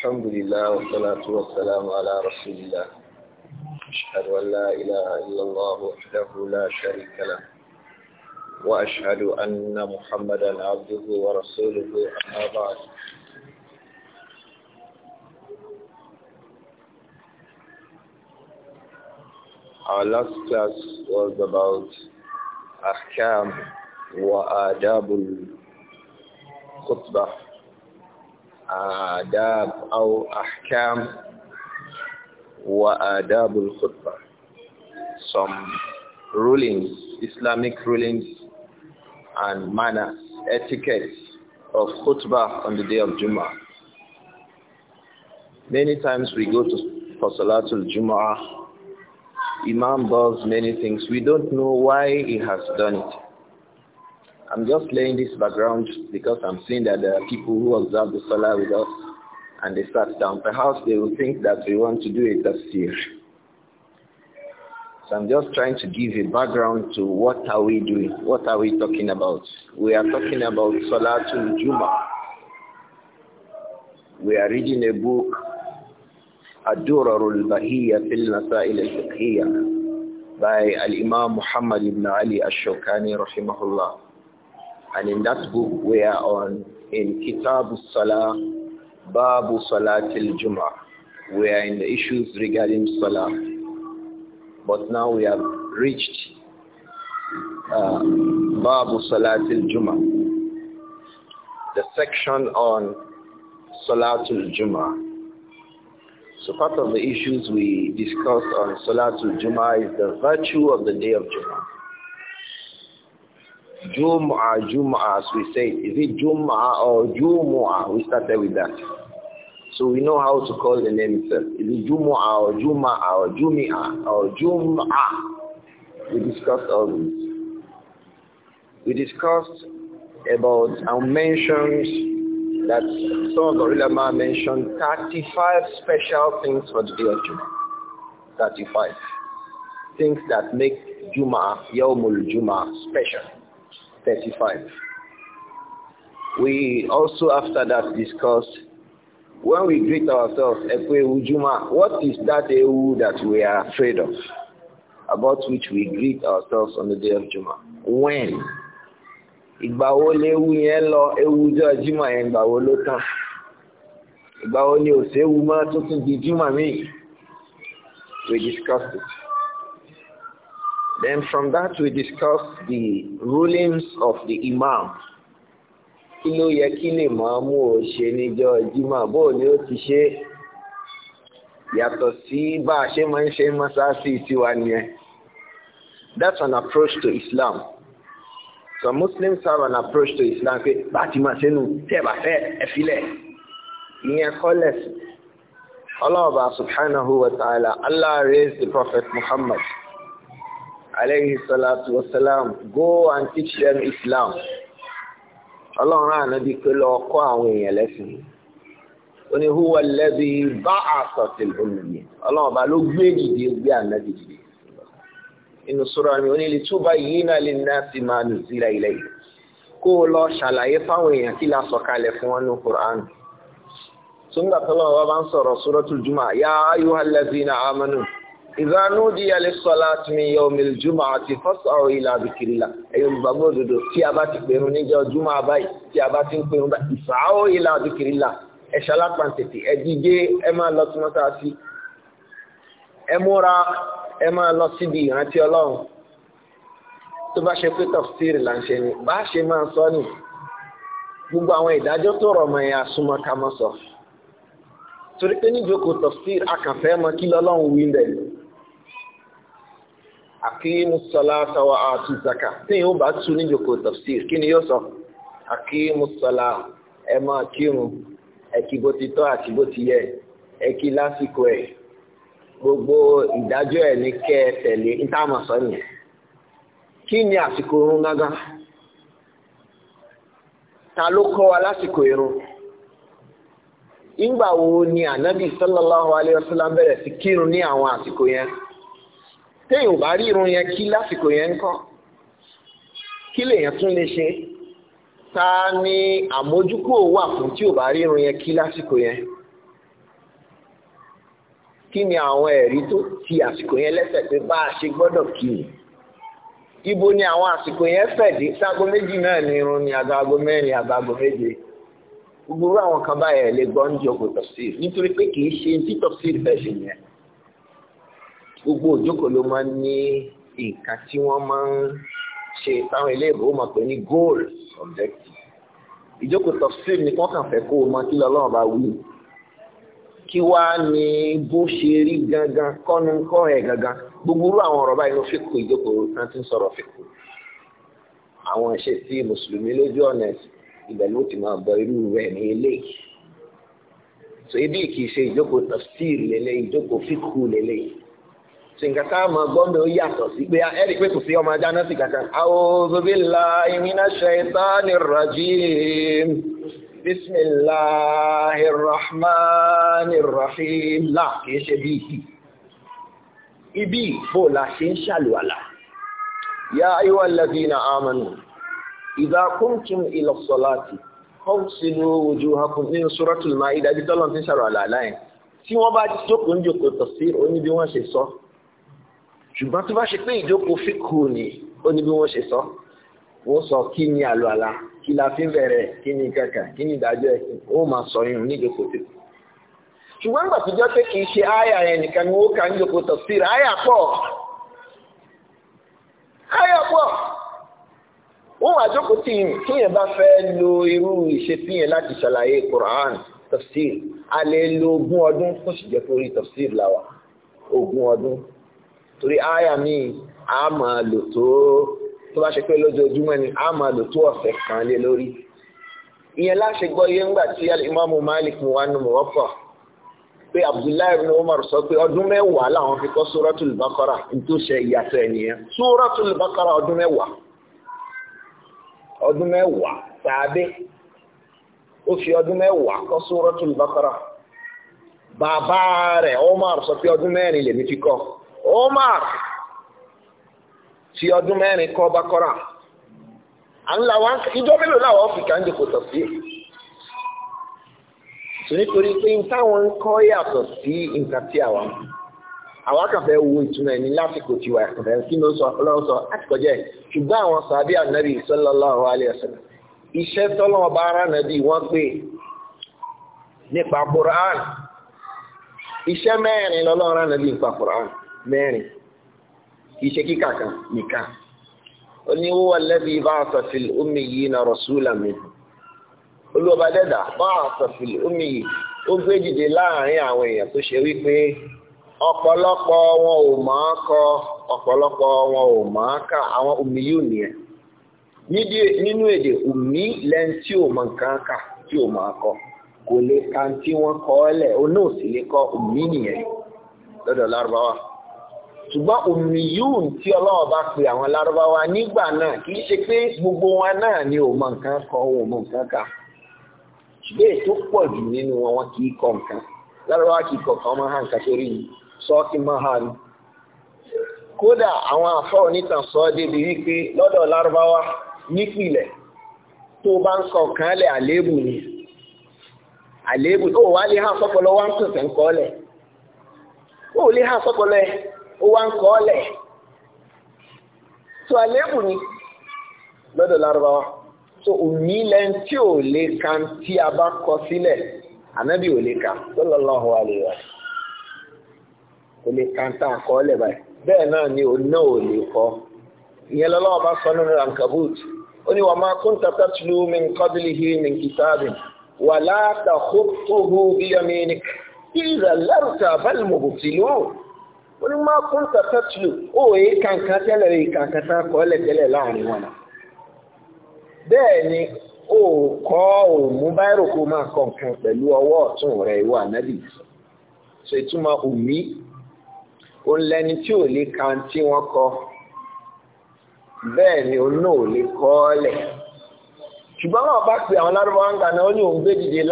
الحمد لله والصلاة والسلام على رسول الله أشهد أن لا إله إلا الله وحده لا شريك له وأشهد أن محمدا عبده ورسوله أما بعد Our last class was about أحكام وآداب الخطبة آداب أو وآداب الخطبة some rulings, Islamic rulings and manners, etiquette of khutbah on the day of Jum'ah. Many times we go to for Salatul Jum'ah, Imam does many things. We don't know why he has done it. I'm just laying this background because I'm seeing that there are people who observe the Salah with us and they sat down. Perhaps they will think that we want to do it as tafsir. So I'm just trying to give a background to what are we doing? What are we talking about? We are talking about Salatul Juma. We are reading a book, Ad-Durarul Bahiyya fil Nasail al-Fiqhiyya by Al-Imam Muhammad ibn Ali al-Shawkani rahimahullah. And in that book we are on in Kitab Salah, Babu Til Juma. We are in the issues regarding Salah. But now we have reached uh, Babu Til Juma, The section on Salatul Juma. So part of the issues we discussed on Salatul Juma is the virtue of the day of Juma. Jum'ah, Jum'ah, as we say. Is it Jum'ah or Jumua? We started with that. So we know how to call the name itself. Is it Jumua or Jum'ah or Jumia or Jum'ah? We discussed all this. We discussed about and mentioned that some of the mentioned 35 special things for the day of Jum'ah. 35 things that make Juma, Yawmul Juma special. 35. We also after that discussed when we greet ourselves, Ujuma, what is that Ewu that we are afraid of, about which we greet ourselves on the day of Juma? When? Ìgbà wo léwu yẹn lọ, ewu jọ Juma yẹn ìgbà wo ló tán? Ìgbà ni òsèwu máa tuntun di Juma mi? We discussed it. Then from that we discuss the rulings of the Imam. Kí ló yẹ kí lè máa mú o ṣe níjọ́ Jímọ̀ bó ni ó ti ṣe yàtọ̀ sí bá a ṣe máa ń ṣe mọ́sáàsì tiwa nìyẹn. That's an approach to Islam. Some Muslims have an approach to Islam pé bá a ti máa ṣe nù tẹ́ bá fẹ́ ẹ filẹ̀. Ìyẹn kọ́lẹ̀sì. Allah subhanahu wa ta'ala, Allah raised the Prophet Muhammad alayhi salatu wasalam, go and teach them Islam. Ọlọ́run ànábi pé lọ kọ́ àwọn èèyàn lẹ́sìn. Ó ní huwa lẹ́bi bá àsọ̀tìl olùyẹ. Ọlọ́run bá ló gbé dìde gbé ànábi dìde. Inú sura mi, ó ní lè túbà yìí náà lè ná sí máa nù síra ilẹ̀ yìí. Kó o lọ ṣàlàyé fáwọn èèyàn kí la sọ̀kalẹ̀ fún wọn ní Kùránù. Sùngbà tọ́lọ́wọ́ bá ń sọ̀rọ̀ suratul Juma, yá ayuhal lazina amanu. إذا نودي للصلاة من يوم الجمعة فاسعوا إلى ذكر الله أي البابو دودو تي أباتي بينو نيجا الجمعة باي تي أباتي بينو باي اسعوا إلى ذكر الله إشالا بانتتي أديجي أما الله سمتاسي أمورا أما الله سيدي هاتي الله tó bá ṣe pé tafsir là ń ṣe ni bá ṣe máa sọ ni gbogbo àwọn ìdájọ́ tó rọ̀ mọ́ ẹ̀ asúnmọ́ ká mọ́ sọ torí pé níjókòó tafsir akànfẹ́ mọ́ kí lọ́lọ́run wí bẹ́ẹ̀ akimu salata wa atu zaka tin o ba tun ni joko tafsir kini yo so akimu sala e ma akimu e ki boti to ati boti ye e ki lasiko e gbogbo idajo e ni ke tele nta ma so ni kini asiko run gaga ta lo ko lasiko irun ngba wo ni anabi sallallahu alaihi wasallam bere sikirun ni awon asiko yen téèyàn bá rí irun yẹn kí lásìkò yẹn ń kọ́ kí lèèyàn tún lè ṣe ta ni àmójúkò wà fún tí ò bá rí irun yẹn kí lásìkò yẹn kí ni àwọn ẹ̀rí tó ti àsìkò yẹn lẹ́sẹ̀ pé bá a ṣe gbọ́dọ̀ kí ni ibo ni àwọn àsìkò yẹn fẹ̀dí ságo méjì náà ni irun ni àgàgo mẹ́rin àgàgo méje gbogbo àwọn kan báyẹn lè gbọ́ ń jọ kò tọ̀sí nítorí pé kì í ṣe títọ̀sí ìfẹ́ ṣe yẹn gbogbo òjókòó ló máa ń ní nǹkan tí wọ́n máa ń ṣe táwọn ilé ìbò máa pè ní goal objective ìjókòó tafsir ni wọ́n kàn fẹ́ kó o mọ kí lọ́lọ́run bá wí kí wá ní bó ṣe rí gangan kọ́nu kọ́ ẹ̀ gangan gbogbo irú àwọn ọ̀rọ̀ báyìí ló fi kó ìjókòó tán ti ń sọ̀rọ̀ fi kó àwọn ìṣe tí mùsùlùmí lójú ọ̀nà ibẹ̀ ló ti máa bọ irú rẹ̀ ní ilé so ebi kì í ṣe ìjókòó tafsir lélẹ̀ ìjókòó fi kú lélẹ̀ sìnkà tá a mọ gbọ́dọ̀ yàtọ̀ sí pé ẹ̀rí pé kò sí ọmọ ajá náà sì kankan. a'udhu billahi minash shaitanir rajim bismillahir rahmanir rahim là kìí ṣe bí ìhì. ibi ìfò la ṣe ń ṣàlùwàlà. ya ayyuhal ladhina amanu idha qumtum ila salati kọ́ọ̀sìlú ojú hakùn ní suratul ma'idah ibi tọ́lọ́ ti ń ṣàlùwàlà láyìn tí wọ́n bá jókòó ń jókòó tafsir oníbi wọ́n ṣe sọ ṣùgbọ́n tó bá ṣe pé ìjókòó fíkù ni ó ní bí wọ́n ṣe sọ wọ́n sọ kí ni àlùwàlá kí la fi ń bẹ̀rẹ̀ kí ni kankan kí ni ìdájọ́ ẹ̀sìn ó máa sọ yìí ní ìjókòó fíkù ṣùgbọ́n gbà tó jẹ́ pé kì í ṣe àyà yẹn nìkan ni ó kà ń jókòó tafsir àyà pọ̀ àyà pọ̀ wọ́n wà jókòó tí yẹn bá fẹ́ lo irú ìṣesí yẹn láti ṣàlàyé Qur'an tafsir a lè lo ogún ọdún kó sì jẹ́ pé orí làwà ogún ọdún torí áyà míì a máa lò tó tó bá ṣe pé lójoojúmọ́ ni a máa lò tó ọ̀sẹ̀ kan lé lórí ìyẹn láṣẹ gbọ́ iye ńgbà tí Imam Malik mu wa nu mọ̀ọ́pọ̀ pé Abdullahi ibn Umar sọ pé ọdún mẹ́wàá làwọn fi kọ́ Suratul Baqara nítorí ṣe ìyàtọ̀ ẹ̀nìyẹn Suratul Baqara ọdún mẹ́wàá ọdún mẹ́wàá tàbí ó fi ọdún mẹ́wàá kọ́ Suratul Baqara bàbá rẹ̀ Umar sọ pé ọdún mẹ́rin lèmi fi kọ́ Omar fi ọdún mẹ́rin kọ́ Bakora àńlá wa ìjọ mélòó làwọn Áfíríkà ń dìkò tọ̀sí tò nítorí pé n táwọn ń kọ́ yàtọ̀ sí nǹkan tí àwọn àwọn akàfẹ́ wo ìtumọ̀ ẹni lásìkò tí wà kàfẹ́ kí ló sọ ọlọ́run sọ àtìkọjẹ́ ṣùgbọ́n àwọn sàbí ànábì sallallahu alaihi wasallam iṣẹ́ tọ́lọ́wọ́ bá ara nàbí wọ́n pè nípa iṣẹ́ mẹ́rin lọ́lọ́run nàbí nípa mẹ́rin kì ṣe kíkà kan nìkan ó wà na rọ̀ṣúlà mi dẹ́dà bá a omi yìí ó gbé láàrin àwọn èèyàn tó ṣe wípé ọ̀pọ̀lọpọ̀ wọn ò máa kọ ọ̀pọ̀lọpọ̀ wọn ò máa kà àwọn omi yìí ò nìyẹn ṣùgbọ́n òmìyún tí ọlọ́wọ́ bá pe àwọn lárúbáwá nígbà náà kì í ṣe pé gbogbo wọn náà ni ò mọ nǹkan kọ ò mọ nǹkan kà ṣùgbọ́n ètò pọ̀ jù nínú wọn wọn kì í kọ nǹkan lárúbáwá kì í kọ kan máa sórí afọ onítàn sọ débi wípé lọ́dọ̀ nípìnlẹ̀ tó bá ń kọ kan lẹ̀ àléébù ni àléébù tó wà lè hàn wá ń tẹ̀sẹ̀ ń kọ́ lẹ̀ ó wá ń kọ́ lẹ̀ tó àlébù ni lọ́dọ̀ lárúbáwá tó òní lẹ́yìn tí ò lè ka tí a bá kọ sílẹ̀ ànábì ò lè ka sallallahu alaihi wa kò lè ka tá a kọ́ báyìí bẹ́ẹ̀ náà ni òun ò lè kọ́ ìyẹn lọ́lọ́wọ́ bá sọ nínú Ankabut ó ní wa ma kunta tatlu min qablihi min kitabin wa la takhuttuhu biyaminik idhan lartabal mubtilun wọ́n ní má kún tẹ̀tẹ̀ tù ó èyí kankan tẹ́lẹ̀ èyí kankan tán kọ́ lẹ́tẹ́lẹ̀ láàrin wọn. bẹ́ẹ̀ ni ó kọ́ òmú báírò kó máa kọ nǹkan pẹ̀lú ọwọ́ ọ̀tún rẹ̀ ìwọ ànábì ṣe túmọ̀ òmí ó tí ò lè ka tí wọ́n kọ bẹ́ẹ̀ ni òun náà ò lè kọ́ lẹ̀ ṣùgbọ́n wọn bá pe àwọn lárúbáwá ń gbà náà ó ní òun gbé dìde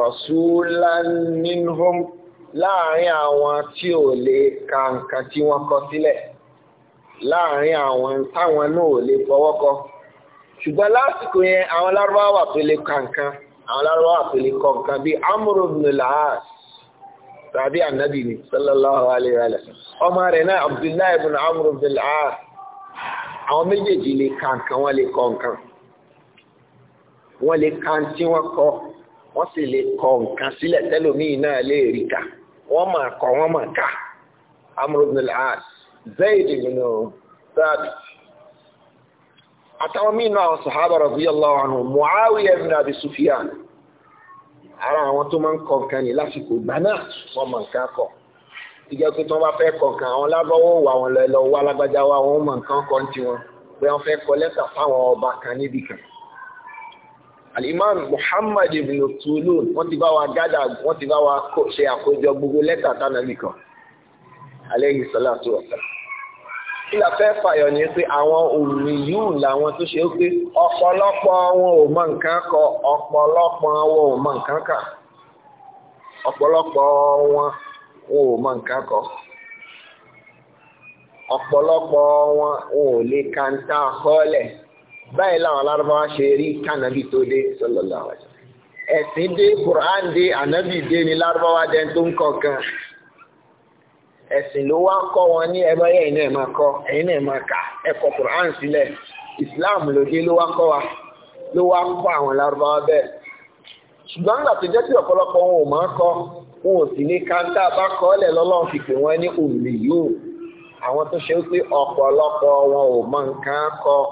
rasulan minhum láàrin àwọn tí ò lè ka nǹkan tí wọ́n kọ sílẹ̀ láàrin àwọn táwọn náà ò lè fọwọ́ kọ ṣùgbọ́n lásìkò yẹn àwọn lárúbáwà tó lè ka nǹkan àwọn lárúbáwà tó lè kọ nǹkan bíi amúrò nùlàás tàbí ànábì ni sallallahu alayhi wa sallam ọmọ rẹ̀ náà abdullahi ibn amúrò nùlàás àwọn méjèèjì lè ka nǹkan wọ́n lè kọ nǹkan wọ́n lè ka tí wọ́n kọ wọ́n sì lè kọ nǹkan sílẹ̀ tẹ́lòmíì náà lè rí kà wọ́n máa kọ wọ́n máa kà amúrò ibn al-as zayd ibn sáàdì àtàwọn míì náà sàhábà radiyallahu anhu muawiya bin abi sufyan ara àwọn tó máa ń kọ nǹkan ní lásìkò ìgbà náà wọ́n máa nǹkan kọ ìjẹ́ pé tí wọ́n bá fẹ́ kọ nǹkan àwọn lábọ́wọ́ wà wọn lọ wá lágbájá wa wọ́n máa nǹkan kọ ní tiwọn pé wọ́n fẹ́ kọ lẹ́tà fáwọn ọba kan níbì al-imam muhammad ibn tulun wọ́n ti bá wa gádà wọ́n ti bá wa ṣe àkójọ gbogbo lẹ́tà tánàbì kan alayhi salatu wassalam kí la fẹ́ fàyọ̀ ní pé àwọn òmìn yìí làwọn tó ṣe pé ọ̀pọ̀lọpọ̀ wọn ò mọ nǹkan kọ ọ̀pọ̀lọpọ̀ wọn ò mọ nǹkan kà ọ̀pọ̀lọpọ̀ wọn wọn ò mọ nǹkan kọ ọ̀pọ̀lọpọ̀ wọn wọn ò lè kàńtà kọ́lẹ̀ báyìí làwọn alárúbáwá ṣe rí kànábì tó dé sallallahu alaihi wasallam ẹ̀sìn dé Qur'an dé ànábì dé ní lárúbáwá dẹ́n tó ń kọ̀ọ̀kan ẹ̀sìn ló wá ń kọ́ wọn ní ẹmọ ẹ̀yìn náà máa kọ́ ẹ̀yìn náà máa kà ẹ̀kọ́ Qur'an sílẹ̀ Islam lòdì ló wá kọ́ wa ló wá kọ́ àwọn lárúbáwá bẹ́ẹ̀ ṣùgbọ́n nígbà tó jẹ́ sí ọ̀pọ̀lọpọ̀ wọn ò máa kọ́ wọn ò sì ní káńtà bá kọ́ ọ́lẹ̀ lọ́lọ́run fi pè wọ́n ní òmìnir àwọn tó ṣe wípé ọ̀pọ̀lọpọ̀ wọn ò mọ nǹkan kọ́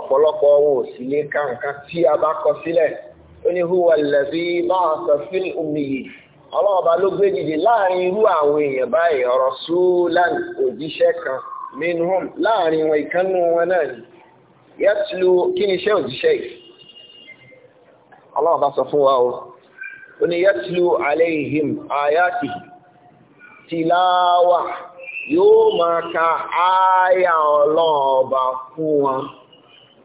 ọ̀pọ̀lọpọ̀ wọn ò sì tí a bá kọ sílẹ̀ ó ní huwa allazi ba'atha ọlọ́ọ̀bá ló gbé láàrin irú àwọn èèyàn báyìí òjíṣẹ́ kan minhum láàrin wọn ìkánú wọn náà ni kí ni iṣẹ́ òjíṣẹ́ yìí ọlọ́ọ̀bá sọ fún wa o ó ní tilawa yóò máa ka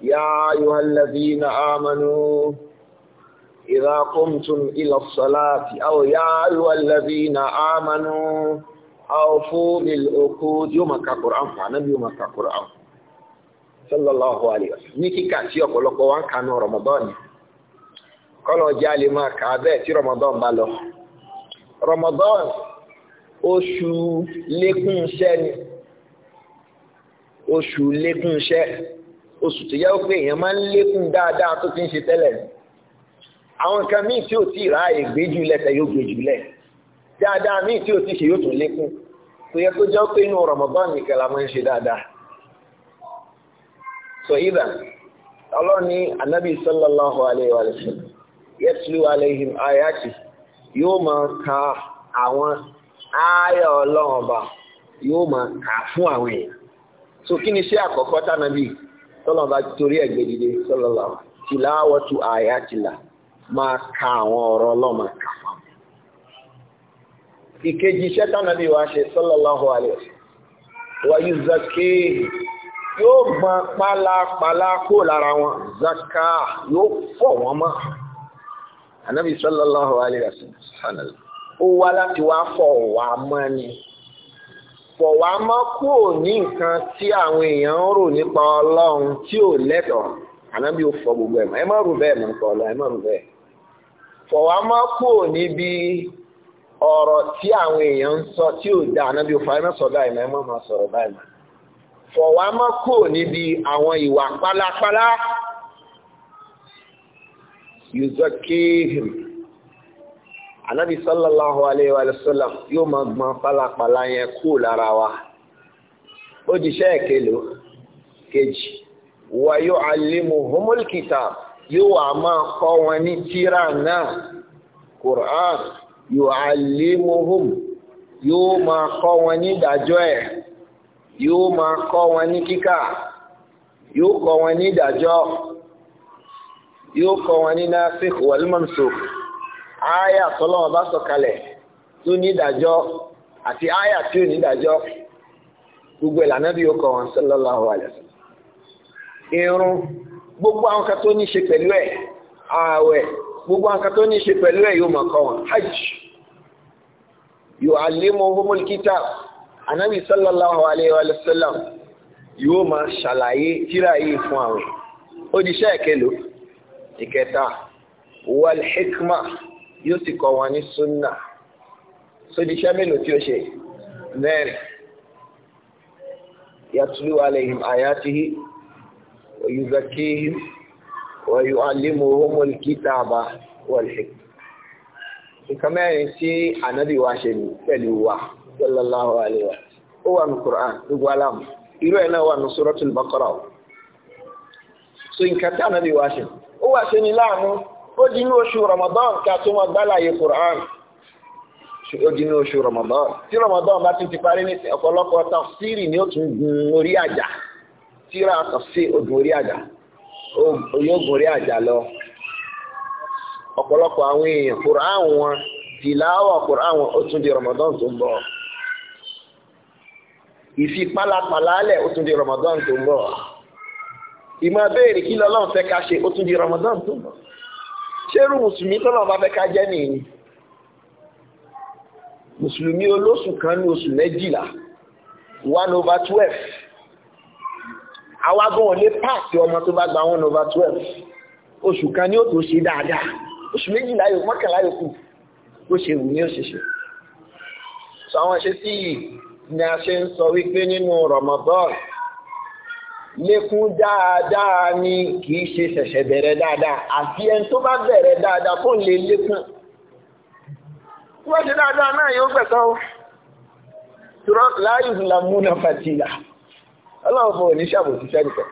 يا أيها الذين آمنوا إذا قمتم إلى الصلاة أو يا أيها الذين آمنوا أوفوا بالعقود يوم القرآن فنبي يوم القرآن صلى الله عليه وسلم نيكي كاتي ọ̀pọ̀lọpọ̀ wa ń رمضان Ramadan kọ́nà ọjà lè máa kà á bẹ́ẹ̀ tí Ramadan bá lọ Ramadan oṣù oṣù tó yẹ pé èèyàn máa ń lékún dáadáa tó ti ń ṣe tẹ́lẹ̀ àwọn nǹkan míì tí ò tí ì ráàyè gbé jù lẹ́sẹ̀ yóò gbé jù lẹ̀ dáadáa míì tí ò tí ì ṣe yóò tún lékún kò yẹ kó jẹ́ pé inú nìkan la máa ń ṣe dáadáa sọ sallallahu alayhi wa sallam yatlu ka àwọn yóò máa kà fún àwọn èèyàn so kí ni iṣẹ́ àkọ́kọ́ tọ́lọ́n bá torí ẹ̀gbẹ́ dìde sọ́lọ́lá tìlá wọ́tú àyà tìlá máa ka àwọn ọ̀rọ̀ ọlọ́mà kà fún. ìkejì iṣẹ́ tánàbí wa ṣe sallallahu alaihi wáyú zaké yóò gbọ́n pálapàla kó lára wọn zaka yóò fọ̀ wọ́n mọ́ ànábì sallallahu alaihi wasallam ó wá láti wá fọ̀ wá mọ́ ni. fọ̀ wá mọ́ kúrò ní nǹkan tí àwọn èèyàn ń rò nípa ọlọrun tí ò lẹ́tọ̀ọ́ ànábì ò fọ gbogbo ẹ̀ mọ́ ẹ má rò bẹ́ẹ̀ mọ́ nípa ọlọ́run ẹ má rò bẹ́ẹ̀ fọ̀ wá mọ́ kúrò níbi ọ̀rọ̀ tí àwọn èèyàn ń sọ tí ò da ànábì ò fọ̀ ẹ má sọ báyìí mọ́ ẹ má máa sọ̀rọ̀ báyìí mọ́ fọ̀ wá mọ́ kúrò níbi àwọn ìwà pálapàla yuzakihim anabi sallallahu alayhi wa sallam yóò máa gbọn pálapàla yẹn kú lára wa ó di iṣẹ́ ìkẹlò kejì wa yu'allimuhumul kitab yóò wà máa kọ́ wọn ní tírà náà Qur'an yu'allimuhum yóò máa kọ́ wọn ní ìdájọ́ ẹ̀ yóò máa kọ́ wọn ní kíkà yóò kọ́ wọn ní ìdájọ́ yóò kọ́ wọn ní nasikh wal ááyà tọ́lọ́wọ́ bá sọ̀kalẹ̀ tó ní ìdájọ́ àti ááyà tí ò ní ìdájọ́ gbogbo ìlànà bí ó kọ wọn sallallahu alaihi wasallam irun gbogbo àwọn kan tó ní ṣe pẹ̀lú ẹ̀ ààwẹ̀ gbogbo àwọn kan tó ní ṣe pẹ̀lú ẹ̀ yóò máa kọ wọn hajj yu'allimuhumul kitab anabi sallallahu alaihi wasallam yóò máa ṣàlàyé tírà yìí fún àwọn òjíṣẹ́ ìkẹlò ìkẹta wal yóò sì kọ́ wọn ní súnà sódì iṣẹ́ mélòó tí ó ṣe mẹ́rin yàtúlù alayhim ayatihi wa yuzakihim wa yu'allimuhumul kitaba wal hikma nǹkan mẹ́rin tí ànábì wa ṣe ní pẹ̀lú wa sallallahu alayhi ó wà ní Qur'an gbogbo aláàmù irú ẹ̀ náà wà ní Suratul Baqarah so nǹkan tí ànábì ṣe ó wà ṣe ní láàmú ó di ní Ramadan ka tó mọ gbálàyé Quran ó di ní Ramadan tí Ramadan bá tún ti parí ní ọ̀pọ̀lọpọ̀ tafsiri ni o tún gun orí àjà tíra tafsiri ó gun orí àjà yóò gun orí àjà lọ Ọpọlọpọ àwọn èèyàn Quran wọn tìláwà Quran wọn ó tún di Ramadan tó ń bọ̀ ìfi pálapàlálẹ̀ ó tún di Ramadan tó ń bọ̀ ìmọ̀ abéèrè kí lọ́lọ́run fẹ́ ká ṣe ó tún di Ramadan tó ń bọ̀. ṣérù mùsùlùmí tọ́nà bá fẹ́ ká jẹ́ nìyí mùsùlùmí olóṣù kan ní oṣù méjìlá one over twelve àwa gan lè páàkì ọmọ tó bá gba one over twelve oṣù kan ní ó tó ṣe dáadáa oṣù méjìlá yòó mọ́kànlá yòókù bó ṣe wù ní òṣèṣe sọ àwọn ṣe sí yìí ni a ṣe ń sọ wípé nínú Ramadan lékún dáadáa ni kìí ṣe ṣẹ̀ṣẹ̀ bẹ̀rẹ̀ dáadáa àti ẹni tó bá bẹ̀rẹ̀ dáadáa kó lè lékún tó bá ṣe dáadáa náà yóò gbẹ̀kan ó láàyè ìlàmúnà fàtílà ọlọ́ọ̀fọ́ ní ṣàbòsí sẹ́nìkan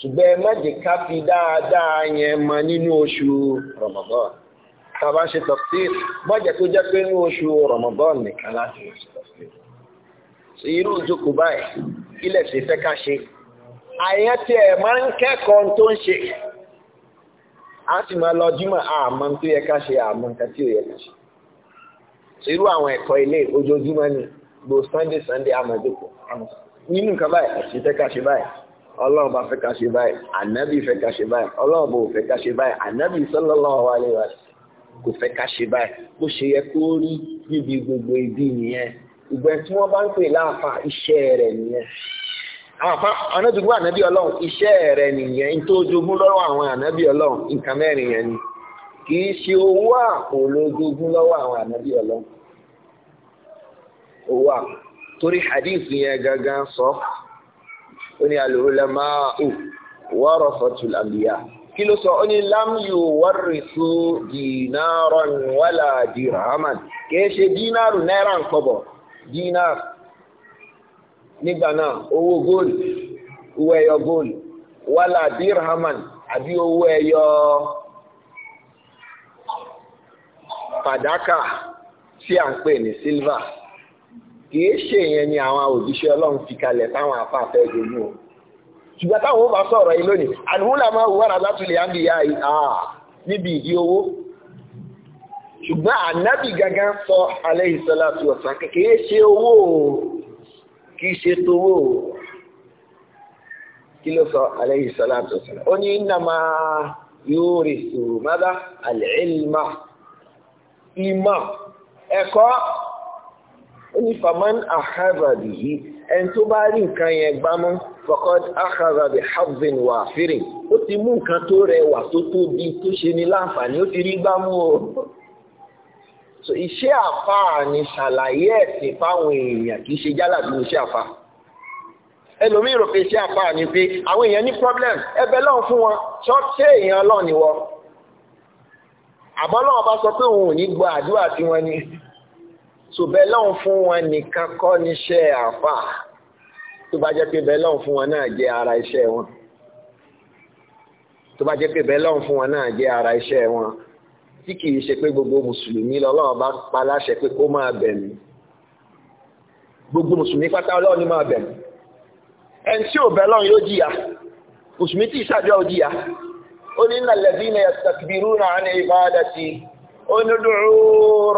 ṣùgbọ́n ẹ má jẹ́ ká fi dáadáa yẹn mọ nínú oṣù Ramadan àyẹ́ tí ẹ̀ máa ń kẹ́kọ̀ọ́ tó ń ṣe a sì máa lọ jímọ̀ àmọ́ tó yẹ ká ṣe àmọ́ nǹkan tí ò yẹ ká ṣe irú àwọn ẹ̀kọ́ ilé ojoojúmọ́ ni gbo sunday sunday amọ̀jọ́pọ̀ nínú nǹkan báyìí àṣìṣe ká ṣe báyìí ọlọ́run bá fẹ́ ká ṣe báyìí ànábì fẹ́ ká ṣe báyìí ọlọ́run bò fẹ́ ká ṣe báyìí ànábì sallallahu alaihi wasallam kò fẹ́ ká ṣe báyìí bó ṣe yẹ kó rí níbi gbogbo ibi nìyẹn ìgbẹ́ tí wọ́n bá ń pè láàfà iṣẹ́ rẹ̀ nìyẹn àwọn àfa anábìgbọ́ ànábì ọlọ́run iṣẹ́ rẹ̀ nìyẹn tó jogún lọ́wọ́ àwọn ànábì ọlọ́run nǹkan mẹ́rin yẹn ni kì í ṣe owó àpò ló jogún lọ́wọ́ àwọn ànábì ọlọ́run owó àpò torí hadith yẹn gangan sọ ó ní al-ulama'u warathatul anbiya kí ló sọ ó ní lam yuwarrithu dinaran wala dirhaman kì í ṣe dínárù náírà ń kọ́bọ̀ dínárù nígbà náà owó góòlù owó ẹyọ góòlù wàlà dirhaman àbí owó ẹyọ fàdákà tí à ń pè ní sílvà kìí ṣe yẹn ni àwọn òjíṣẹ́ ọlọ́run fi kalẹ̀ táwọn afáfẹ́ ìdòmú o ṣùgbọ́n táwọn ó bá sọ̀rọ̀ yìí lónìí àdúgbò máa wù wọ́n láti lè áńbì ya níbi ìdí owó ṣùgbọ́n ànábì gangan sọ alayhi salatu wassalam kìí ṣe owó o kì í ṣe tówó kí ló sọ alayhi salatu wassalam ó ní innama yurisu mada al-ilma ìmọ̀ ẹ̀kọ́ ó ní faman akhadha bihi ẹni tó bá rí nǹkan yẹn gbámú faqad akhadha bi hazzin wafirin ó ti mú nǹkan tó rẹwà tó tóbi tó ṣe ní láǹfààní ó ti rí gbámú o so iṣẹ́ àfà ni ṣàlàyé ẹ̀sìn fáwọn èèyàn kìí ṣe jálà bí iṣẹ́ àfà ẹlòmí rò iṣẹ́ àfà ni pé àwọn èèyàn ní problem ẹbẹ̀ lọ́n fún wọn ṣọ́ọ̀ṣẹ́ èèyàn lọ́n ni wọ́n àmọ́ lọ́wọ́ bá sọ pé òun ò ní gba àdúrà tí wọ́n ní so bẹ́ẹ̀ lọ́n fún wọn nìkan kọ́ níṣẹ́ àfà tó bá jẹ́ pé bẹ́ẹ̀ lọ́n fún wọn náà jẹ́ ara iṣẹ́ wọn tó bá jẹ́ pé bẹ́ẹ̀ lọ́n fún wọn náà jẹ́ ara iṣẹ́ wọn tí kìí ṣe pé gbogbo mùsùlùmí lọ́lọ́run bá pa láṣẹ pé kó máa bẹ̀mí gbogbo mùsùlùmí pátá ọlọ́run ni máa bẹ̀mí ẹni tí ò bẹ̀ lọ́run yóò jìyà mùsùlùmí tí ìṣàjọ ò jìyà ó ní innal ladhina yastakbiruna an ibadati ó ní ud'u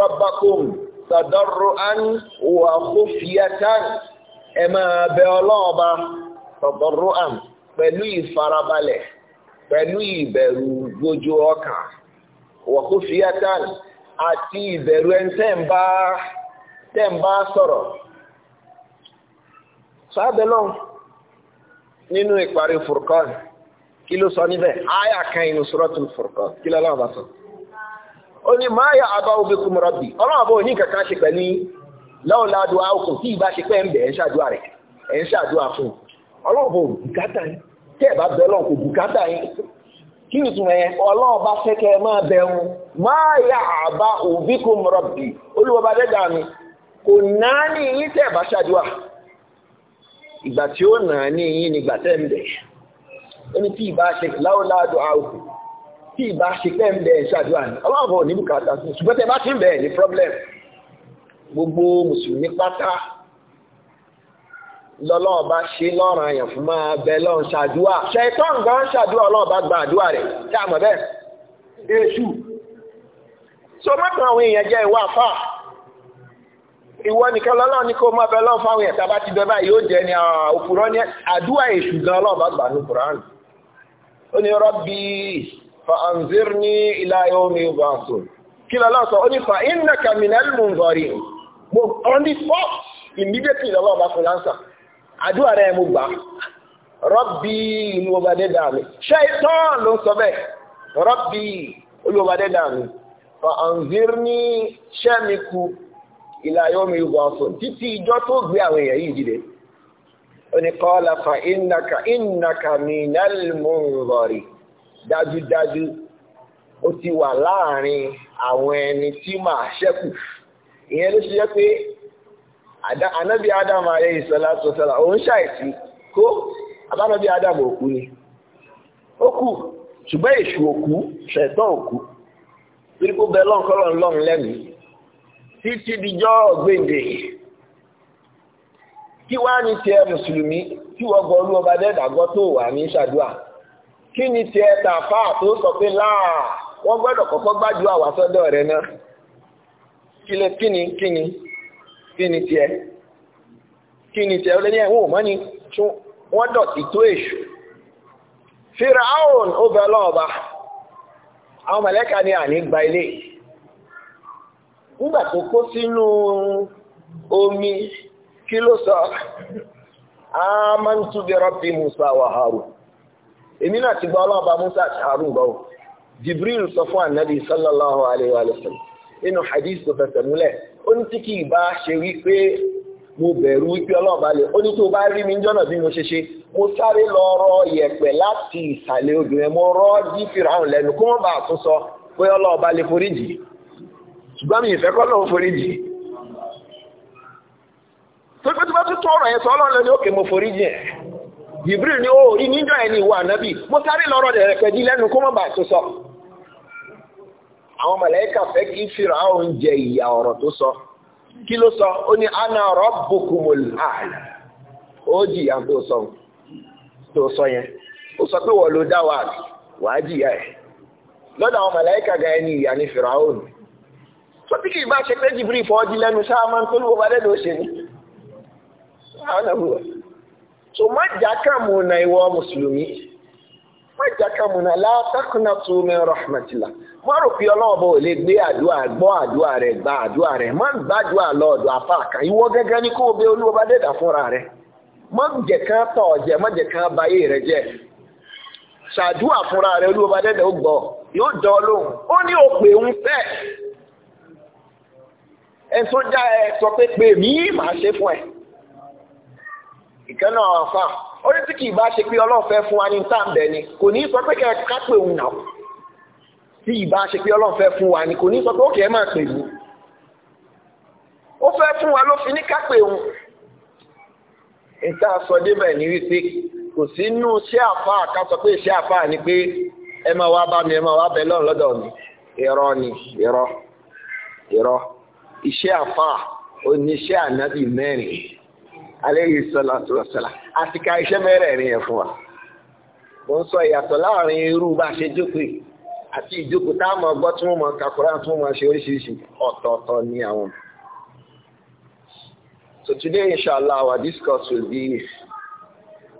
rabbakum tadarru'an wa khufyatan ẹ máa bẹ ọlọ́run bá tadarru'an pẹ̀lú ìfarabalẹ̀ pẹ̀lú ìbẹ̀rù gbójú ọkàn wọ̀kú fiyatan àti ìbẹ̀rù ẹni tẹ́ ń bá sọ̀rọ̀ sábẹ́ lọ́n nínú ìparí furkan kí ló sọ níbẹ̀ áyà kan inú suratul furkan kí lọ́lọ́ bá sọ ó ní máa yà àbá obi kú mọ́rọ̀ bí ọlọ́run àbọ̀ òní kankan ṣe pẹ̀lú lọ́wọ́ ládùá okùn tí ìbá ṣe pẹ́ ń bẹ̀ ẹ̀ ń ṣàdúrà rẹ̀ ẹ̀ ń ṣàdúrà fún ọlọ́run bùkátà yín tẹ́ ẹ̀ bá bẹ́ lọ́n kò bùkátà yín kí ni ìtumọ̀ yẹn ọlọ́run bá fẹ́ kẹ́ ẹ máa bẹ̀rù máa yà àbá òbí kò mọ̀rọ̀ bì olúwọ́ba dẹ́gà mi kò náà ní yín tẹ́ ẹ̀ bá ṣàdúrà ìgbà tí ó náà ní yín ni ìgbà tẹ́ ń bẹ̀ ẹni tí ìbá ṣe láwùláàdù àwòkù tí ìbá ṣe pẹ́ ń bẹ̀ ṣàdúrà ni ọlọ́run ní bùkátà ṣùgbọ́n tẹ́ bá ti ń bẹ̀ ní problem gbogbo mùsùlùmí pátá lọ́lọ́wọ́ bá ṣe lọ́ràn àyàn fún máa bẹ lọ́n ṣàdúà ṣẹ̀tọ́n gan ṣàdúà ọlọ́wọ́ bá gba àdúà rẹ̀ tí a mọ̀ bẹ́ẹ̀ èṣù so mọ́tàn àwọn èèyàn jẹ́ ìwà fà ìwọ nìkan lọ́lọ́ ní kó máa bẹ lọ́n fáwọn èèyàn tábà ti bẹ báyìí yóò jẹ́ ni òpùrọ́ ní àdúà èṣù gan ọlọ́wọ́ gbà ní Quran ó ní Rabbi fa'anzirni ila yawmi yub'athun kí lọ́lọ́ sọ ó ní fa innaka minal munzarin on the spot immediately lọ́lọ́ fún lánsà àdúrà rẹ̀ mo gbà rọ́bì ìlú ọba dẹ́dà mi ṣé ìtọ́ ló ń sọ bẹ́ẹ̀ rọ́bì ìlú ọba dẹ́dà mi fa anzir ní ṣẹ́mi ku ìlàyọ̀ mi wà sọ títí ìjọ tó gbé àwọn èèyàn yìí dìde ó ní kọ́lá fa ìnàkà ìnàkà mi nálùmọ̀rì dájúdájú ó ti wà láàrin àwọn ẹni tí màá ṣẹ́kù ìyẹn ló ṣe jẹ́ pé anábì adam alayhi salatu wasalam òun ṣàìsí kó abánábì adam òkú ni ó kú ṣùgbọ́n èṣù òkú ṣẹ̀tọ́ òkú torí kó bẹ lọ́nkọ́lọ́ ńlọ́run lẹ́mìí títí dijọ́ gbèǹde kí wá ní tiẹ̀ mùsùlùmí kí wọ́n gbọ́ olú ọba dẹ́dàgọ́ tó wà ní ṣàdúà kí ni tiẹ̀ tàfà tó sọ pé láà wọ́n gbọ́dọ̀ kọ́kọ́ gbájú àwàsọ́dọ̀ rẹ̀ náà kí ni kí ni kí ni tiẹ̀ kí ni tiẹ̀ ó lé ní ẹ̀wọ̀n mọ́ ni tún wọ́n dọ̀tí tó èṣù firaun ó bẹ lọ́ọ̀ba àwọn mẹ̀lẹ́ka ni àní gba ilé nígbà tó kó sínú omi kí ló sọ amantubi rabbi musa wa harun èmi náà ti gba ọlọ́ọ̀ba musa àti harun gbọ́ jibril sọ fún anabi sallallahu alayhi wa sallam inú hadith tó fẹsẹ̀ múlẹ̀ ó ní tí kì í bá ṣe wípé mo bẹ̀rù wípé ọlọ́ọ̀bá lè ó tó bá rí mi jọ́nà bí mo ṣe ṣe mo sáré lọ rọ yẹ̀pẹ̀ láti ìsàlẹ̀ obìnrin mo rọ́ jí fìràhùn lẹ́nu kó wọ́n bá tún sọ pé ọlọ́ọ̀bá lè foríjì ṣùgbọ́n mi ìfẹ́ kọ́ lóun foríjì torí pé tí wọ́n tún tún ọ̀rọ̀ yẹn sọ ọlọ́run lẹ́nu òkè mo foríjì ẹ̀ Jibril ni ó oh, rí níjọ́ ẹni ìwà ànábì mo sáré lọ rọ yẹ̀pẹ̀ àwọn mọ̀lẹ́kà fẹ́ kí Fíráùn jẹ ìyà ọ̀rọ̀ tó sọ kí ló sọ ó ní ana rabbukumul a'la ó jìyà tó sọ tó sọ yẹn ó sọ pé wọ́n ló dá wa wàá jìyà ẹ̀ lọ́dọ̀ àwọn mọ̀lẹ́kà gan ìyà ṣe pé jìbìrì fọ́ọ́dí lẹ́nu sáà máa ń tó má jákà múná látàkùnà tó mi rahmatila má rò pé ọlọ́wọ́ bò lè gbé àdúrà gbọ́ àdúrà rẹ̀ gba àdúrà rẹ̀ má gbàdúrà lọ́ọ̀dọ̀ apá kan ìwọ gẹ́gẹ́ ní kó o bẹ olúwa bá dẹ́dà fúnra rẹ̀ má jẹ̀ kán tọ̀ jẹ́ má jẹ̀ kán bayé rẹ̀ jẹ́ ṣàdúrà fúnra rẹ̀ olúwa bá dẹ́dà ó gbọ́ yóò dán lóhùn ó ní òpè ń fẹ́ ẹ tó já ẹ sọ pé pé mí màá ṣe fún ẹ ìkànnà àfà orí kì í bá ṣe pé ọlọ́run fẹ́ fún wa ní táǹbẹ̀ ni kò ní sọ pé ká pè òun náà tí ì ìbá ṣe pé ọlọ́run fẹ́ fún wa ni kò ní sọ pé ókè kẹ́ máa pè mí ó fẹ́ fún wa ló fi ní ká pè òun ìta sọ débẹ̀ ní wípé kò sí inú iṣẹ́ àfa ká sọ pé iṣẹ́ àfa ni pé ẹ máa wá bá mi ẹ máa wá bẹ lọ́run lọ́dọ̀ mi irọ́ ni irọ́ irọ́ iṣẹ́ àfa oníṣẹ́ ànábì mẹ́rin alayhi salatu wassalam àti ka iṣẹ́ mẹ́rẹ̀ẹ̀rin yẹn fún wa mo ń sọ ìyàtọ̀ láàrin irú bá ṣe jókòó àti ìjókòó tá a mọ̀ gbọ́ tí wọ́n mọ̀ kakura tí wọ́n mọ̀ ṣe oríṣiríṣi ọ̀tọ̀ọ̀tọ̀ ní àwọn. So today inshallah our discourse will be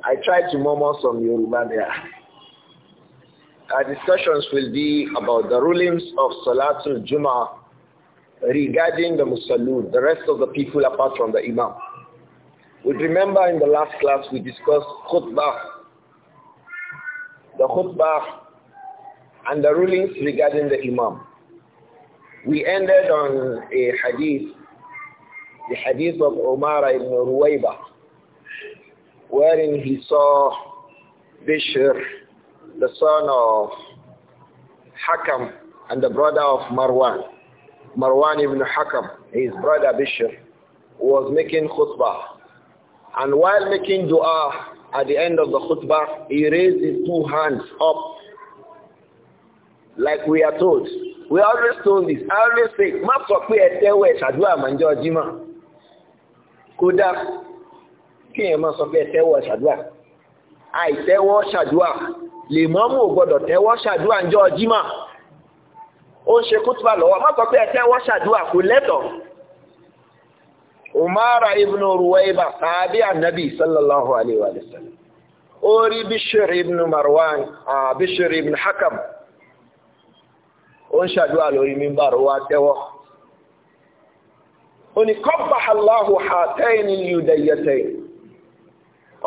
I try to murmur some Yoruba there. Our discussions will be about the rulings of Salatul Juma regarding the Musallun, the rest of the people apart from the Imam. We remember in the last class we discussed khutbah, the khutbah and the rulings regarding the imam. We ended on a hadith, the hadith of Umar ibn Ruwayba, wherein he saw Bishr, the son of Hakam and the brother of Marwan. Marwan ibn Hakam, his brother Bishr, was making khutbah And while making dua at the end of the khutbah, he raised his two hands up like we are told. We always told this. I always say, má sọ pé ẹ̀tẹ́ wẹ̀ ṣàdúrà máa ń jọ jimá. Kódà kí èèyàn máa sọ pé ẹ̀tẹ́ wọ̀ ṣàdúrà. Àìtẹ́wọ́ ṣàdúrà. Lèmọ́mù shadua gbọ́dọ̀ tẹ́wọ́ ṣàdúrà ń jọ jimá. Ó ń ṣe kútùbà lọ́wọ́. Má umara ibn ruwaiba sahabi annabi sallallahu alaihi wa sallam ori bishir ibn marwan bishir ibn hakam on ṣàdúrà lórí mímbàrò wa tẹ́wọ́ ó ní kọ́bàhálàhù hàtẹ́yìn ní ìdẹ̀yẹtẹ̀yìn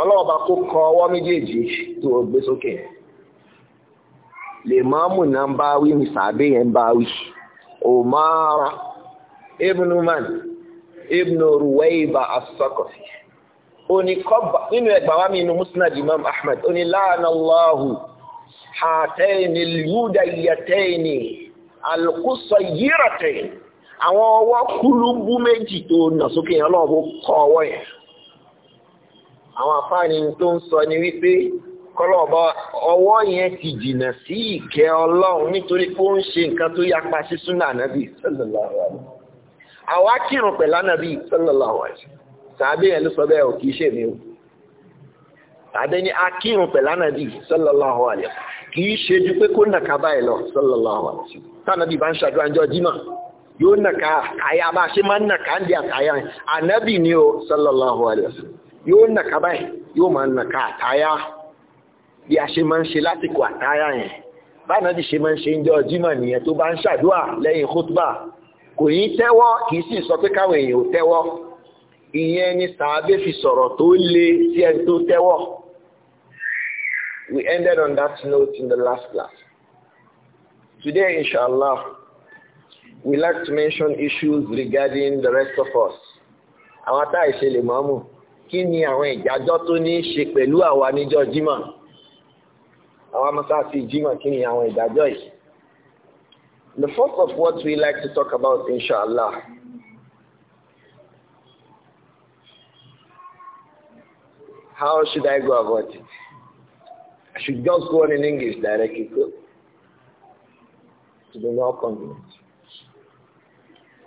ọlọ́ọ̀bá kó kọ ọwọ́ méjèèjì tó o gbé sókè lè máa mú náà bá wí ní sàbẹ̀yẹn bá wí òmára ibn man ibn ruwaiba as-saqafi ó ní kọ́bà nínú ẹgbà wá mi inú musnad imam ahmed ó ní láàánà allahu hàtẹ́ni lúdàyàtẹ́ni alkúsọ yírọ̀tẹ́ni àwọn ọwọ́ kúlúgbú méjì tó nà sókè yẹn lọ́wọ́ kọ ọwọ́ yẹn àwọn àfáàní tó ń sọ ni wípé kọlọ́ọ̀bọ ọwọ́ yẹn ti jìnà sí ìkẹ́ ọlọ́run nítorí pé ó ń ṣe nǹkan tó yapa sí súnà nábì sallallahu àwa kírun pẹ̀lú ànábì sallallahu alaihi sàábé ẹ̀ ló sọ bẹ́ẹ̀ ò kìí ṣe mi o àdé ní akírun pẹ̀lú ànábì sallallahu alaihi kìí ṣe ju pé kó nàka báyìí lọ sallallahu alaihi tànàbì bá ń ṣàdúrà ńjọ jímà yóò nàka àyà bá ṣe máa ń nàka ń di àtàyà ànábì ni o sallallahu alaihi yóò nàka báyìí yóò máa nàka àtàyà bí a ṣe kò ní tẹ́wọ́ kìí sì sọ pé káwọn èèyàn ò tẹ́wọ́ ìyẹn ni sàábé fi sọ̀rọ̀ tó le sí ẹni tó tẹ́wọ́ we ended on that note in the last class today inshallah we like to mention issues regarding the rest of us àwọn tá ìṣẹ̀lẹ̀ mọ́mù kí ni àwọn ìdájọ́ tó ní í ṣe pẹ̀lú àwa níjọ́ jímọ̀ àwa mọ́sáàsì jímọ̀ kí ni àwọn ìdájọ́ yìí The first of what we like to talk about, inshallah, how should I go about it? I should just go on in English directly to the more convenient.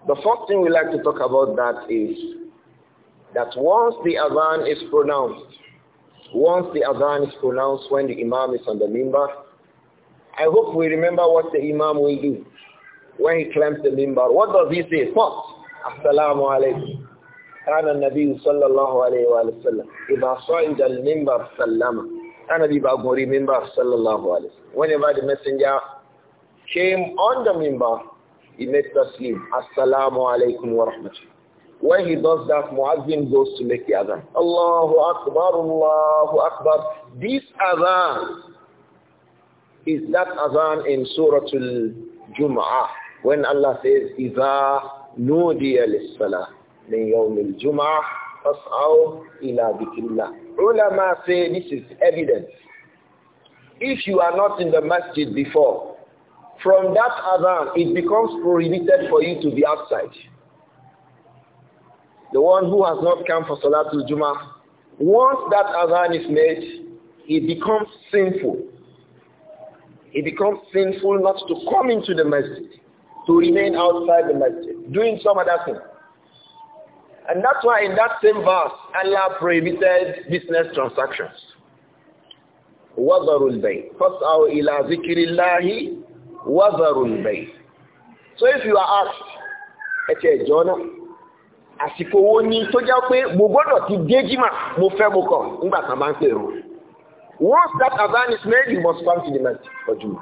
The first thing we like to talk about that is that once the adhan is pronounced, once the adhan is pronounced when the imam is on the mimbar, I hope we remember what the imam will do when he climbs the minbar, what does he say? First, Assalamu alaikum. كان النبي صلى الله عليه وآله وسلم إذا صعد المنبر سلم كان بيبقى منبر صلى الله عليه وسلم whenever the messenger came on the minbar he made taslim assalamu alaikum wa rahmatullah when he does that muazzin goes to make the adhan Allahu Akbar Allahu Akbar this adhan is that adhan in Surah Al-Jum'ah when Allah says, إِذَا نُودِيَ لِلصَّلَاةِ مِنْ يَوْمِ الْجُمْعَةِ فَاسْعَوْا إِلَى ذِكْرِ اللَّهِ Ulama say this is evidence. If you are not in the masjid before, from that adhan, it becomes prohibited for you to be outside. The one who has not come for Salatul Jummah, once that adhan is made, it becomes sinful. It becomes sinful not to come into the masjid to remain outside the masjid, doing some other thing. And that's why in that same verse, Allah prohibited business transactions. وَذَرُ الْبَيْءِ فَاسْعَوْا إِلَى ذِكِرِ اللَّهِ وَذَرُ الْبَيْءِ So if you are asked, ẹ̀kẹ́ ìjọ náà, àsìkò wo ni tó mo ti dé jìmà mo fẹ́ mo kọ̀ Once that advance is made, you must come to the market for Juma.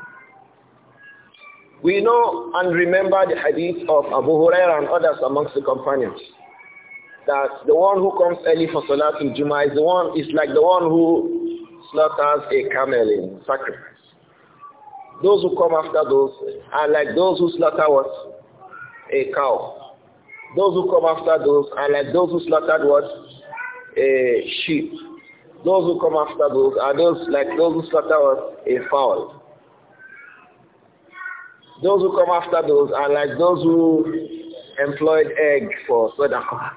We know and remember the hadith of Abu Hurairah and others amongst the companions that the one who comes early for Salatul Jummah is the one is like the one who slaughters a camel in sacrifice. Those who come after those are like those who slaughter what? A cow. Those who come after those are like those who slaughtered what? A sheep. Those who come after those are those like those who slaughter what? A fowl. Those who come after those are like those who employed egg for sadaqah.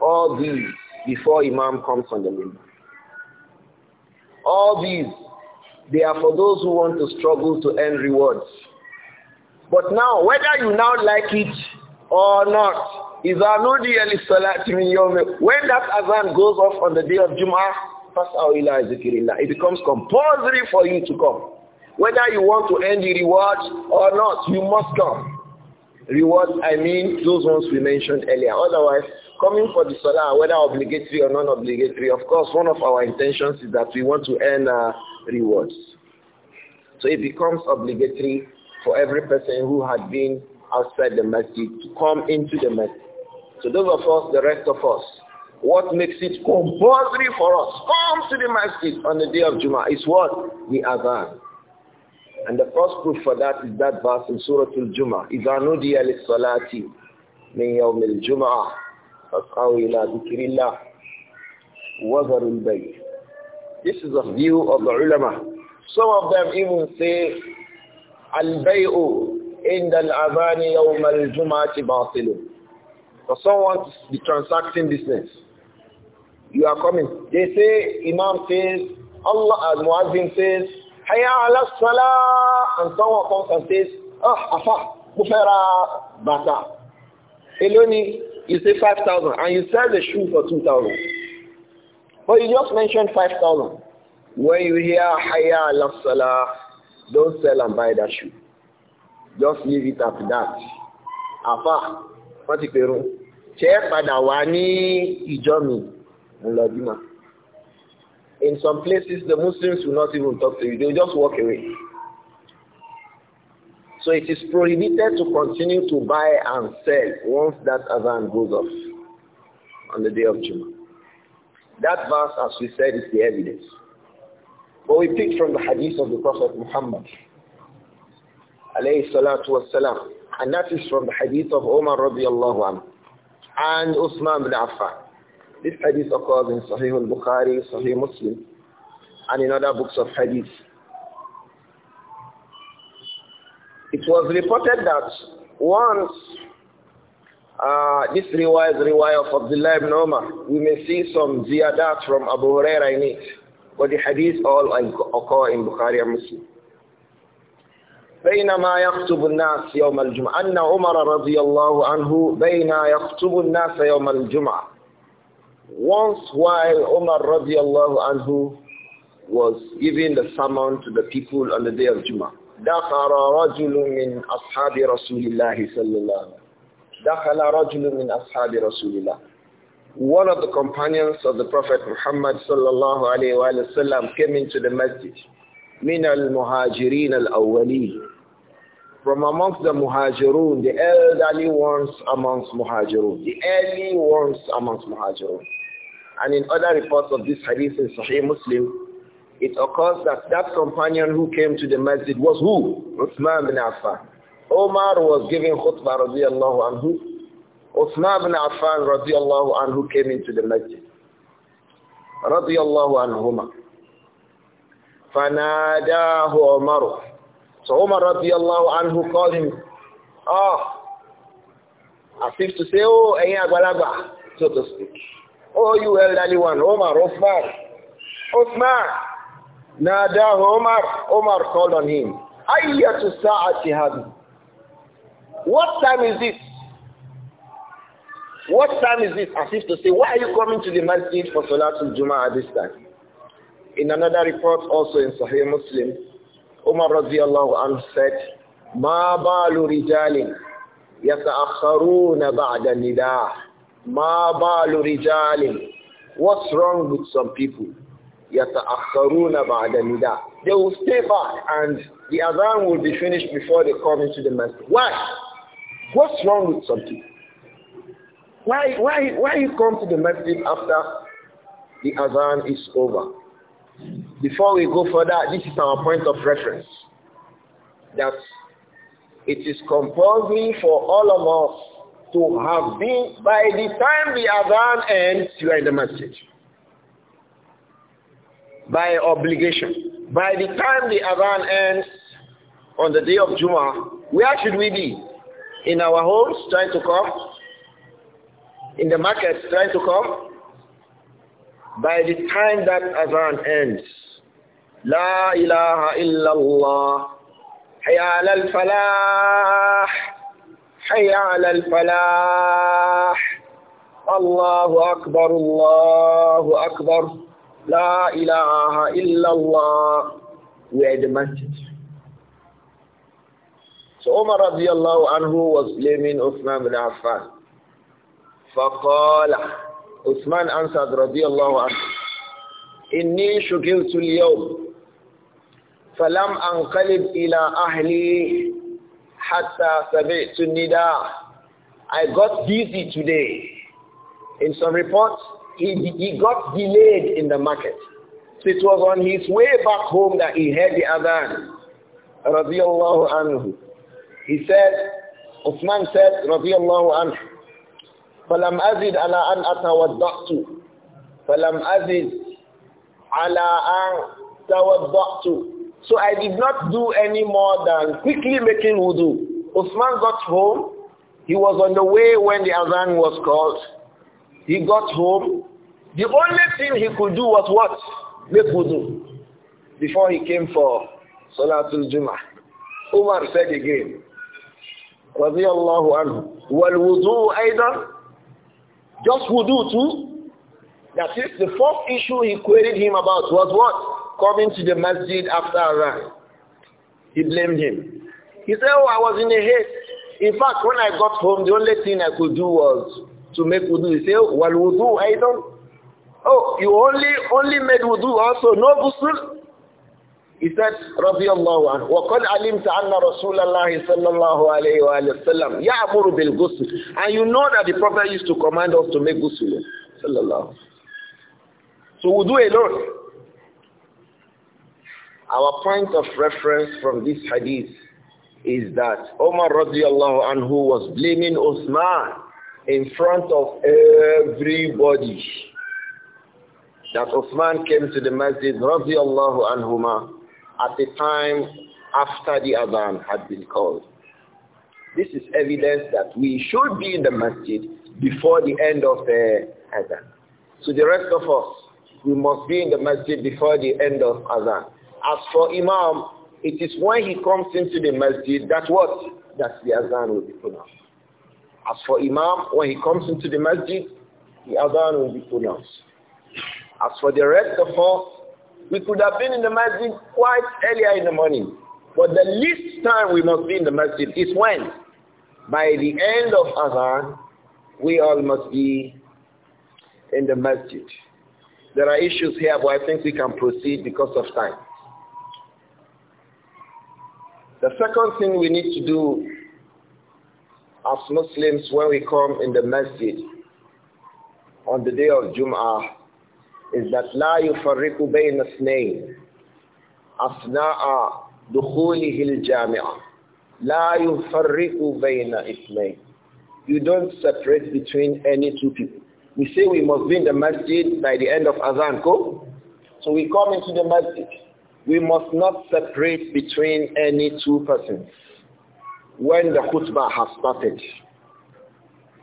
All these before Imam comes on the minbar. All these, they are for those who want to struggle to earn rewards. But now, whether you now like it or not, is anudi when that azan goes off on the day of Jum'ah, it becomes compulsory for you to come. Whether you want to earn the reward or not, you must come. Reward, I mean those ones we mentioned earlier. Otherwise, coming for the salah, whether obligatory or non-obligatory, of course, one of our intentions is that we want to earn uh, rewards. So it becomes obligatory for every person who had been outside the masjid to come into the masjid. So those of us, the rest of us, what makes it compulsory for us, come to the masjid on the day of Jummah is what? The done. And the first proof for that is that verse in Surah Al-Jum'ah. إِذَا نُدِيَ لِلصَّلَاةِ مِنْ يَوْمِ الْجُمْعَةِ فَاسْعَوْا إِلَى ذِكْرِ اللَّهِ وَذَرُوا الْبَيْتِ This is a view of the ulama. Some of them even say, الْبَيْءُ عِنْدَ الْأَذَانِ يَوْمَ الْجُمْعَةِ بَاطِلٌ For someone to be transacting business, you are coming. They say, Imam says, Allah, Al-Muazzin says, hayá alásọ́lá and someone comes and says ah afa mo fẹ́ ra bàtà èló ni you say five thousand and you sell the shoe for two thousand but you just mentioned five thousand when you hear hayá alásọ́lá don't sell and buy that shoe just leave it at that afa wọ́n ti pèrò ṣe é padà wá ní ìjọ mi ńlọ In some places, the Muslims will not even talk to you. They'll just walk away. So it is prohibited to continue to buy and sell once that Azan goes off on the day of Jummah. That verse, as we said, is the evidence. But we pick from the hadith of the Prophet Muhammad, alayhi salatu wasalam, and that is from the hadith of Omar radiallahu anhu and Usman ibn Affan. This hadith occurs in Sahih al-Bukhari, Sahih Muslim, and in other books of hadith. It was reported that once uh, this riwayah is riwayah of Abdullah ibn Umar. We may see some ziyadat from Abu Huraira in it, but the hadith all occur in Bukhari and Muslim. بينما يخطب الناس يوم الجمعة أن عمر رضي الله عنه بين يخطب الناس يوم الجمعة Once while Omar radiallahu anhu was giving the sermon to the people on the day of Jummah, دخل رجل من أصحاب رسول الله صلى الله عليه وسلم دخل رجل من أصحاب رسول الله One of the companions of the Prophet Muhammad صلى الله عليه وسلم came into the masjid من المهاجرين الأولين From amongst the muhajirun, the elderly ones amongst muhajirun, the early ones amongst muhajirun. And in other reports of this hadith in Sahih Muslim, it occurs that that companion who came to the masjid was who? Uthman bin Affan. Omar was giving khutbah radiallahu anhu. Uthman bin Affan radiallahu anhu came into the masjid. Radiallahu anhuma. فَنَادَاهُ عُمَرُ So Omar radiallahu anhu called him, Ah! Oh, as if to say, Oh, ẹ̀yin àgbàlagbà, so to speak. Oh, you elderly one, Omar, Osman. Osman. Nada Omar. Omar called on him. Ayyatu sa'ati hadi. What time is this? What time is this? As if to say, why are you coming to the masjid for Salatul Jummah at this time? In another report also in Sahih Muslim, Umar radiallahu anhu said, ما بال رجال يتأخرون بعد النداء Ma What's wrong with some people? They will stay back and the adhan will be finished before they come into the masjid. Why? What's wrong with some people? Why, why, why you come to the masjid after the adhan is over? Before we go further, this is our point of reference. That it is compulsory for all of us to have been, by the time the Adhan ends, you are in the masjid. By obligation. By the time the Adhan ends on the day of Jummah, where should we be? In our homes trying to come? In the markets trying to come? By the time that Adhan ends, La ilaha illallah, hayal al-falah, حي على الفلاح الله أكبر الله أكبر لا إله إلا الله وإدمت So Umar رضي الله عنه was blaming Uthman bin Affan. فقال Uthman answered رضي الله عنه إني شكلت اليوم فلم أنقلب إلى أهلي Hatta Sabi'tu Nida. I got busy today. In some reports, he, he got delayed in the market. So it was on his way back home that he heard the Adhan. Radiallahu anhu. He said, Uthman said, Radiallahu anhu, فَلَمْ أَزِدْ عَلَىٰ أَنْ أَتَوَضَّعْتُ فَلَمْ أَزِدْ عَلَىٰ أَنْ تَوَضَّعْتُ so I did not do any more than quickly making wudu. Usman got home. He was on the way when the Azan was called. He got home. The only thing he could do was what? Make wudu. Before he came for Salatul Jummah. Umar said again, رضي الله عنه والوضوء أيضا just wudu too that is the fourth issue he queried him about was what coming to the masjid after Azan. He blamed him. He said, oh, I was in a haste. In fact, when I got home, the only thing I could do was to make wudu. He said, oh, wudu, I don't. Oh, you only only made wudu also, no ghusl? He said, رضي الله عنه وقد علمت أن رسول الله صلى الله عليه وآله وسلم يأمر بالغسل and you know that the Prophet used to command us to make ghusl صلى الله عليه وسلم. So wudu alone our point of reference from this hadith is that Omar radiallahu anhu was blaming Osman in front of everybody. That Osman came to the masjid radiallahu anhuma at the time after the Adhan had been called. This is evidence that we should be in the masjid before the end of the Adhan. So the rest of us, we must be in the masjid before the end of Adhan. As for Imam, it is when he comes into the masjid that what? That the azan will be pronounced. As for Imam, when he comes into the masjid, the azan will be pronounced. As for the rest of us, we could have been in the masjid quite earlier in the morning. But the least time we must be in the masjid is when? By the end of azan, we all must be in the masjid. There are issues here, but I think we can proceed because of time. The second thing we need to do as Muslims when we come in the masjid on the day of Jum'ah is that لا يفرق بين اثنين أثناء دخوله الجامعة لا يفرق بين اثنين You don't separate between any two people. We say we must be in the masjid by the end of Azan, go. So we come into the masjid we must not separate between any two persons when the khutbah has started.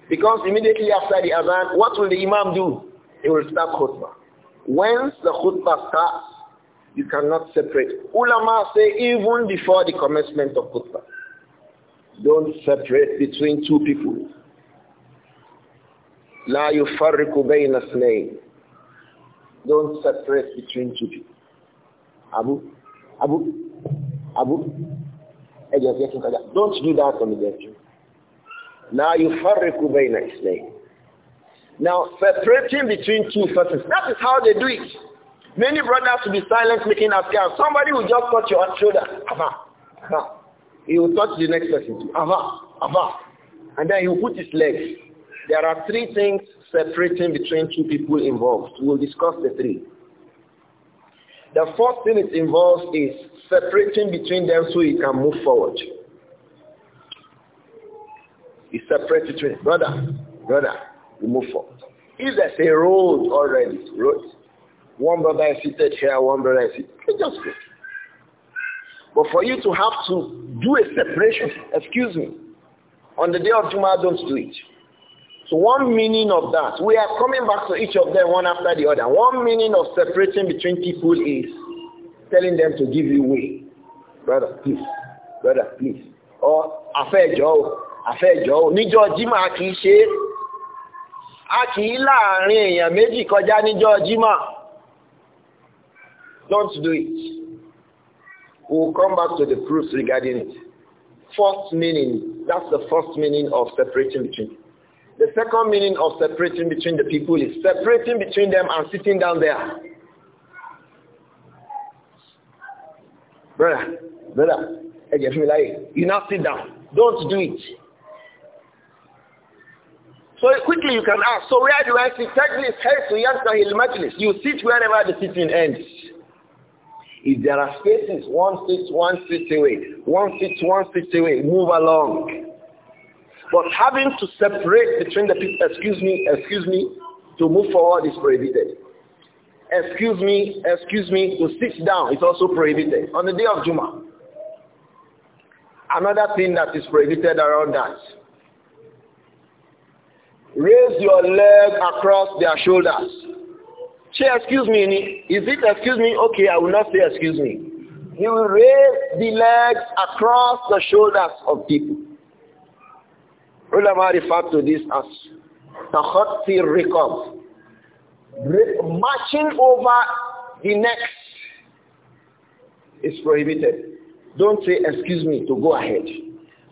Because immediately after the adhan, what will the imam do? He will start khutbah. Once the khutbah starts, you cannot separate. Ulama say even before the commencement of khutbah, don't separate between two people. لا يفرق بين اثنين. Don't separate between two people. Abu, Abu, Abu. Don't do that on the lecture. Now you farriku bayna isnayn. Now separating between two persons. That is how they do it. Many brothers will be silent making askar. Somebody will just touch your shoulder. Ava. Ava. He will touch the next person too. Ava. Ava. And then he will put his legs. There are three things separating between two people involved. We'll discuss the three. The first thing it involves is separating between them so you can move forward. You separate between brother, brother, you move forward. If there's a road already, road, one brother is seated here, one brother is seated, you just go. But for you to have to do a separation, excuse me, on the day of Juma, don't do it. So one meaning of that, we are coming back to each of them one after the other. One meaning of separating between people is telling them to give you way. Brother, please. Brother, please. Or afẹ́jọ́ afẹ́jọ́ níjọ́ Jímọ̀ kì í ṣe a ki èèyàn méjì kọjá níjọ́ Jímọ̀. Don't do it. We'll come back to the proofs regarding it. First meaning, that's the first meaning of separating between people. The second meaning of separating between the people is separating between them and sitting down there. Brother, brother, you now sit down. Don't do it. So quickly you can ask, so where do I sit? head to Yansahil Majlis. You sit wherever the sitting ends. If there are spaces, one sits, one sits away. One sits, one sits away. Move along. But having to separate between the people, excuse me, excuse me, to move forward is prohibited. Excuse me, excuse me, to sit down is also prohibited on the day of Juma. Another thing that is prohibited around that. Raise your leg across their shoulders. Say, excuse me, is it excuse me? Okay, I will not say excuse me. He will raise the legs across the shoulders of people. Ulama refer to this as takhati riqab. Marching over the neck is prohibited. Don't say, excuse me, to go ahead.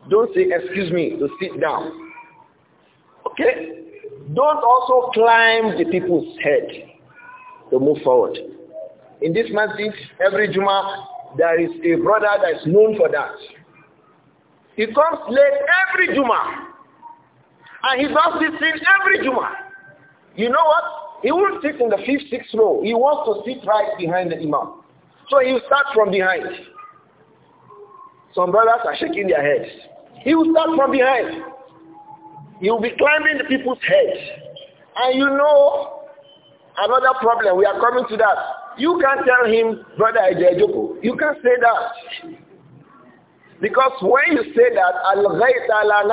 Don't say, excuse me, to sit down. Okay? Don't also climb the people's head to move forward. In this masjid, every Juma, there is a brother that is known for that. He comes late every Juma. And he does this thing every Juma. You know what? He will sit in the fifth, sixth row. He wants to sit right behind the imam. So he will start from behind. Some brothers are shaking their heads. He will start from behind. He will be climbing the people's heads. And you know another problem. We are coming to that. You can't tell him, brother Ejejoko. You can't say that. Because when you say that, al-ghayta la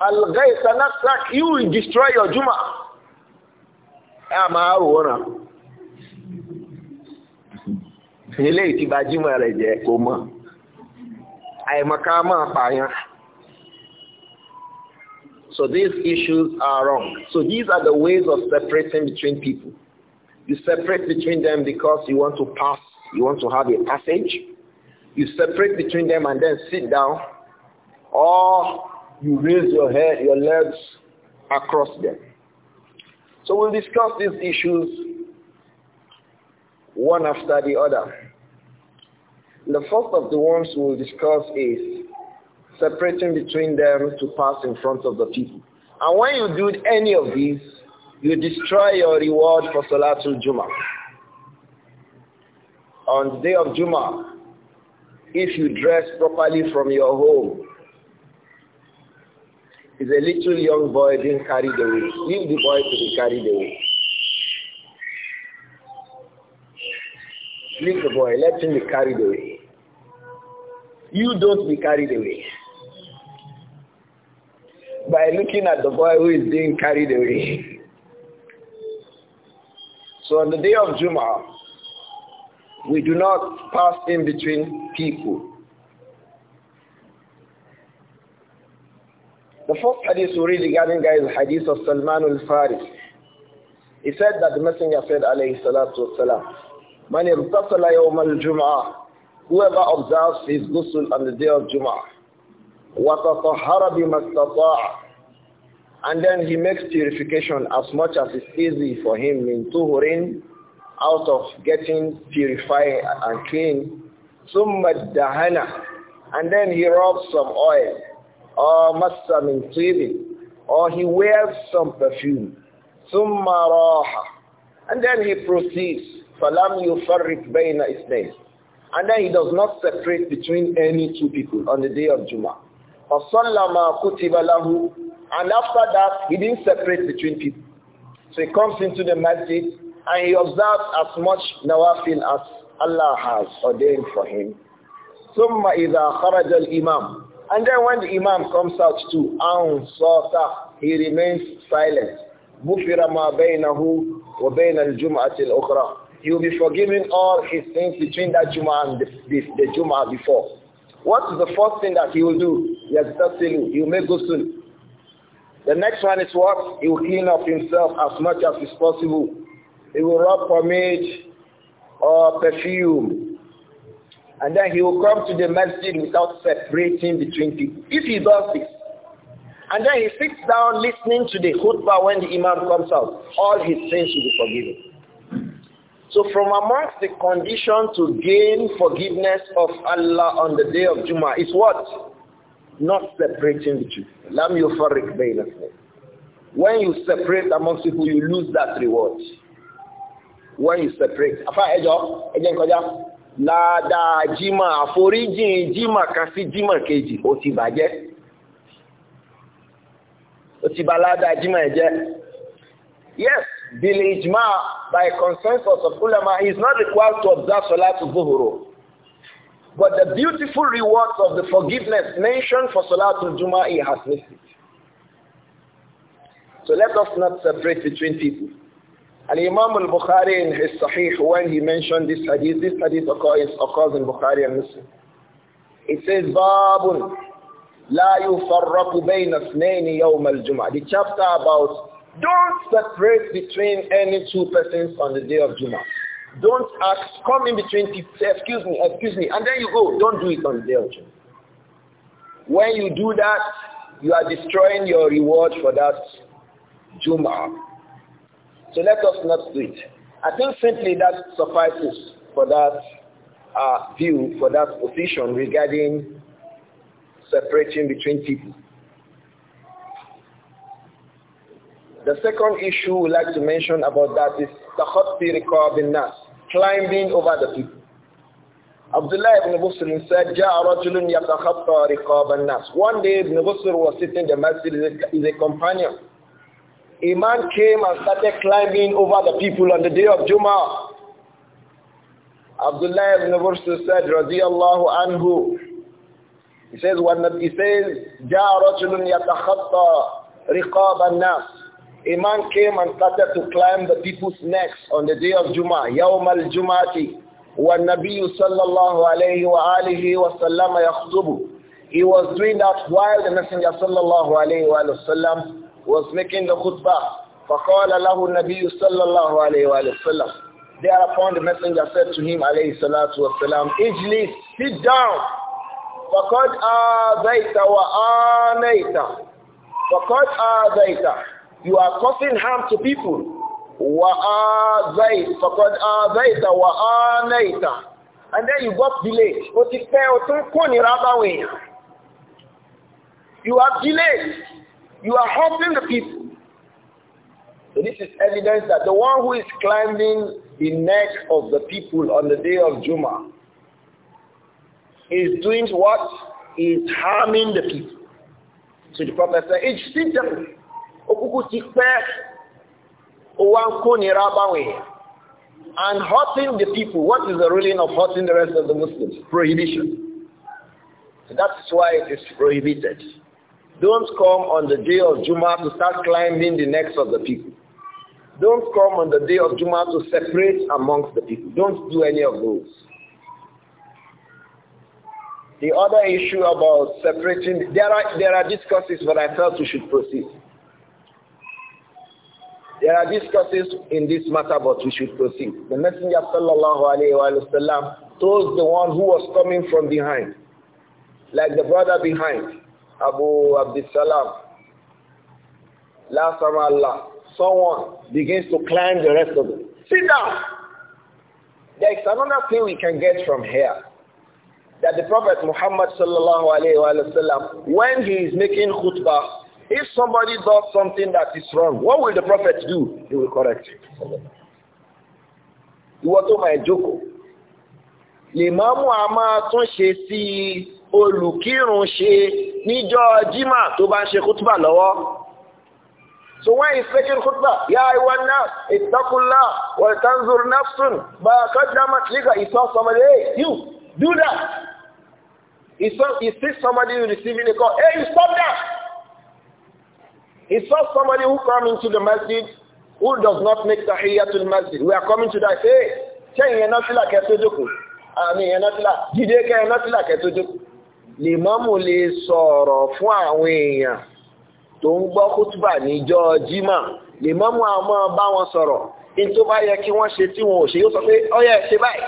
al ghaytha you will destroy your Juma. Ama ah, awona. Ilé ti ba Juma rẹ̀ jẹ́ kò mọ̀. Àìmọ̀ká máa pààyàn. So these issues are wrong. So these are the ways of separating between people. You separate between them because you want to pass, you want to have a passage. You separate between them and then sit down. Or you raise your head, your legs across them. So we'll discuss these issues one after the other. The first of the ones we'll discuss is separating between them to pass in front of the people. And when you do any of these, you destroy your reward for Salatul Juma. On the day of Juma, if you dress properly from your home, is a little young boy being carried away. Leave the boy to be carried away. Leave the boy, let him be carried away. You don't be carried away. By looking at the boy who is being carried away. So on the day of Jum'ah, we do not pass in between people. The first hadith we read regarding guys is hadith of Salman al-Faris. He said that the Messenger said, alayhi salatu wasalam, Man irtasala yawm al-jum'ah, whoever observes his ghusl on the day of Jum'ah, وَتَطَهَّرَ بِمَا اسْتَطَاعَ And then he makes purification as much as is easy for him in tuhurin, out of getting purified and clean. summa الدَّهَنَ And then he rubs some oil or massa min tibin, or he wears some perfume, ثم راح, and then he proceeds, فلم يفرق بين اثنين, and then he does not separate between any two people on the day of Juma. فصلى ما كتب له, and after that he didn't separate between people. So he comes into the masjid and he observes as much nawafil as Allah has ordained for him. ثم إذا خرج الإمام and then when the Imam comes out to Ansata, he remains silent. Bufira ma baynahu wa bayna al-jum'ati He will be forgiving all his sins between that Juma and the, the, the before. What is the first thing that he will do? Yaztasilu. He will make ghusl. The next one is what? He will clean up himself as much as is possible. He will rub pomade or perfume and then he will come to the masjid without separating between people. If he does this, and then he sits down listening to the khutbah when the imam comes out, all his sins will be forgiven. So from amongst the condition to gain forgiveness of Allah on the day of Jummah is what? Not separating the two. When you separate amongst people, you lose that reward. When you separate. Afa ejo, ejen koja, ládàá jímọ̀ àforíjìn jímọ̀ kan sí jímọ̀ kejì ó ti bàjẹ́ ó ti bà jímọ̀ yes bil ijma by consensus of ulama is not required to observe salat zuhuru but the beautiful rewards of the forgiveness mentioned for salatul juma he has missed it so let us not separate between people Al-Imam al-Bukhari in his Sahih, when he mentioned this hadith, this hadith occurs, occurs in Bukhari and Muslim. It says, Babun, la yufarraku bayna snayni yawm al-Jum'ah. The chapter about don't separate between any two persons on the day of Jum'ah. Don't ask, come in between, excuse me, excuse me, and then you go. Don't do it on the day of Jum'ah. When you do that, you are destroying your reward for that Jum'ah. So let us not do it. I think simply that suffices for that uh, view, for that position regarding separating between people. The second issue we'd like to mention about that is the hot bin nas, climbing over the people. Abdullah ibn Busr said, جَاءَ رَجُلٌ يَتَخَطَّى رِقَابَ nas." One day Ibn Busr was sitting in the masjid, is is a companion a man came and started climbing over the people on the day of Juma. Abdullah ibn Bursa said, radiyallahu anhu, he says, when he says, جَاءَ رَجُلٌ riqab al النَّاسِ A man came and started to climb the people's necks on the day of Juma, يَوْمَ الْجُمَعَةِ وَالنَّبِيُّ صَلَّى اللَّهُ عَلَيْهِ وَآلِهِ وَسَلَّمَ يَخْطُبُ He was doing that while the Messenger sallallahu alayhi wa sallam was making the khutbah. فقال له النبي صلى الله عليه وآله وسلم Thereupon the messenger said to him عليه الصلاة والسلام اجلس sit down فقد آذيت وآنيت فقد آذيت You are causing harm to people وآذيت فقد آذيت وآنيت And then you got delayed. O ti pẹ́ You have delayed. You are helping the people. So this is evidence that the one who is climbing the neck of the people on the day of Juma is doing what? Is harming the people. So the Prophet said, It's simple. Okuku And hurting the people. What is the ruling of hurting the rest of the Muslims? Prohibition. So that's why it is prohibited. Don't come on the day of Juma to start climbing the necks of the people. Don't come on the day of Juma to separate amongst the people. Don't do any of those. The other issue about separating, there are, there are discourses, that I felt we should proceed. There are discourses in this matter, but we should proceed. The Messenger sallallahu alayhi wa sallam told the one who was coming from behind, like the brother behind, Abu Abdissalam, Last time Allah, someone begins to climb the rest of it. Sit down! There is another thing we can get from here. That the Prophet Muhammad sallallahu alayhi wa sallam, when he is making khutbah, if somebody does something that is wrong, what will the Prophet do? He will correct it. tó olùkírun ṣe níjọ́ jímà tó bá ń ṣe kútùbà lọ́wọ́ so when he's making khutbah ya ayuwan nas ittaqullah wa tanzur nafsun ma qaddamat liga he saw somebody hey you do that he saw he sees somebody receiving a call hey you stop that he saw somebody who come into the masjid who does not make to the masjid we are coming to that hey ṣe ìyẹn náà sílà kẹtó jókòó àmì ìyẹn náà sílà jíde kẹ ìyẹn náà sílà kẹtó jókòó lè sọ̀rọ̀ fún àwọn tó ń gbọ́ jímà bá wọn sọ̀rọ̀ in tó bá yẹ kí wọ́n ṣe tí wọn ò ṣe sọ pé ṣe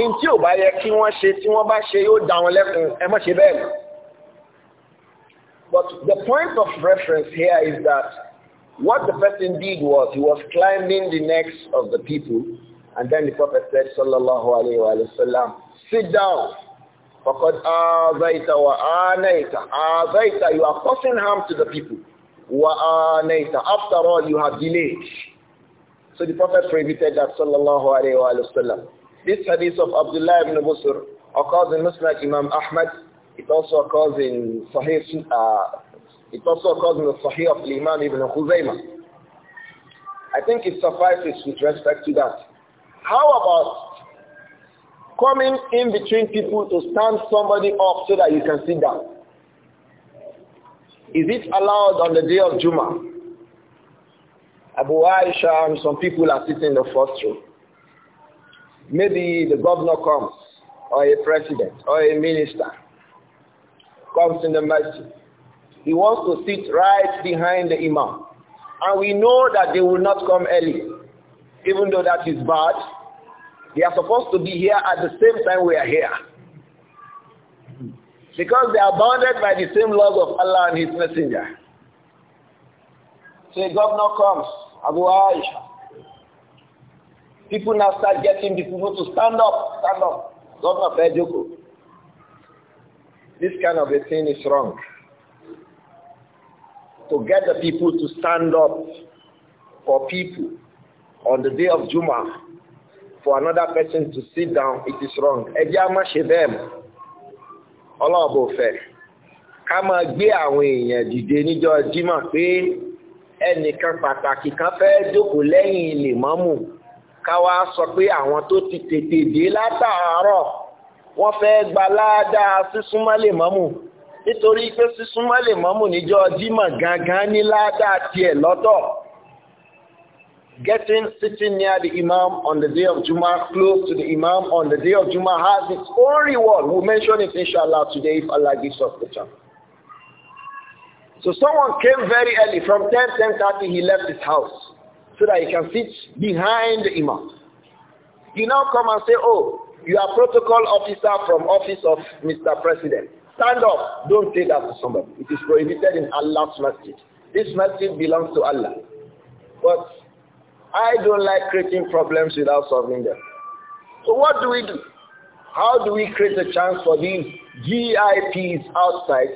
in tí ò bá yẹ kí wọ́n ṣe tí wọ́n bá ṣe dá wọn lẹ́kun ẹ ṣe bẹ́ẹ̀ But the point of reference here is that what the person did was he was climbing the necks of the people and then the Prophet said sallallahu alayhi wa sallam sit down فَقَدْ آذَيْتَ وَآنَيْتَ آذَيْتَ You are causing harm to the people. وَآنَيْتَ After all, you have delayed. So the Prophet prohibited that sallallahu alayhi wa This hadith of Abdullah ibn Busr occurs in Musnad Imam Ahmad. It also occurs in Sahih, uh, it also occurs in the Sahih of Imam ibn Khuzaymah. I think it suffices with respect to that. How about coming in between people to stand somebody up so that you can sit down. Is it allowed on the day of Juma? Abu Aisha and some people are sitting in the first row. Maybe the governor comes, or a president, or a minister comes in the masjid. He wants to sit right behind the imam. And we know that they will not come early, even though that is bad they are supposed to be here at the same time we are here. Because they are bounded by the same laws of Allah and His Messenger. So a governor comes, Abu Aisha. People now start getting the people to stand up, stand up. Governor Fejoko. This kind of a thing is wrong. To get the people to stand up for people on the day of Jummah for another person to sit down, it is wrong. Ẹjẹ́ a máa ṣe bẹ́ẹ̀ mọ́. Ọlọ́ọ̀bù fẹ́. Ká máa gbé àwọn èèyàn dìde níjọ́ Jímọ̀ pé ẹnìkan pàtàkì kan fẹ́ jókòó lẹ́yìn lèmọ́mù. Ká wá sọ pé àwọn tó ti tètè dé látàárọ̀ wọ́n fẹ́ gba ládàá sísúnmọ́ lèmọ́mù. Nítorí pé sísúnmọ́ lèmọ́mù níjọ́ Jímọ̀ gangan ní ládàá tiẹ̀ lọ́tọ̀. Getting sitting near the Imam on the day of Juma, close to the Imam on the day of Juma, has its own reward. We'll mention it inshallah today if Allah gives us the chance. So someone came very early, from 10, 10.30 he left his house so that he can sit behind the Imam. You now come and say, oh, you are protocol officer from office of Mr. President. Stand up. Don't say that to somebody. It is prohibited in Allah's masjid. This masjid belongs to Allah. But I don't like creating problems without solving them. So what do we do? How do we create a chance for these VIPs outside?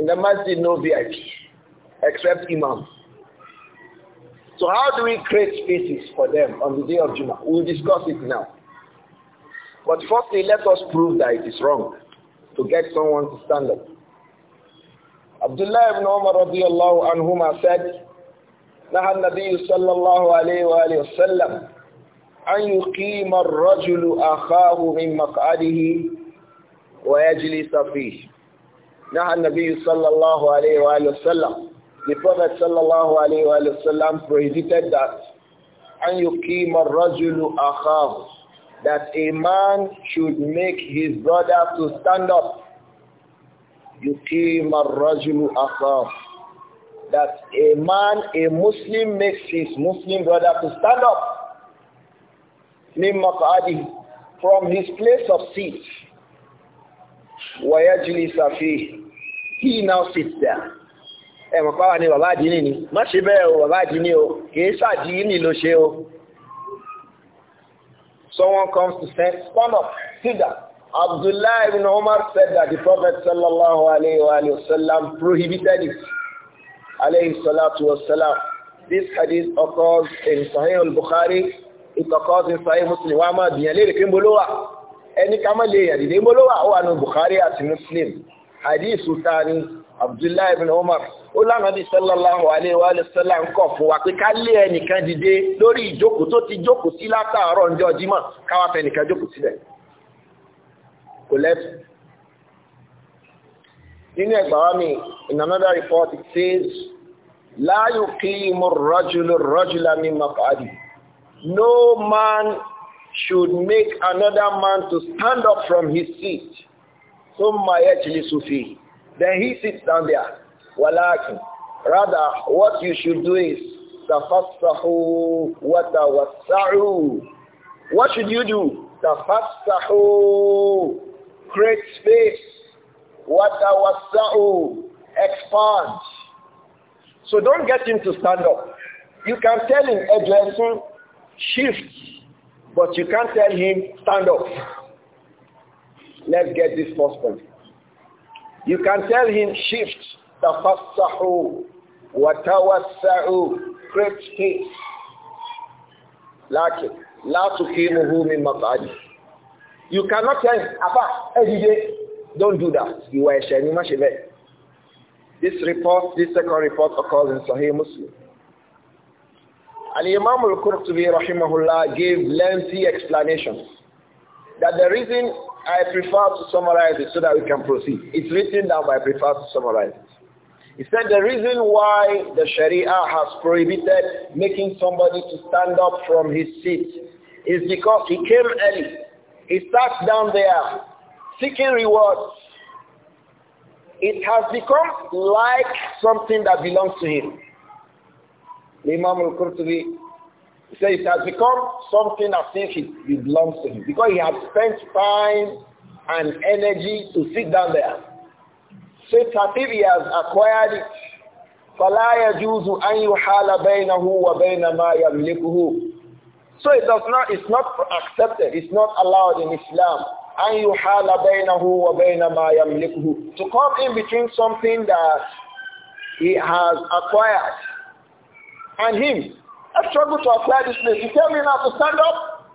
In the masjid, no VIP, except imams. So how do we create spaces for them on the day of Juma? We'll discuss it now. But firstly, let us prove that it is wrong to get someone to stand up. Abdullah ibn Umar radiallahu anhuma said, نهى النبي صلى الله عليه وآله وسلم أن يقيم الرجل أخاه من مقعده ويجلس فيه نهى النبي صلى الله عليه وآله وسلم The Prophet صلى الله عليه وآله وسلم prohibited that أن يقيم الرجل أخاه that a man should make his brother to stand up يقيم الرجل أخاه that a man, a Muslim makes his Muslim brother to stand up. From his place of seat. وَيَجْلِسَ فِيهِ He now sits there. Ẹ mọ̀ pàwà ni bàbá àdínì ni. Má ṣe bẹ́ẹ̀ o, bàbá àdínì o. Kìí ṣàdínì ló ṣe o. Someone comes to say, stand up, sit down. Abdullah ibn Omar said that the Prophet sallallahu alayhi wa prohibited it. alayhi salatu was salam. This hadith occurs in Sahih al-Bukhari, it occurs in Sahih Muslim. Wọ́n a máa dìyàn léèrè pé ń bolo wà. Ẹni ká má lè yàdìdé Bukhari àti Muslim. Hadith Sultani Abdullahi ibn Umar. Ó lánàá di sallallahu alayhi wa sallam kọ̀ fún wa pé ká lé ẹnìkan dìde lórí ìjókòó tó ti jókòó sí látàárọ̀ ọjọ́ Jímọ̀ káwá fẹ́ nìkan jókòó sílẹ̀. Kò lẹ́tọ̀ọ́. in another report it says, La rajula min maq'adi. No man should make another man to stand up from his seat. my yajlisu fihi. Then he sits down there. Walakin. Rather, what you should do is tafassahu the tawassa'u. What should you do? Tafassahu. Create space وَتَوَسَّعُوا Expand. So don't get him to stand up. You can tell him, Edwinson, shift, but you can't tell him, stand up. Let's get this first point. You can tell him, shift, tafassahu, watawassa'u, create space. Lakin, la tukimuhu min body. You cannot tell him, Abba, every day, don't do that. You are Shani Mashibeh. This report, this second report occurs in Sahih Muslim. And imam al-Qurtubi rahimahullah gave lengthy explanations that the reason I prefer to summarize it so that we can proceed. It's written down but I prefer to summarize it. He said the reason why the Sharia has prohibited making somebody to stand up from his seat is because he came early. He sat down there seeking rewards. It has become like something that belongs to him. Imam al-Qurtubi says it has become something as if it belongs to him because he has spent time and energy to sit down there. So it's as if he has acquired it. فَلَا يَجُوزُ أَنْ يُحَالَ بَيْنَهُ وَبَيْنَ مَا يَمْلِكُهُ So it does not, it's not accepted, it's not allowed in Islam to come in between something that he has acquired and him I struggle to acquire this place you tell me now to stand up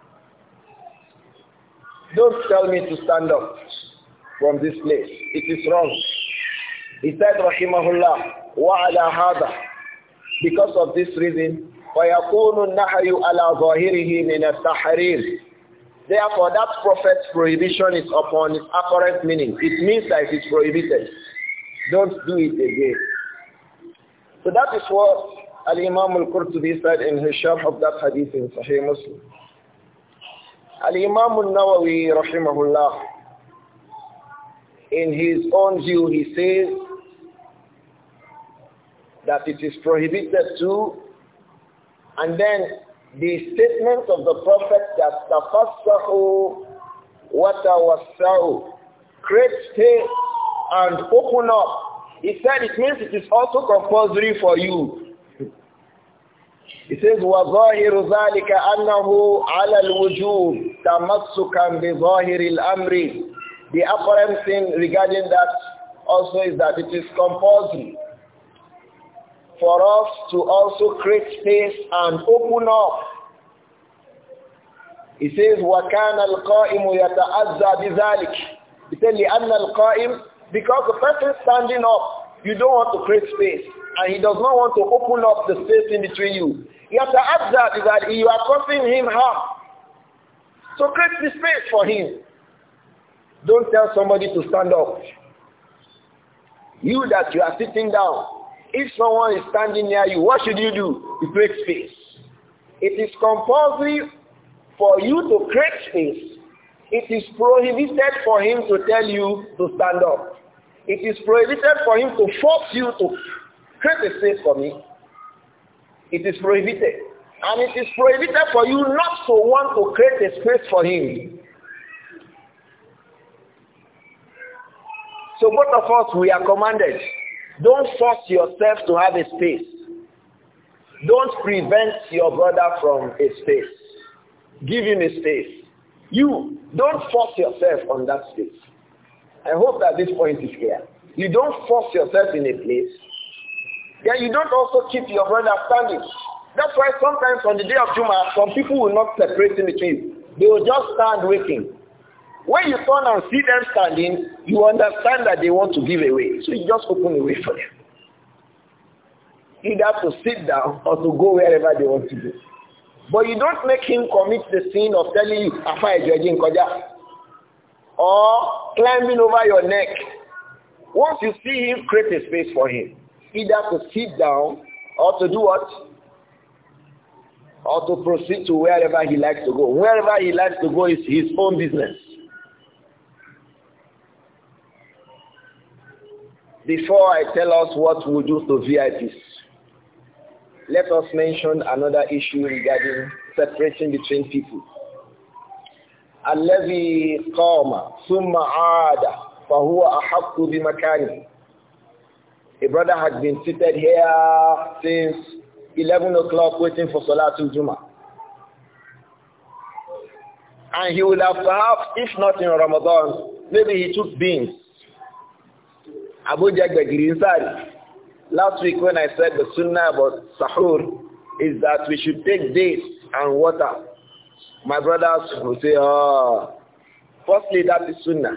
don't tell me to stand up from this place it is wrong he said rahimahullah wa ala hada because of this reason فيكون النحي على ظاهره من التحرير Therefore, that prophet's prohibition is upon its apparent meaning. It means that it is prohibited. Don't do it again. So that is what Al-Imam Al-Qurtubi said in his sharh of that hadith in Sahih Muslim. Al-Imam Al-Nawawi, rahimahullah, in his own view, he says that it is prohibited to, and then the statement of the Prophet that tafassahu wa tawassahu, create space and open up. He said it means it is also compulsory for you. He says, وَظَاهِرُ ذَلِكَ أَنَّهُ عَلَى الْوُجُوبِ تَمَسُّكًا بِظَاهِرِ الْأَمْرِ The apparent thing regarding that also is that it is compulsory for us to also create space and open up. He says, وَكَانَ الْقَائِمُ يَتَعَزَّى بِذَلك Because لِأَنَّ الْقَائِمُ Because the person standing up, you don't want to create space. And he does not want to open up the space in between you. يَتَعَزَّى بِذَلك You are causing him harm. So create the space for him. Don't tell somebody to stand up. You that you are sitting down, if someone is standing near you, what should you do? You create space. It is compulsory for you to create space. It is prohibited for him to tell you to stand up. It is prohibited for him to force you to create a space for me. It is prohibited. And it is prohibited for you not to want to create a space for him. So both of us, we are commanded don't force yourself to have a space. Don't prevent your brother from a space. Give him a space. You don't force yourself on that space. I hope that this point is clear. You don't force yourself in a place. Then you don't also keep your brother standing. That's why sometimes on the day of Juma, some people will not separate in between. They will just stand waiting. When you turn and see them standing, you understand that they want to give away. So you just open the way for them. Either to sit down or to go wherever they want to go. But you don't make him commit the sin of telling you, Afai Ejoji Nkoja, or climbing over your neck. Once you see him, create a space for him. Either to sit down or to do what? Or to proceed to wherever he likes to go. Wherever he likes to go is his own business. Before I tell us what we do to VIPs, let us mention another issue regarding separation between people. الذي قام ثم عاد فهو أحق بمكانه A brother had been seated here since 11 o'clock waiting for Salatul Juma. And he would have perhaps, if not in Ramadan, maybe he took beans Abuja Gbagirisari, last week when I said the sunnah about sahur is that we should take dates and water. My brothers will say, oh, firstly, that is sunnah.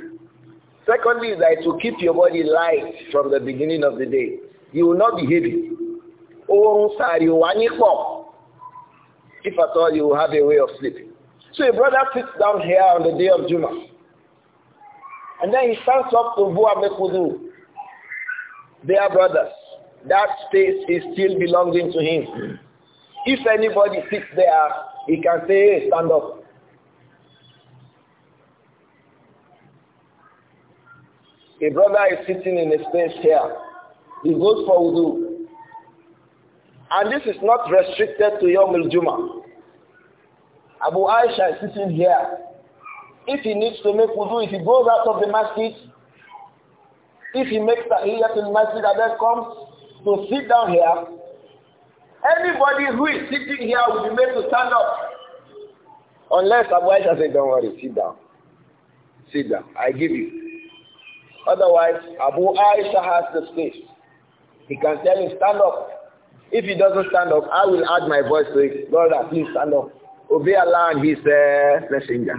Secondly, that it will keep your body light from the beginning of the day. You will not be heavy. If at all, you will have a way of sleeping. So a brother sits down here on the day of Juma, And then he stands up to go and make wudu. They are brothers. That space is still belonging to him. If anybody sits there, he can say, hey, stand up. A brother is sitting in a space here. He goes for wudu. And this is not restricted to Yom miljuma. Abu Aisha is sitting here. If he needs to make wudu, if he goes out of the masjid, if he makes tahiyyatul masjid and then comes to sit down here, anybody who is sitting here will be made to stand up. Unless Abu Aisha says, don't worry, sit down. Sit down, I give you. Otherwise, Abu Aisha has the space. He can tell him, stand up. If he doesn't stand up, I will add my voice to it. Lord, please stand up. Obey Allah and his uh, messenger.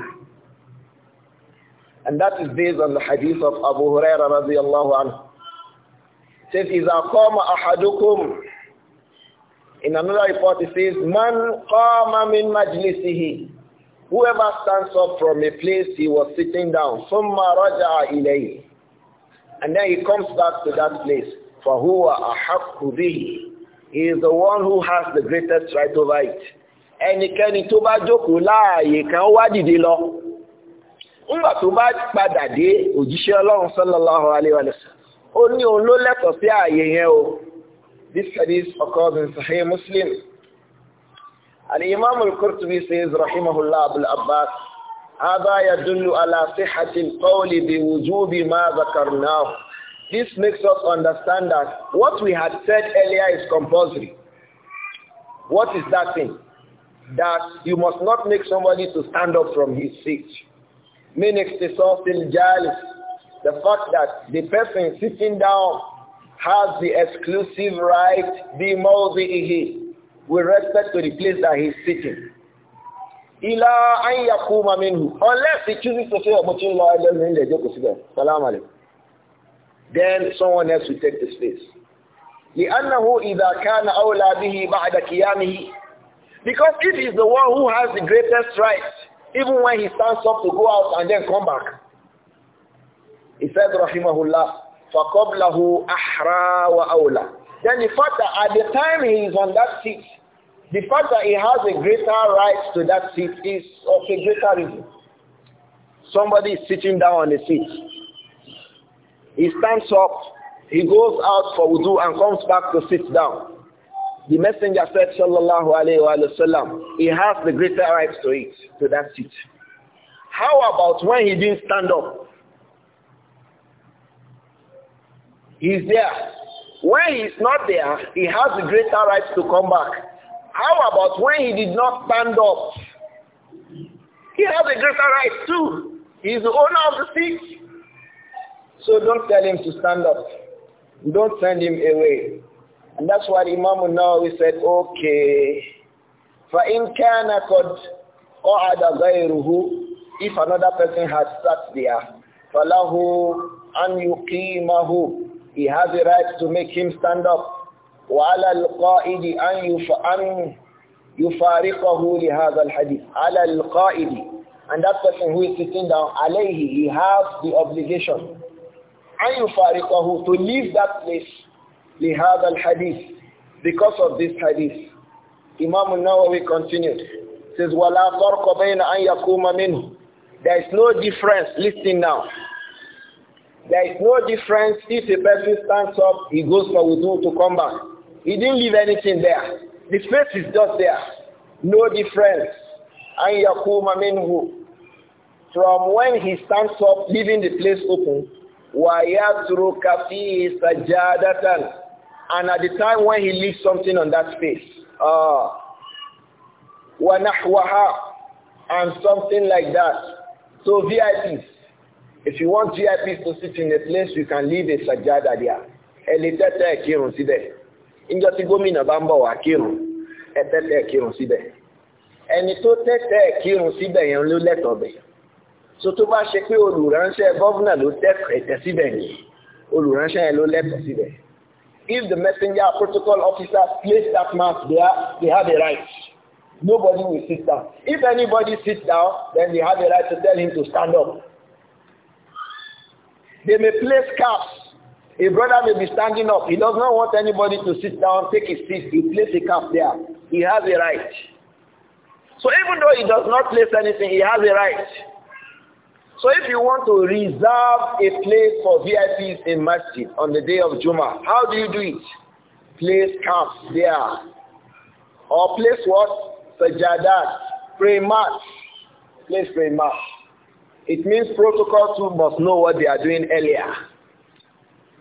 And that is based on the hadith of Abu Huraira radiallahu anhu. It says, إِذَا قَامَ أَحَدُكُمْ In another report it says, مَنْ قَامَ مِنْ مَجْلِسِهِ Whoever stands up from a place he was sitting down, ثُمَّ رَجَعَ إِلَيْهِ And then he comes back to that place. فَهُوَ أَحَقُّ بِهِ He is the one who has the greatest right to write. ẹnikẹ́ni tó bá jókòó láàyè kan wá dìde lọ ńgbà tó bá padà dé òjíṣẹ́ ọlọ́run ó ní òun ló sí ààyè yẹn o this hadith occurs in sahih muslim al-imam al-qurtubi says rahimahullah abul abbas This makes us understand that what we had said earlier is compulsory. What is that thing? That you must not make somebody to stand up from his seat min ikhtisas al-jalis the fact that the person sitting down has the exclusive right bi he with respect to the place that he's sitting ila an yakuma minhu unless he chooses to say obutin lo elorin le jókòó síbẹ̀ salam alaikum then someone else will take the space لأنه إذا كان أولى به بعد because it is the one who has the greatest right even when he stands up to go out and then come back. He said, Rahimahullah, فَقَبْلَهُ أَحْرَى وَأَوْلَى Then the fact that at the time he is on that seat, the fact that he has a greater right to that seat is of a greater reason. Somebody is sitting down on the seat. He stands up, he goes out for wudu and comes back to sit down. The messenger said, sallallahu alayhi wa sallam, he has the greater rights to it, to that seat. How about when he didn't stand up? He's there. When he's not there, he has the greater rights to come back. How about when he did not stand up? He has the greater rights too. He's the owner of the seat. So don't tell him to stand up. Don't send him away. And that's why Imam Nawawi said, okay, فَإِنْ كَانَ قَدْ قَعَدَ غَيْرُهُ If another person has sat there, فَلَهُ أَنْ يُقِيمَهُ He has the right to make him stand up. وَعَلَى الْقَائِدِ أَنْ يُفَارِقَهُ لِهَذَا الْحَدِيثِ عَلَى الْقَائِدِ And that person who is sitting down, عليه, he has the obligation. أَنْ يُفَارِقَهُ To leave that place لهذا الحديث because of this hadith Imam Nawawi continued says ولا فرق بين أن يقوم منه there is no difference listen now there is no difference if a person stands up he goes for wudu to come back he didn't leave anything there the space is just there no difference أن يقوم منه from when he stands up leaving the place open ويترك فيه سجادة and at the time when he leaves something on that space. Uh, ونحوها and something like that. So VIPs, if you want VIPs to sit in a place, you can leave a sajada there. Ẹ tẹ́tẹ́ kírun síbẹ̀. Níjọ́ tí gómìnà bá ń bọ̀ wá kírun, ẹ tẹ́tẹ́ kírun síbẹ̀. Ẹni tó tẹ́tẹ́ kírun síbẹ̀ yẹn ló lẹ́tọ̀ọ́ bẹ̀. So tó bá ṣe pé olùránṣẹ́ gọ́vùnà ló tẹ́tẹ́ síbẹ̀ yẹn, olùránṣẹ́ yẹn ló lẹ́tọ̀ọ́ síbẹ̀. If the messenger protocol officer placed that mask there, they have a right. Nobody will sit down. If anybody sits down, then they have a right to tell him to stand up. They may place caps. A brother may be standing up. He does not want anybody to sit down, take his seat. He places a cap there. He has a right. So even though he does not place anything, he has a right. So if you want to reserve a place for VIPs in Masjid on the day of Juma, how do you do it? Place camps there. Or place what? Sajadat. Pray mass. Place pray mass. It means protocol two must know what they are doing earlier.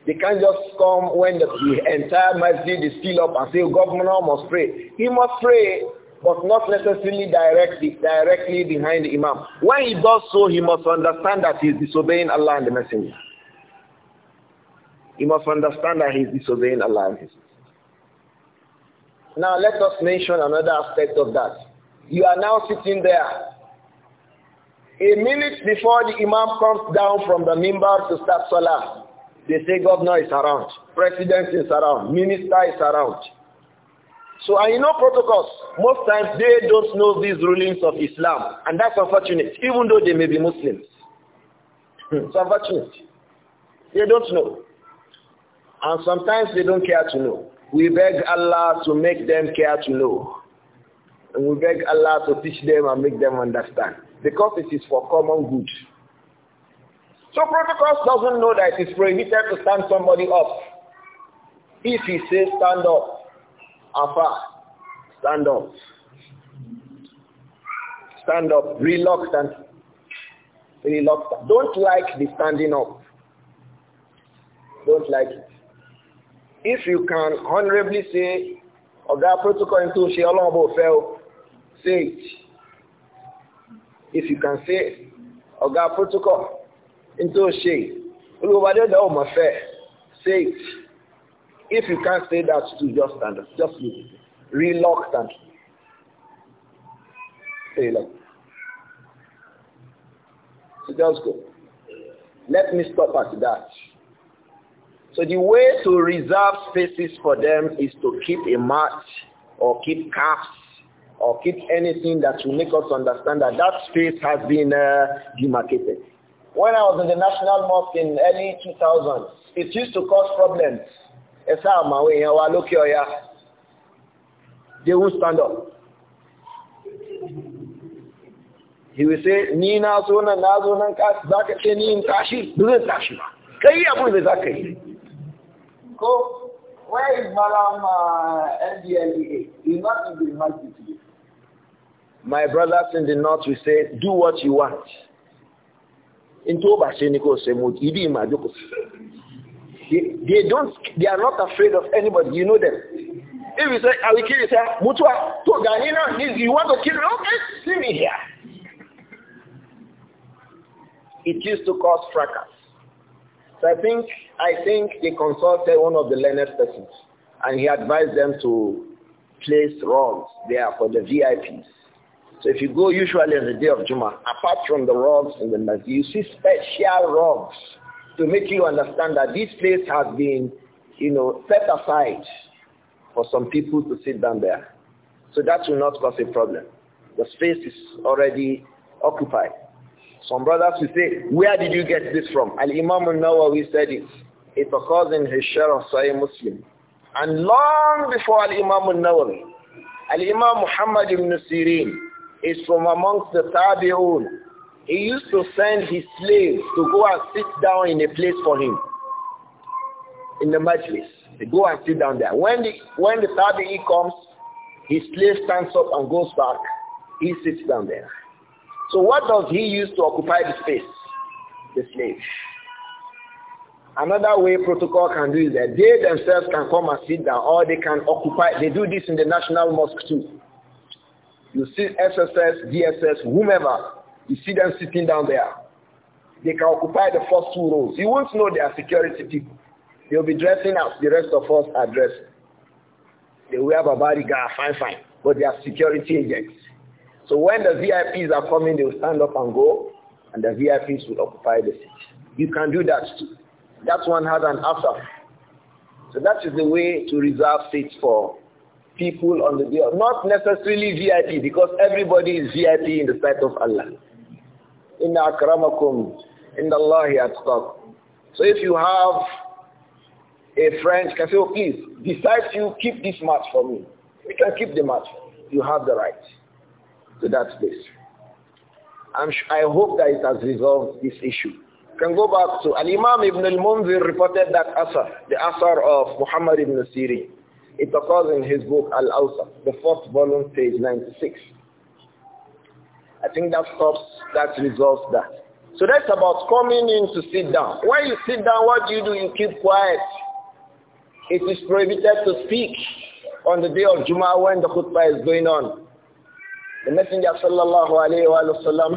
They can't just come when the, the entire masjid is still up and say, oh, governor must pray. He must pray but not necessarily directly, directly behind the imam. When he does so, he must understand that he is disobeying Allah and the messenger. He must understand that he is disobeying Allah and his messenger. Now let us mention another aspect of that. You are now sitting there. A minute before the imam comes down from the mimbar to start salah, they say governor is around, president is around, minister is around. So I know protocols. Most times they don't know these rulings of Islam. And that's unfortunate, even though they may be Muslims. Hmm. it's unfortunate. They don't know. And sometimes they don't care to know. We beg Allah to make them care to know. And we beg Allah to teach them and make them understand. Because it is for common good. So protocols doesn't know that it is prohibited to stand somebody up. If he says stand up, Afa, stand up. Stand up, reluctant. Reluctant. Don't like the standing up. Don't like it. If you can honorably say, Oga protocol into She Olombo fell, say it. If you can say, Oga protocol into She, Olubade Daoma fell, say it. If you can't say that too, just stand up. Just leave it. Reluctant. Say like. So just go. Let me stop at that. So the way to reserve spaces for them is to keep a mat or keep caps or keep anything that will make us understand that that space has been uh, demarcated. When I was in the National Mosque in early 2000, it used to cause problems ẹ sáà mọ àwọn èèyàn wa lókè ọya they won't stand up he will say ni na zo na zo nan za ka ce ni in tashi ba zai my brothers in the north will say do what you want in tó bá ṣe ni kò ṣe mo They don't, they are not afraid of anybody. You know them. If you say, I will kill you, say, Mutua, to Ganina, you want to kill me? Okay, see me here. It used to cause fracas. So I think, I think they consulted one of the learned persons and he advised them to place rugs there for the VIPs. So if you go usually on the day of Juma, apart from the rugs in the masjid, you see special rugs to make you understand that this place has been, you know, set aside for some people to sit down there. So that will not cause a problem. The space is already occupied. Some brothers will say, where did you get this from? Al-Imam al-Nawawi said it. It occurs in his share of Sahih Muslim. And long before Al-Imam al-Nawawi, Al-Imam Muhammad ibn Sirin is from amongst the Tabi'un he used to send his slaves to go and sit down in a place for him. In the majlis. They go and sit down there. When the, when the he comes, his slave stands up and goes back. He sits down there. So what does he use to occupy the space? The slave. Another way protocol can do is that they themselves can come and sit down or they can occupy. They do this in the National Mosque too. You see SSS, DSS, whomever. You see them sitting down there. They can occupy the first two rows. You won't know they are security people. They'll be dressing up. The rest of us are dressed. They wear guard, fine, fine. But they are security agents. So when the VIPs are coming, they will stand up and go, and the VIPs will occupy the seat. You can do that too. That one has an after. So that is the way to reserve seats for people on the day. Not necessarily VIP, because everybody is VIP in the sight of Allah the أَكْرَمَكُمْ He had أَتْقَاكُمْ So if you have a friend, can say, oh, please, besides you, keep this match for me. You can keep the match. You have the right to that place. I'm I hope that it has resolved this issue. Can go back to Al-Imam Ibn al-Munzir reported that asar, the asar of Muhammad Ibn Sirin. It occurs in his book al Ausa, the fourth volume, page 96. I think that stops, that resolves that. So that's about coming in to sit down. When you sit down, what do you do? You keep quiet. It is prohibited to speak on the day of Jum'ah when the khutbah is going on. The Messenger sallallahu alayhi wa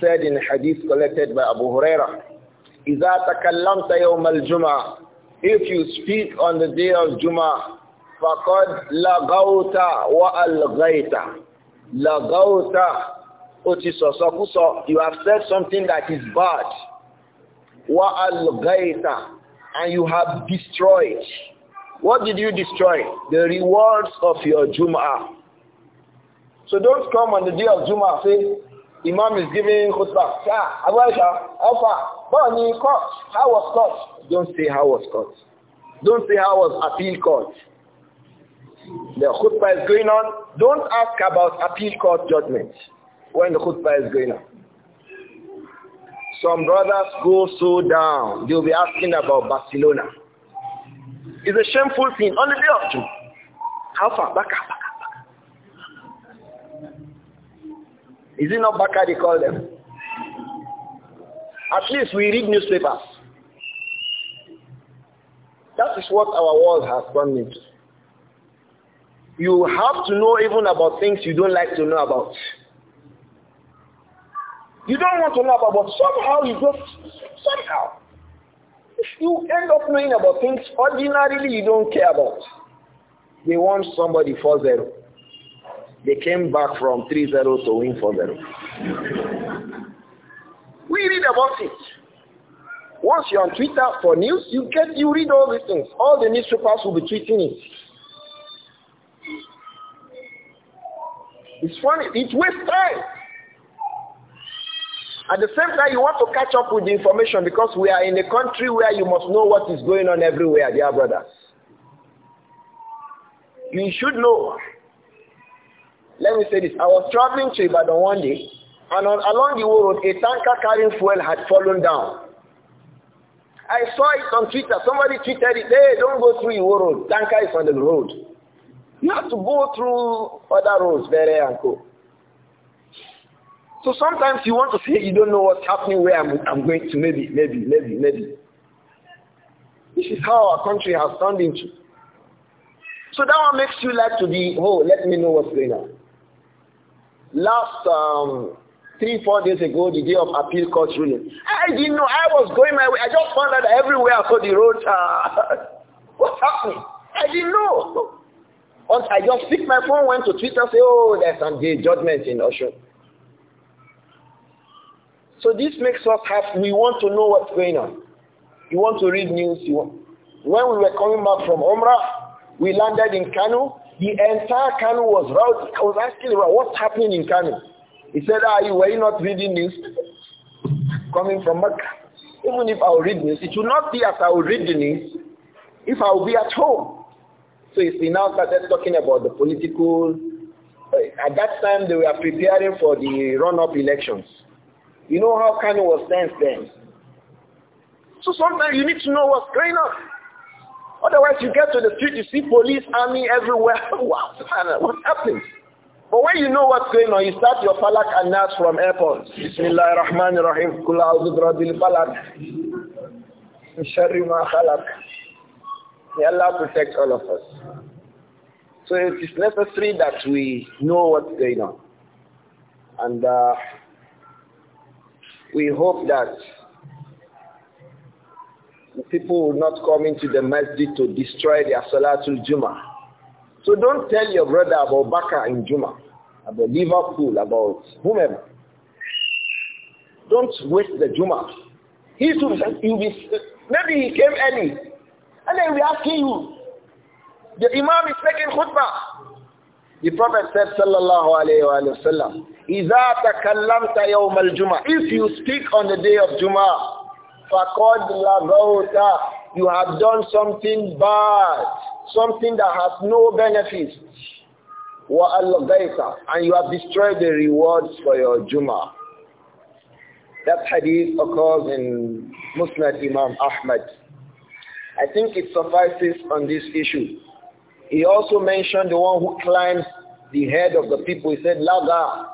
said in a hadith collected by Abu Huraira, إِذَا تَكَلَّمْتَ يَوْمَ الْجُمْعَةِ If you speak on the day of Jum'ah, فَقَدْ لَغَوْتَ وَأَلْغَيْتَ لَغَوْتَ you have said something that is bad wa al-ghaita and you have destroyed what did you destroy the rewards of your Juma. so don't come on the day of Juma. say imam is giving khutbah yeah abaisha alpha bani court how was court don't say how was court don't say how was appeal court the khutbah is going on don't ask about appeal court judgment when the khutbah is going on. Some brothers go so down, they'll be asking about Barcelona. It's a shameful thing on the day of June. How far? Baka, Baka, Baka. Is it not Baka they call them? At least we read newspapers. That is what our world has gone into. You have to know even about things you don't like to know about. You don't want to know about, but somehow you just, somehow. You end up knowing about things ordinarily you don't care about. They want somebody for 0 They came back from 3-0 to win 4-0. we read about it. Once you're on Twitter for news, you get you read all these things. All the newspapers will be tweeting it. It's funny. It wastes time. At the same time, you want to catch up with the information because we are in a country where you must know what is going on everywhere, dear brothers. You should know. Let me say this. I was traveling to Ibadan one day, and on, along the road, a tanker carrying fuel had fallen down. I saw it on Twitter. Somebody tweeted it, hey, don't go through Iwo road. Tanker is on the road. You have to go through other roads, Bere and Co. So sometimes you want to say you don't know what's happening where I'm, I'm going to. Maybe, maybe, maybe, maybe. This is how our country has turned into. So that one makes you like to be, oh, let me know what's going on. Last um, three, four days ago, the day of appeal court ruling, I didn't know. I was going my way. I just found out everywhere I saw the road. Uh, what's happening? I didn't know. Once I just picked my phone, went to Twitter, say, oh, there's some day judgment in Osho. So this makes us have, we want to know what's going on. You want to read news, you want. When we were coming back from Umrah, we landed in Kanu. The entire Kanu was routed. I was asking about what's happening in Kanu. He said, are ah, you, were you not reading news? Coming from Mecca. Even if I will read news, it should not be as I will read the news if I will be at home. So you that now started talking about the political, eh, at that time they were preparing for the run-up elections. You know how Kano was danced then. So sometimes you need to know what's going on. Otherwise you get to the street, you see police, army everywhere. wow, what happened? But when you know what's going on, you start your falak and nas from airports. Bismillah ar-Rahman ar-Rahim. falak. Sharri ma May Allah protect all of us. So it is necessary that we know what's going on. And uh, we hope that people will not come into the masjid to destroy their Salatul Juma. So don't tell your brother about Baka in Juma, about Liverpool, about whomever. Don't waste the Juma. He will be, maybe he came early. And then we asking you, the Imam is making khutbah. The Prophet said, sallallahu alayhi wa sallam, إِذَا تَكَلَّمْتَ يَوْمَ الْجُمَعَ If you speak on the day of Jum'ah, فَقَدْ لَغَوْتَ You have done something bad, something that has no benefit. وَأَلْغَيْتَ And you have destroyed the rewards for your Jum'ah. That hadith occurs in Musnad Imam Ahmad. I think it suffices on this issue. He also mentioned the one who climbs the head of the people. He said, Laga.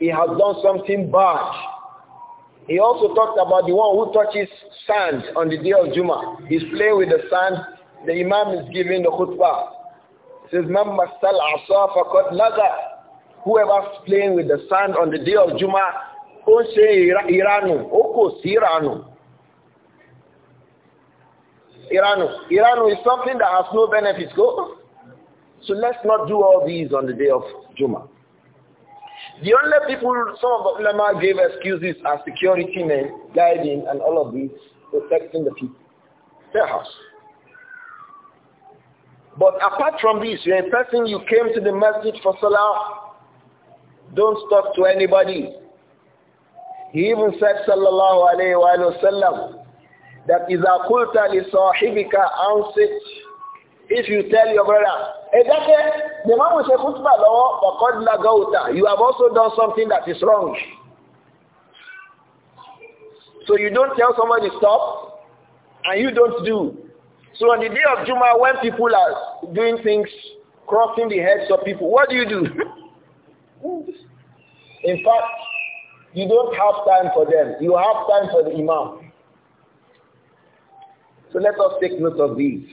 He has done something bad. He also talked about the one who touches sand on the day of Juma. He's playing with the sand. The Imam is giving the khutbah. He says, Mamma sal faqad laga. Whoever's playing with the sand on the day of Juma, O say ṣe ìranù, ó sí ìranù. Iranu. Iranu is something that has no benefits. Go. So let's not do all these on the day of Juma. The only people some of the ulama gave excuses are security men, guiding and all of these, protecting the people. Their house. But apart from this, you're a person, you came to the mosque for salah, don't talk to anybody. He even said, sallallahu alayhi wa sallam, that is a إِذَا so لِصَاحِبِكَ أَنْصِتْ If you tell your brother, hey, that the man will say, khutbah law, فَقَدْ لَغَوْتَ You have also done something that is wrong. So you don't tell somebody stop, and you don't do. So on the day of Juma, when people are doing things, crossing the heads of people, what do you do? In fact, you don't have time for them. You have time for the imam. So let us take note of these.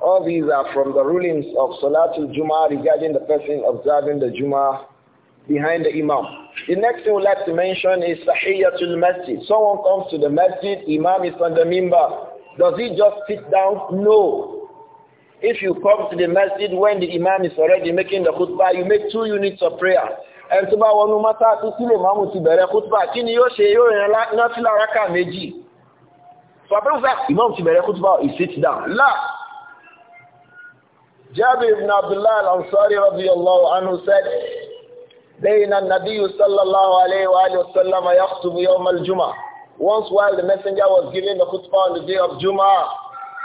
All these are from the rulings of Salatul Jummah regarding the person observing the Jummah behind the Imam. The next thing we'd like to mention is Sahiyatul Masjid. Someone comes to the Masjid, Imam is on the mimbar. Does he just sit down? No. If you come to the Masjid when the Imam is already making the khutbah, you make two units of prayer. And tó bá wọnú mọ́tà tó sílẹ̀ mọ́mù ti bẹ̀rẹ̀ kútùbà kí ni yóò náfìlà rákà méjì Papa was like, Imam Tibere Khutbah, he sits down. La. Jabir ibn Abdullah al-Ansari radiyallahu anhu said, بين النبي صلى الله عليه وآله وسلم يخطب يوم الجمعة Once while the messenger was giving the khutbah on the day of Juma,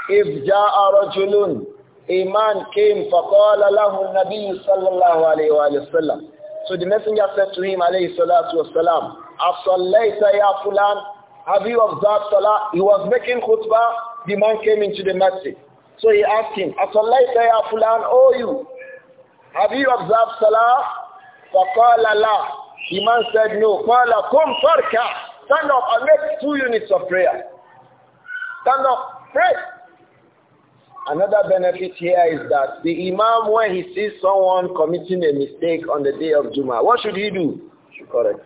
if جاء رجل a man came فقال له النبي صلى الله عليه وآله وسلم So the messenger said to him عليه الصلاة والسلام أصليت يا فلان have you observed Salah? He was making khutbah, the man came into the masjid. So he asked him, Asalaita ya fulan, oh you, have you observed Salah? Faqala la. The man said no. Qala kum farka. Stand up and make two units of prayer. Stand up, pray. Another benefit here is that the imam, when he sees someone committing a mistake on the day of Juma, what should he do? He should correct.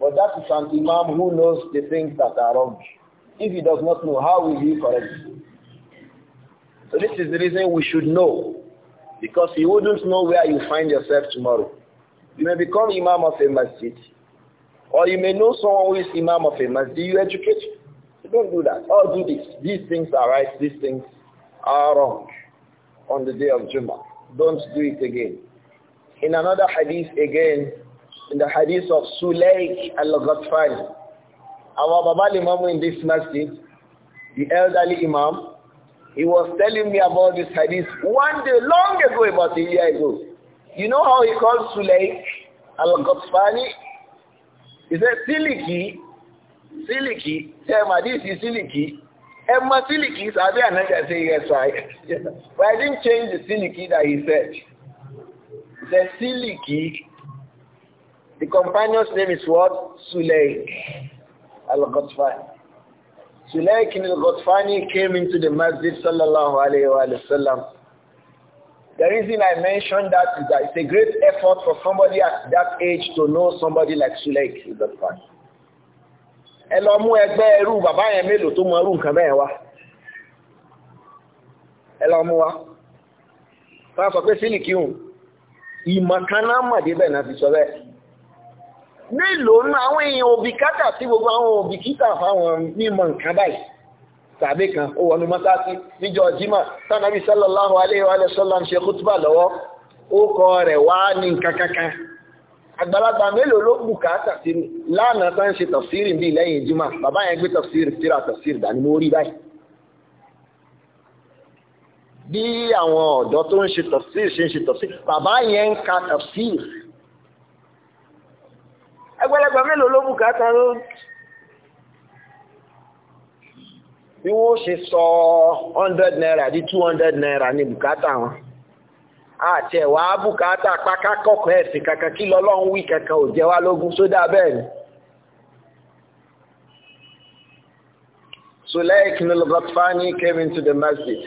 But that is an imam who knows the things that are wrong. If he does not know, how will he correct? So this is the reason we should know. Because you wouldn't know where you find yourself tomorrow. You may become imam of a masjid. Or you may know someone who is imam of a masjid. You educate. So don't do that. Or oh, do this. These things are right. These things are wrong on the day of Jummah. Don't do it again. In another hadith again, in the hadith of Sulaik al-Ghatfani. Our Baba Imam in this masjid, the elderly Imam, he was telling me about this hadith one day, long ago, about a year ago. You know how he called Sulaik al-Ghatfani? He said, Siliki, Siliki, tell this is Siliki. And Siliki is Abi I say yes, right. but I didn't change the Siliki that he said. said Siliki The companion's name is what? Sulaik al-Ghatfani. Sulaik al-Ghatfani came into the masjid sallallahu alayhi wa sallam. The reason I mention that is that it's a great effort for somebody at that age to know somebody like Sulaik al-Ghatfani. Ẹ mú ẹgbẹ́ ẹrú bàbá yẹn mélòó tó mọ irú nǹkan bẹ́ẹ̀ wá. Ẹ mú wa. Fáwọn pé sílìkì Ìmọ̀ kan mọ̀ débẹ̀ náà fi sọ bẹ́ẹ̀ mélòó ní àwọn èèyàn òbíkátà sí gbogbo àwọn òbíkítà fáwọn mímọ̀ nǹkan báyìí tàbí kan ó wọnú mọ́sáàtì níjọ́ jimá tánàbí sallallahu alaihi wa sallam ṣe kútùbà lọ́wọ́ ó kọ rẹ̀ wá ní kankankan àgbàlagbà mélòó ló bùkátà sí lánàá tán ṣe tafsiri bíi lẹ́yìn jimá bàbá yẹn gbé tafsiri tíra tafsiri dání mo rí báyìí bí àwọn ọ̀dọ́ tó ń ṣe tafsiri ṣe ń ṣe tafsiri bàbá yẹn ń ka tafsiri ẹgbẹ́lẹ́gbẹ́ mélòó ló bùkátà ló bí wọ́n ṣe sọ hundred naira di two naira ní bùkátà wọn àti ẹ̀wà bùkátà pákà ẹ̀sìn kankan kí lọ́lọ́run wí kankan ò jẹ́ wá lógún sódà bẹ́ẹ̀ ni. Sulaik al came into the masjid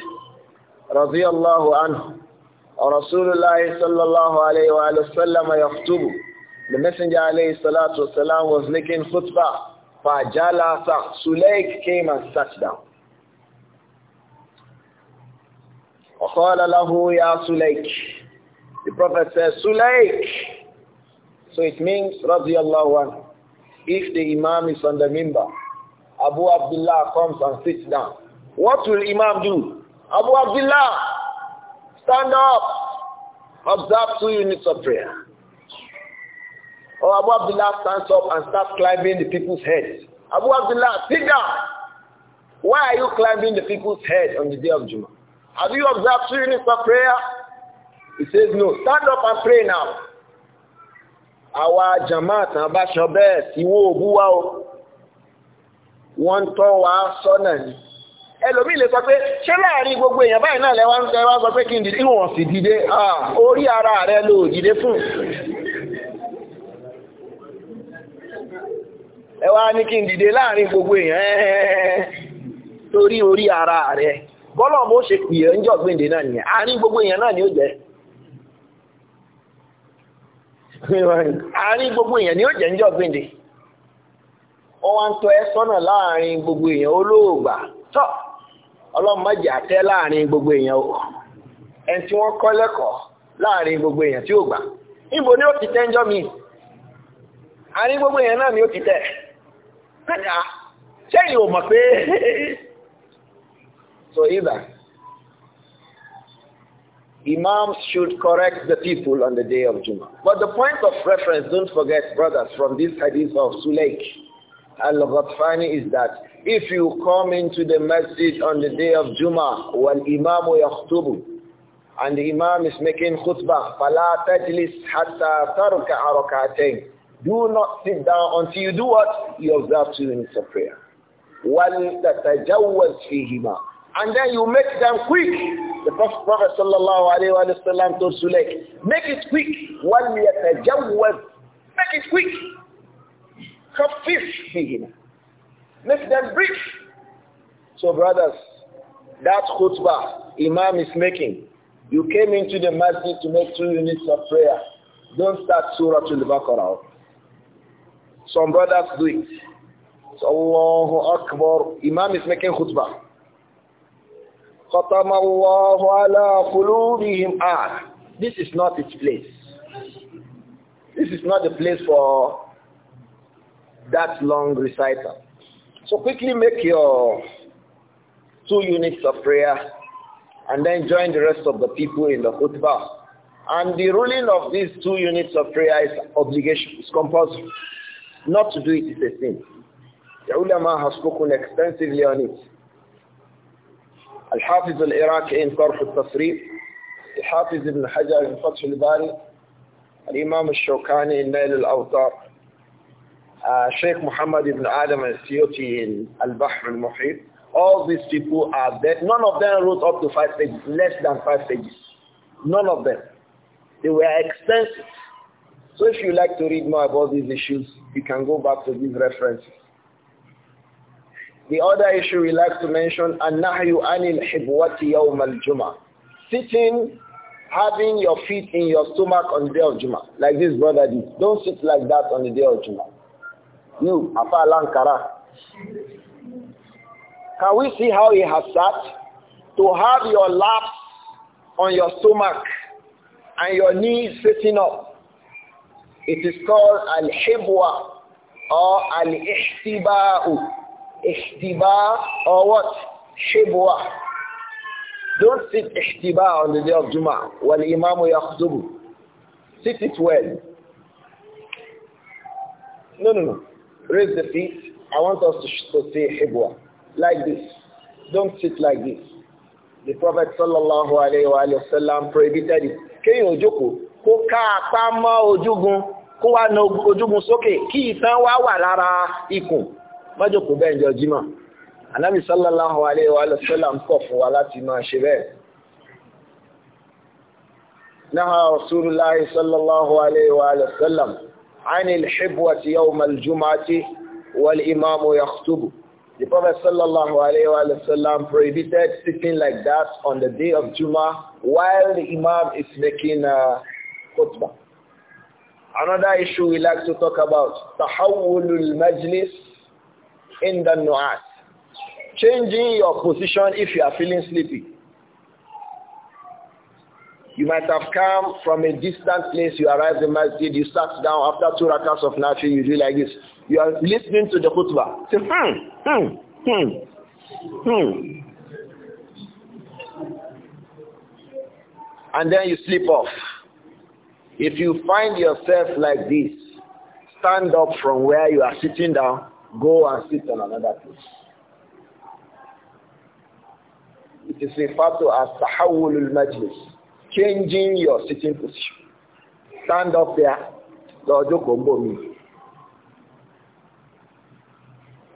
radiyallahu anhu Rasulullah sallallahu alayhi wa sallam yakhtubu The Messenger alayhi salatu wasalam was making khutbah. Fajalasa. Sulaik came and sat down. وقال له يا سليك The Prophet says, Sulaik. So it means, radiallahu anhu, if the Imam is on the mimba, Abu Abdullah comes and sits down. What will Imam do? Abu Abdullah, stand up. Observe two units of prayer. Or Abu Abdullah stands up and starts climbing the people's heads. Abu Abdullah, sit down. Why are you climbing the people's head on the day of Juma? Have you observed three minutes of prayer? He says, no, stand up and pray now. Our Jamaat and Basho Bess, Iwo Obuwa, wọ́n tọ́ wa sọ́nà ni. Ẹlòmí lè sọ pé, ṣé láàrin gbogbo èèyàn báyìí náà lẹ́wọ́n sọ pé kí n dìde, ìwọ̀n sì dìde, ah, orí ara rẹ ló dìde fún. ẹ wá ní kí n dìde láàrin gbogbo èèyàn torí orí ara rẹ̀ bọ́lọ̀ bó ṣe pìyẹ ń jọ gbèǹde náà nìyẹn àárín gbogbo èèyàn náà ni ó jẹ́ àárín gbogbo èèyàn ni ó jẹ́ ń jọ gbèǹde wọ́n wá ń tọ́ ẹ sọ́nà láàrin gbogbo èèyàn olóògbà tọ́ ọlọ́mọdé àtẹ́ láàrin gbogbo èèyàn o ẹni tí wọ́n kọ́ lẹ́kọ̀ọ́ láàrin gbogbo èèyàn tí ó gbà níbo ni ó ti tẹ́ ń mi àárín gbogbo èèyàn náà ni ó ti tẹ́ ẹ̀. ṣẹ́yìn ò mọ̀ pé so either imams should correct the people on the day of Juma. But the point of reference, don't forget, brothers, from this hadith of Sulaik al-Ghatfani is that if you come into the masjid on the day of Juma when imam yakhtubu, and the imam is making khutbah, فَلَا تَجْلِسْ حَتَّى تَرْكَعَ رَكَعَتَيْنِ do not sit down until you do what? You observe two minutes of prayer. وَلْتَتَجَوَّزْ فِيهِمَا And then you make them quick. The Prophet, sallallahu alayhi wa sallam told Sulaik, make it quick. وَلْيَتَجَوَّزْ Make it quick. خَفِّفْ فِيهِمَا Make them brief. So brothers, that khutbah Imam is making, you came into the masjid to make two units of prayer. Don't start Surah al-Baqarah. Some brothers do it. So Allahu Akbar. Imam is making khutbah. ختم الله على قلوبهم آه. This is not its place. This is not the place for that long recital. So quickly make your two units of prayer and then join the rest of the people in the khutbah. And the ruling of these two units of prayer is obligation, it's compulsory. Not to do it is a sin. The ulama has spoken extensively on it. Al-Hafiz al-Iraqi in Tarf al-Tasrif, Al-Hafiz ibn Hajar in Fath al-Bari, Al-Imam al-Shawkani in Nail al-Awtar, uh, Sheikh Muhammad ibn Adam al-Siyuti in Al-Bahr al-Muhit. All these people are dead. None of them wrote up to five pages, less than five pages. None of them. They were extensive. So if you like to read more about these issues, you can go back to these references. The other issue we like to mention, النَّهْيُ anil الْحِبْوَةِ يَوْمَ الْجُمَعَةِ Sitting, having your feet in your stomach on the day of Juma, like this brother did. Don't sit like that on the day of Juma. You, Afa Lankara. Can we see how he has sat? To have your laps on your stomach and your knees sitting up it is called al-hibwa or al-ihtiba'u. Ihtiba or what? Hibwa. Don't sit ihtiba on the day of Jum'ah. Wal-imamu yakhdubu. Sit it well. No, no, no. Raise the feet. I want us to, to say hibwa. Like this. Don't sit like this. The Prophet sallallahu alayhi wa sallam prohibited it. Can you joke? kó ká apá mọ́ ojúgun kó wá na ojúgun sókè kí ìtàn wá wà lára ikùn mọ́jòkó bẹ́ẹ̀ jọ jímọ̀ anábì sallallahu alayhi wa sallam ń pọ̀ fún wa láti máa ṣe bẹ́ẹ̀ náà rasulullahi sallallahu alayhi wa sallam anil hibwati yawmal jum'ati wal imamu yakhtubu The Prophet sallallahu alayhi wa sallam prohibited sitting like that on the day of Juma while the Imam is making uh, khutbah. Another issue we like to talk about, tahawulul majlis in the nu'at. Changing your position if you are feeling sleepy. You might have come from a distant place, you arrive in masjid, you sat down, after two rakats of nature, you do like this. You are listening to the khutbah. Say, hmm, hmm, hmm, hmm. And then you sleep off. If you find yourself like this, stand up from where you are sitting down, go and sit on another place. It is referred to as tahawulul majlis, changing your sitting position. Stand up there, lọ́jọ́ kò ń bò mí.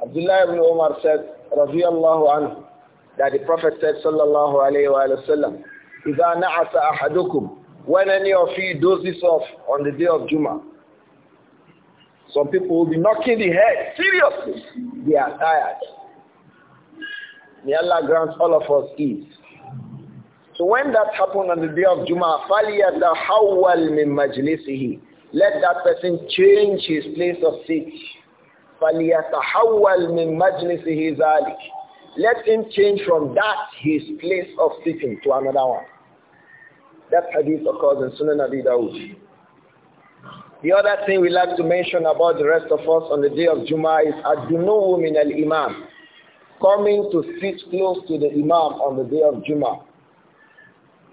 Abdullah ibn Umar said, radiyallahu anhu, that the Prophet said, sallallahu alayhi wa sallam, إذا نعس أحدكم when any of you dozes off on the day of Juma, some people will be knocking the head. Seriously, they are tired. May Allah grant all of us ease. So when that happened on the day of Juma, hawal min مَجْلِسِهِ Let that person change his place of seat. hawal min مَجْلِسِهِ ذَلِكَ Let him change from that his place of sitting to another one. That hadith occurs in Sunan Abi Dawud. The other thing we like to mention about the rest of us on the day of Jummah is Adunuhu min al-Imam. Coming to sit close to the Imam on the day of Jummah.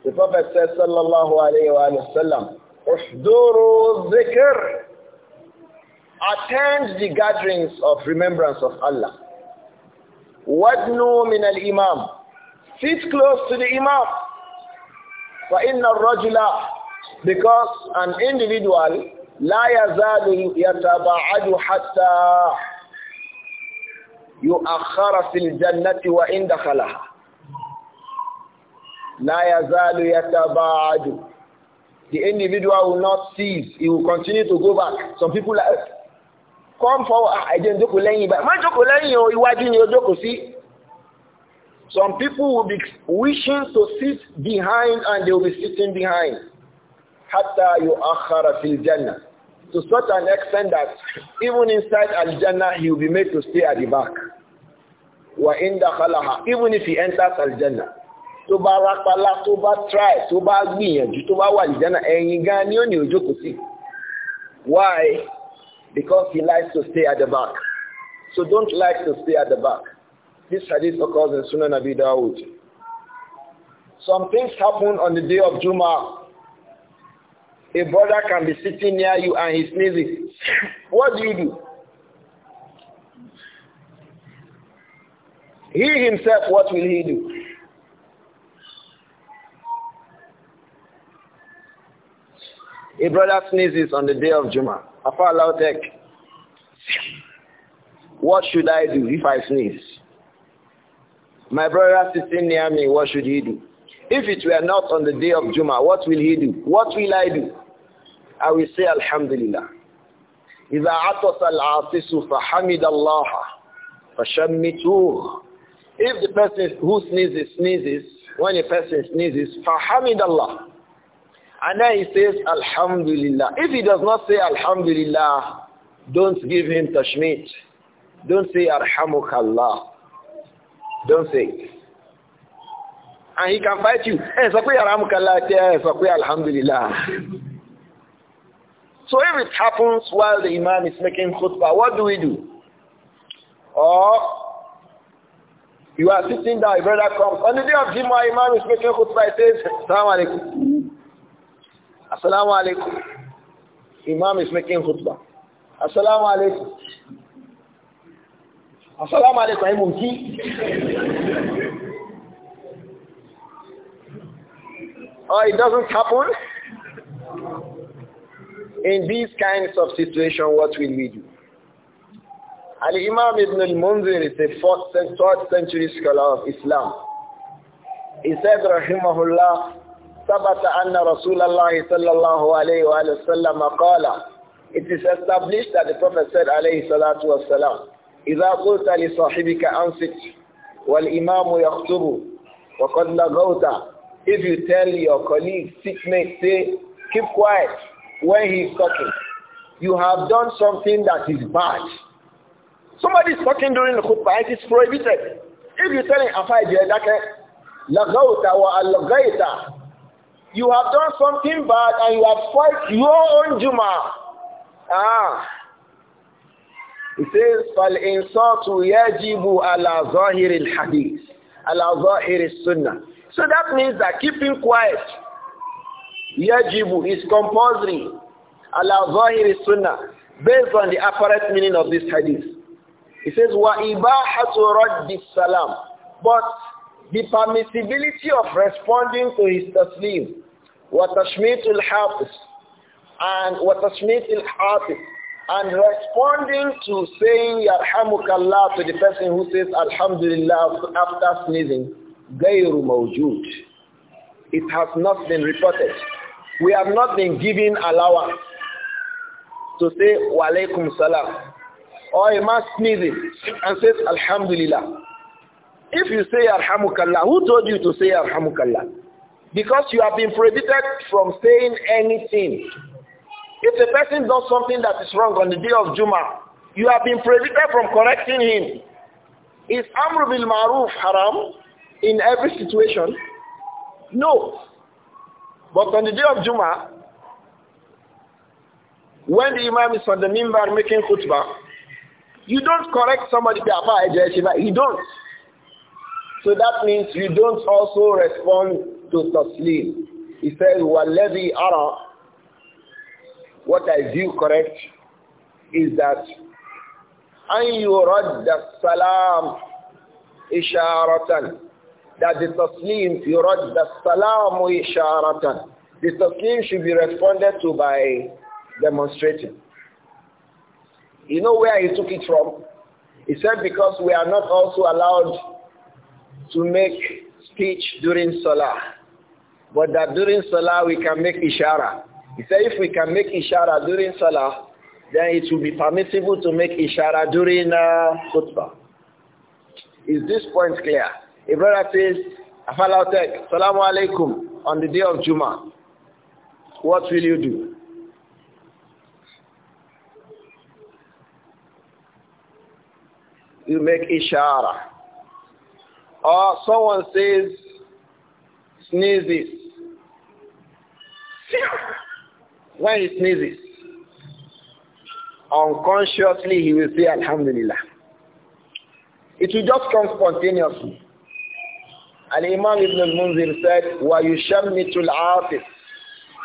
The Prophet says, Sallallahu wa sallam: Uhduru zikr. Attend the gatherings of remembrance of Allah. Wadnu min al-Imam. Sit close to the Imam. فَإِنَّ الرَّجُلَ Because an individual لا يزال يتباعد حتى يؤخر في الجنة وإن دخلها لا يزال يتباعد The individual will not cease. He will continue to go back. Some people come forward. I didn't do with you, but man, joke with you, you are doing your joke, see? Some people will be wishing to sit behind and they will be sitting behind. Hatta yu'akhara fil jannah. To such an extent that even inside al-jannah he will be made to stay at the back. Wa in dakhalaha. Even if he enters al-jannah. Tó bá rápálá, tó bá try, tó bá gbìyànjú, tó bá wà jannah ẹ̀yìn gan ni ó Why? Because he likes to stay at the back. So don't like to stay at the back. This hadith occurs in Sunan Abi Dawud. Some things happen on the day of Juma. A brother can be sitting near you and he sneezes. what do you do? He himself, what will he do? A brother sneezes on the day of Juma. Afa tech. what should I do if I sneeze? My brother sitting near me, what should he do? If it were not on the day of Juma, what will he do? What will I do? I will say Alhamdulillah. إذا عطس العاطس فحمد الله فشمتوه If the person who sneezes, sneezes, when a person sneezes, فحمد الله And then he says, Alhamdulillah. If he does not say Alhamdulillah, don't give him tashmit. Don't say Arhamukallah. Don't say it. And he can fight you. Hey, so we so alhamdulillah. So if it happens while the imam is making khutbah, what do we do? Or you are sitting down, a brother comes. On the day of Jimma, Imam is making khutbah, he says, Assalamu alaikum. Assalamu alaikum. Imam is making khutbah. Assalamu alaikum. Assalamu alaikum ẹ mò ń it doesn't happen. In these kinds of situation. what will we do? Al-Imam Ibn al-Munzir is a 4th and 3rd century scholar of Islam. He said, Rahimahullah, ثبت أن رسول الله صلى الله عليه وسلم قال It is established that the Prophet said, عليه الصلاة والسلام, إذا قلت لصاحبك أنصت والإمام يخطب وقد لغوت If you tell your colleague, sit say, keep quiet when he is talking. You have done something that is bad. Somebody is talking during the khutbah, it is prohibited. If you tell him, Afai Jedake, lagauta wa alagaita, you have done something bad and you have spoiled your own Juma. Ah, he says, فَالْإِنْصَاتُ يَجِبُ عَلَى ظَاهِرِ الْحَدِيثِ عَلَى ظَاهِرِ السُّنَّةِ So that means that keeping quiet, yajibu is compulsory, عَلَى ظَاهِرِ السُّنَّةِ based on the apparent meaning of this hadith. He says, وَإِبَاحَةُ رَدِّ السَّلَامِ But the permissibility of responding to his taslim, وَتَشْمِيتُ الْحَافِظِ and وَتَشْمِيتُ الْحَافِظِ and responding to saying Yarhamukallah to the person who says Alhamdulillah after sneezing, Gayru Mawjud. It has not been reported. We have not been given allowance to say Walaikum Salam. Or a man sneezes and says Alhamdulillah. If you say Alhamdulillah, who told you to say Alhamdulillah? Because you have been prohibited from saying anything if a person does something that is wrong on the day of Juma, you have been prevented from correcting him. Is Amr bil Maruf haram in every situation? No. But on the day of Juma, when the Imam is on the mimbar making khutbah, you don't correct somebody you don't. So that means you don't also respond to taslim. He says, وَالَّذِي أَرَى what I view correct is that أن يرد السلام إشارة that the the يرد السلام إشارة the taslim should be responded to by demonstrating you know where he took it from he said because we are not also allowed to make speech during salah but that during salah we can make ishara he said if we can make ishara during salah, then it will be permissible to make ishara during uh, khutbah. Is this point clear? A brother says, Afalautek, Salamu Alaikum, on the day of Juma. What will you do? You make ishara. Or someone says, sneezes. When he sneezes, unconsciously he will say Alhamdulillah. It will just come spontaneously. And Imam Ibn al-Munzir said, the artist,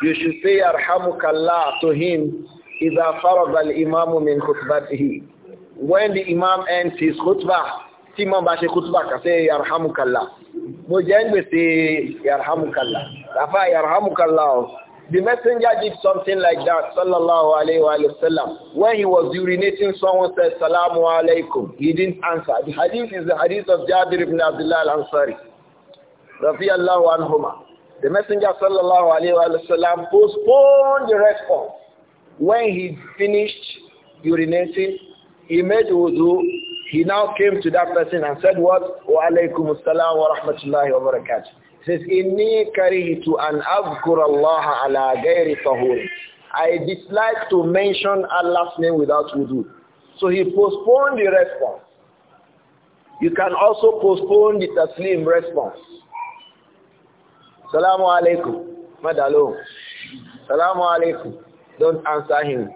You should say أَرْحَمُكَ اللَّهُ to him إِذَا فَرَضَ الْإِمَامُ مِنْ خُطْبَتِهِ When the Imam ends his khutbah, tí Imam bá ṣe khutbah kà say يَرْحَمُكَ اللَّهُ Mo jẹ́ يَرْحَمُكَ اللَّهُ يَرْحَمُكَ اللَّهُ the messenger did something like that, sallallahu alayhi wa, sallam. When he was urinating, someone said, salamu alaykum. He didn't answer. The hadith is the hadith of Jabir ibn Abdullah al-Ansari. Radiallahu anhumah. The messenger, sallallahu alayhi alayhi wa sallam, postponed the response. When he finished urinating, he made wudu. He now came to that person and said what? Wa alaykum as-salam wa rahmatullahi wa barakatuh says, Inni karihtu an azkur Allah ala ghairi tahur. I dislike to mention Allah's name without wudu. So he postponed the response. You can also postpone the taslim response. Salamu alaikum. Madalo. Salamu alaikum. Don't answer him.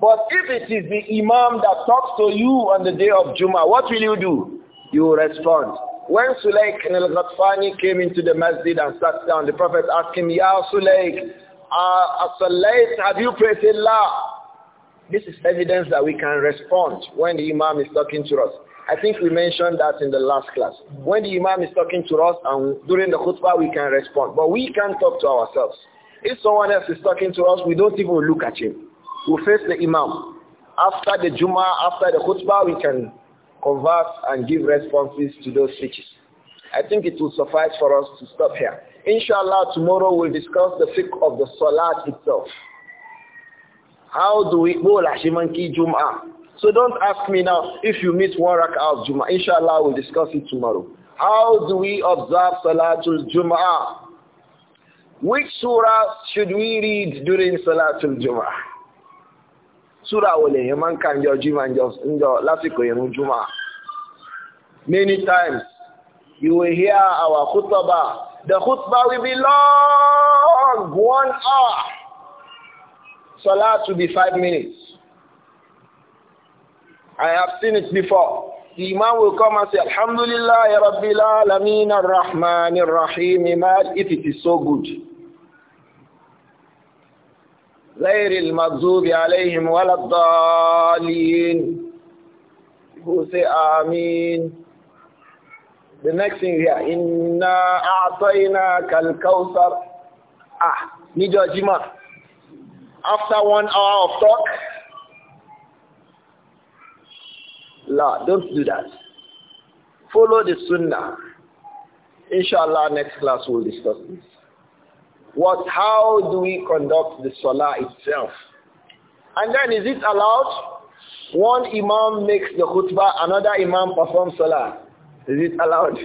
But if it is the imam that talks to you on the day of Juma, what will you do? You respond. When Sulaik al-Ghatfani came into the masjid and sat down, the Prophet asked him, Ya Sulaik, uh, Asalait, have you prayed Allah? This is evidence that we can respond when the Imam is talking to us. I think we mentioned that in the last class. When the Imam is talking to us and during the khutbah, we can respond. But we can not talk to ourselves. If someone else is talking to us, we don't even look at him. We face the Imam. After the Jummah, after the khutbah, we can converse and give responses to those speeches. I think it will suffice for us to stop here. Inshallah, tomorrow we'll discuss the fiqh of the salat itself. How do we go oh, Lashimanki Jum'ah? So don't ask me now if you miss one rak'ah of Jum'ah. Inshallah, we'll discuss it tomorrow. How do we observe Salatul Jum'ah? Which surah should we read during Salatul Jum'ah? súrà wo kà ńjọ ńjọ lásìkò many times you will hear our khutbah the khutbah will be long one hour salat will be five minutes I have seen it before. The Imam will come and say, Alhamdulillah, Rabbil Alameen, Ar-Rahman, Ar-Rahim, If it is so good. غير المغضوب عليهم ولا الضالين who say Ameen the next thing here inna a'tayna kal ah nijo jima after one hour of talk la don't do that follow the sunnah inshallah next class we'll discuss this what, how do we conduct the salah itself? And then is it allowed? One imam makes the khutbah, another imam performs salah. Is it allowed?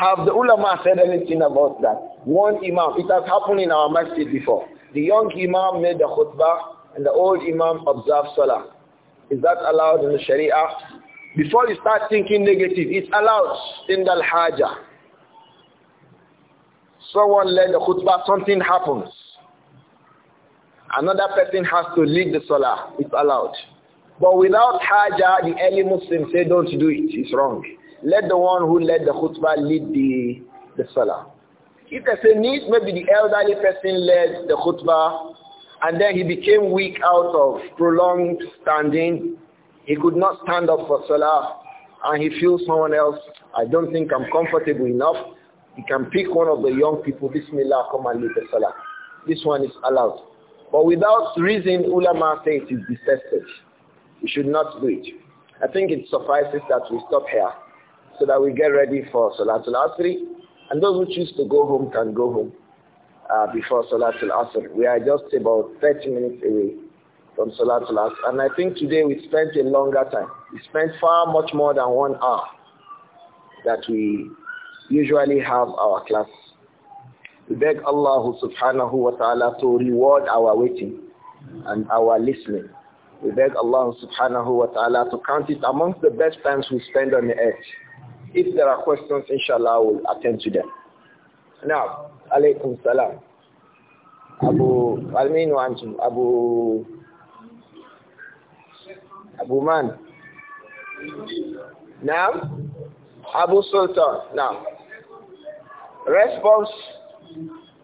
Have the ulama said anything about that? One imam, it has happened in our masjid before. The young imam made the khutbah and the old imam observed salah. Is that allowed in the sharia? Before you start thinking negative, it's allowed in the Hajj. hajjah Someone led the khutbah, something happens. Another person has to lead the salah. It's allowed. But without haja, the early Muslims say don't do it. It's wrong. Let the one who led the khutbah lead the, the salah. If there's a need, maybe the elderly person led the khutbah and then he became weak out of prolonged standing. He could not stand up for salah and he feels someone else, I don't think I'm comfortable enough. You can pick one of the young people, Bismillah, come and lead the salah. This one is allowed. But without reason, ulama say it is detested. You should not do it. I think it suffices that we stop here so that we get ready for Salatul Asri. And those who choose to go home can go home uh, before Salatul Asr. We are just about 30 minutes away from Salatul Asr. And I think today we spent a longer time. We spent far much more than one hour that we usually have our class. We beg Allah subhanahu wa ta'ala to reward our waiting and our listening. We beg Allah subhanahu wa ta'ala to count it amongst the best times we spend on the earth. If there are questions, inshallah, we'll attend to them. Now, alaykum salam. Abu, Almin wa antum, Abu, Abu Man. Now, Abu Sultan. Now, response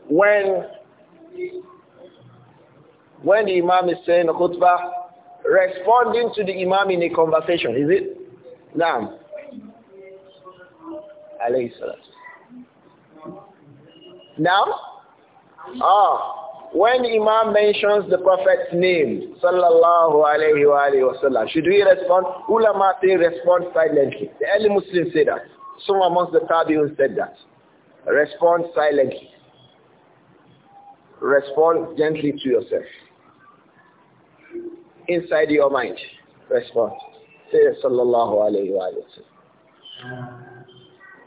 when when the imam is saying a khutbah, responding to the imam in a conversation, is it? Naam. Alayhi Salam. Now? Ah, when imam mentions the prophet's name, sallallahu alayhi wa sallam, should we respond? Ulama say respond silently. The early Muslims say that. Some amongst the Tabi'un said that. Respond silently. Respond gently to yourself. Inside your mind, respond. Say sallallahu alayhi wa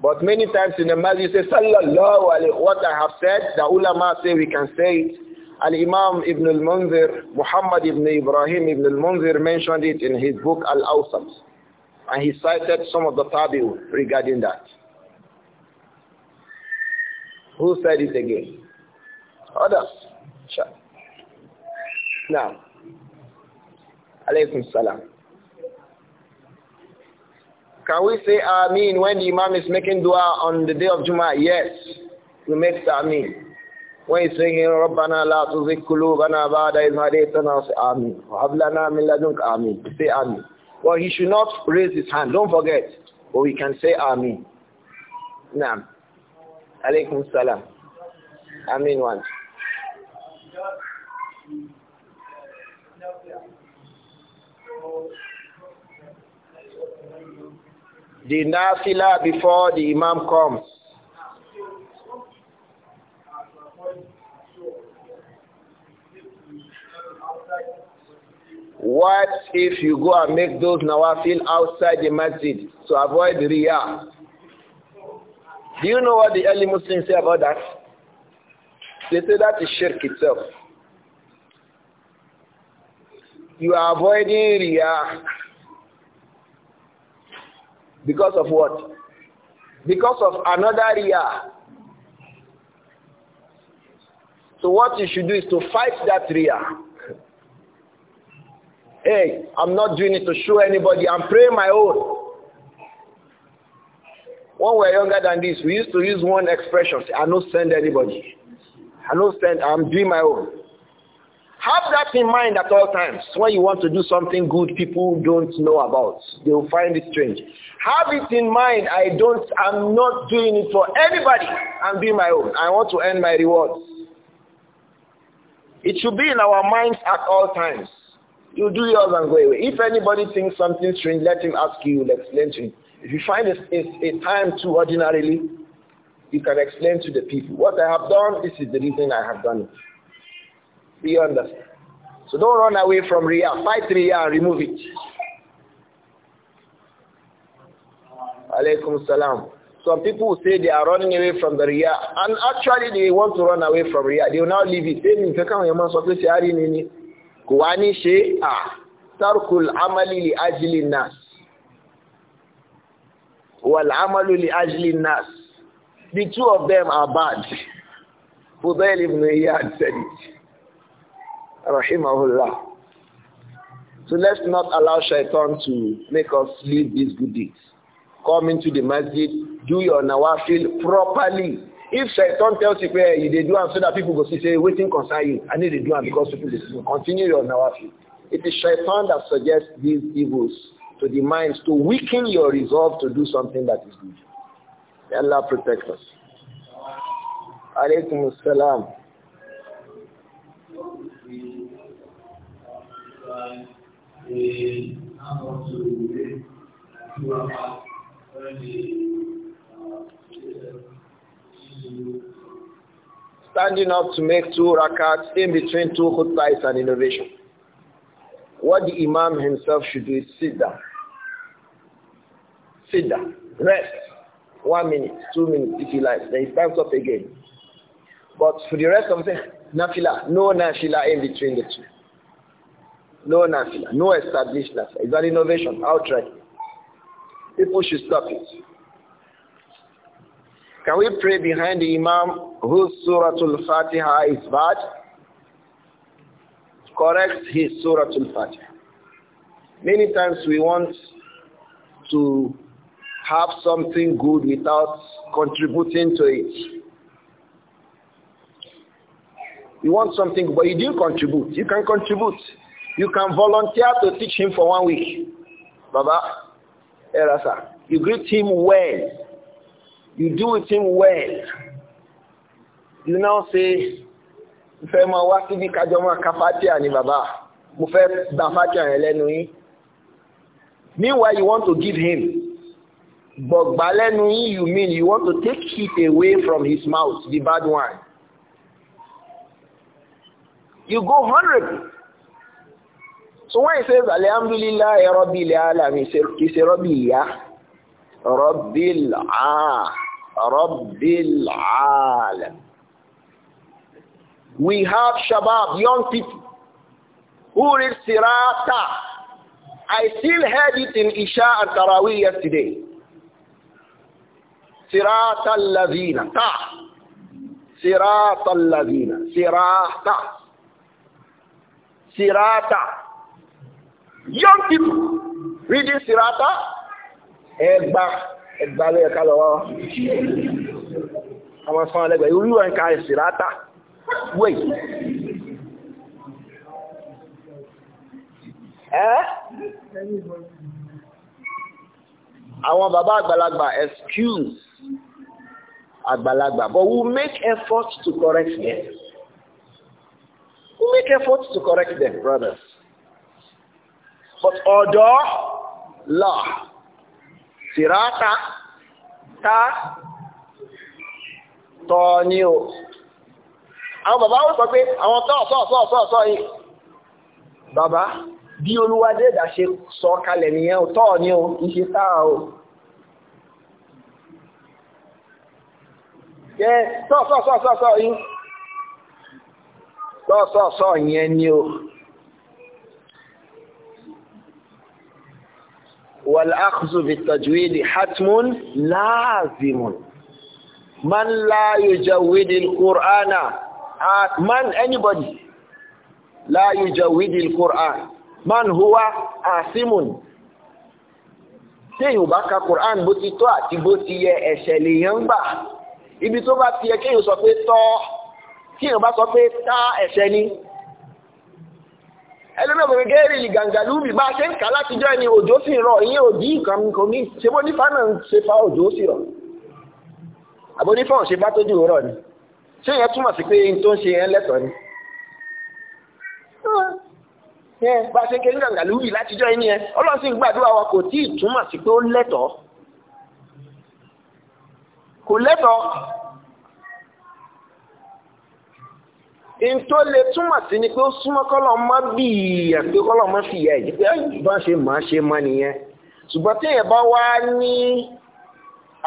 But many times in the masjid you say sallallahu alayhi What I have said, the ulama say we can say it. Al-Imam Ibn al-Munzir, Muhammad Ibn Ibrahim Ibn al-Munzir mentioned it in his book Al-Awsat. And he cited some of the tabi'un regarding that. Who said it again? Others. Sure. Now, alaykum salam. Can we say Ameen when the Imam is making dua on the day of Jummah? Yes, we make Ameen. When he's saying, Rabbana la tuzik kulubana ba'da iz hadaytana, say Ameen. Hab lana min ladunk Ameen. Say Ameen. Well, he should not raise his hand. Don't forget. But we can say Ameen. Now. Alaykum salam. Amin one. The nafila before the imam comes. What if you go and make those nawafil outside the masjid to avoid riyah? Do you know what the early Muslims say about that? They say that is shirk itself. You are avoiding Riyah because of what? Because of another Riyah. So what you should do is to fight that Riyah. Hey, I'm not doing it to show anybody. I'm praying my own. When we are younger than this, we used to use one expression, say, I don't send anybody. I don't send, I'm doing my own. Have that in mind at all times. When you want to do something good people don't know about, they will find it strange. Have it in mind, I don't, I'm not doing it for anybody. I'm doing my own. I want to earn my rewards. It should be in our minds at all times. You do yours and go away. If anybody thinks something strange, let him ask you, Let's explain to him. If you find a, a, a time too ordinarily, you can explain to the people, what I have done, this is the reason I have done it. Do you understand? So don't run away from Riyah. Fight Riyah and remove it. Alaykum salam. Some people say they are running away from the Riyah. And actually they want to run away from Riyah. They will now leave it. Ṣé ní ìfẹ́ káwọn èèyàn sọ pé ṣe á rí ni ni? Tarkul amali ajili nas. وَالْعَمَلُ لِأَجْلِ النَّاسِ The two of them are bad. Fudail ibn Iyad said it. Rahimahullah. So let's not allow shaitan to make us leave these good deeds. Come into the masjid, do your nawafil properly. If shaitan tells you where eh, you they do and so that people go see, say, waiting concern you. I need to do and because people listen. Continue your nawafil. It is shaitan that suggests these evils to the mind to weaken your resolve to do something that is good. May Allah protect us. Alaykum salam. Standing up to make two rakats in between two khutbahs and innovation. What the Imam himself should do is sit down. Sit down. Rest. One minute, two minutes if you like. Then he stands up again. But for the rest of the nafila, no nafila in between the two. No nafila, no established nafila. It's an innovation outright. People should stop it. Can we pray behind the Imam whose Suratul Fatiha is bad? Correct his Suratul Fatiha. Many times we want to have something good without contributing to it. You want something, but you do contribute. You can contribute. You can volunteer to teach him for one week. Baba, Erasa, you greet him well. You do with him well. You now say, mo fẹ́ máa wá síbi kájọ máa ka fatia ni bàbá mo fẹ́ gba fatia yẹn lẹ́nu yín meanwhile you want to give him but balenui, you mean you want to take it away from his mouth, the bad one. You go hundred. So when he says, Alhamdulillah, Rabbi Alam, he says, Rabbi, yeah? Rabbi Alam. Alam. We have Shabab, young people, who read Sirata. I still heard it in Isha and Taraweeh yesterday. صراط الذين تا صراط الذين صراط sirata young people reading sirata ẹgba ẹgba ló yẹ ká lọ wá àwọn sọ́n alẹ́gbẹ̀ olúwa ń ka sirata wait eh? àwọn bàbá àgbàlagbà excuse àgbàlagbà but we make effort to correct them we make effort to correct them brothers but ọ̀dọ́ là tìrátà Ta, tọ́ ni o àwọn bàbá wọ́n sọ pé àwọn tọ́ sọ́ sọ́ sọ́ sọ́ yìí bàbá bí olúwadé ìdàṣe sọ kalẹ̀ nìyẹn tọ́ ni o ìṣe táà o. Yes, sọ sọ sọ sọ sọ yín. Sọ sọ sọ yẹn ni o. والأخذ بالتجويد حتم لازم من لا يجود القرآن من anybody man huwa asimun tí èyàn bá ka Qur'an bó ti tó àti bó ti yẹ gbà ibi tó bá ti yẹ kéèyàn sọ pé tọ́ kéèyàn bá sọ pé tá ẹ̀ṣẹ̀ ni ẹlẹ́mẹ̀bẹ̀rẹ̀ gẹ́rì gàǹgàlúbì bá ṣe ń kà láti jọ ẹni òjò sì rọ̀ ìyẹn òdí ìkànnìkan ní ṣe bó nífà náà ń ṣe fa òjò sì rọ̀ àbó nífà ò ṣe bá tójú rọ̀ ni ṣé yẹn túmọ̀ sí pé n tó ń ṣe yẹn lẹ́tọ̀ọ́ ni bá ṣe ń ké ní gàǹgàlúbì láti ẹni yẹn ọlọ́sìn gbàdúrà wa kò tí ì túmọ̀ sí pé ó lẹ́tọ̀ọ́ kò lẹ́tọ̀ọ́ ntọ́ lè túmọ̀ sí ni pé ó súnmọ́ kọ́lọ̀ má bì í àti kọ́lọ̀ má fi ìyá ìdí pé bá ṣe máa ṣe má nìyẹn ṣùgbọ́n téèyàn bá wá ní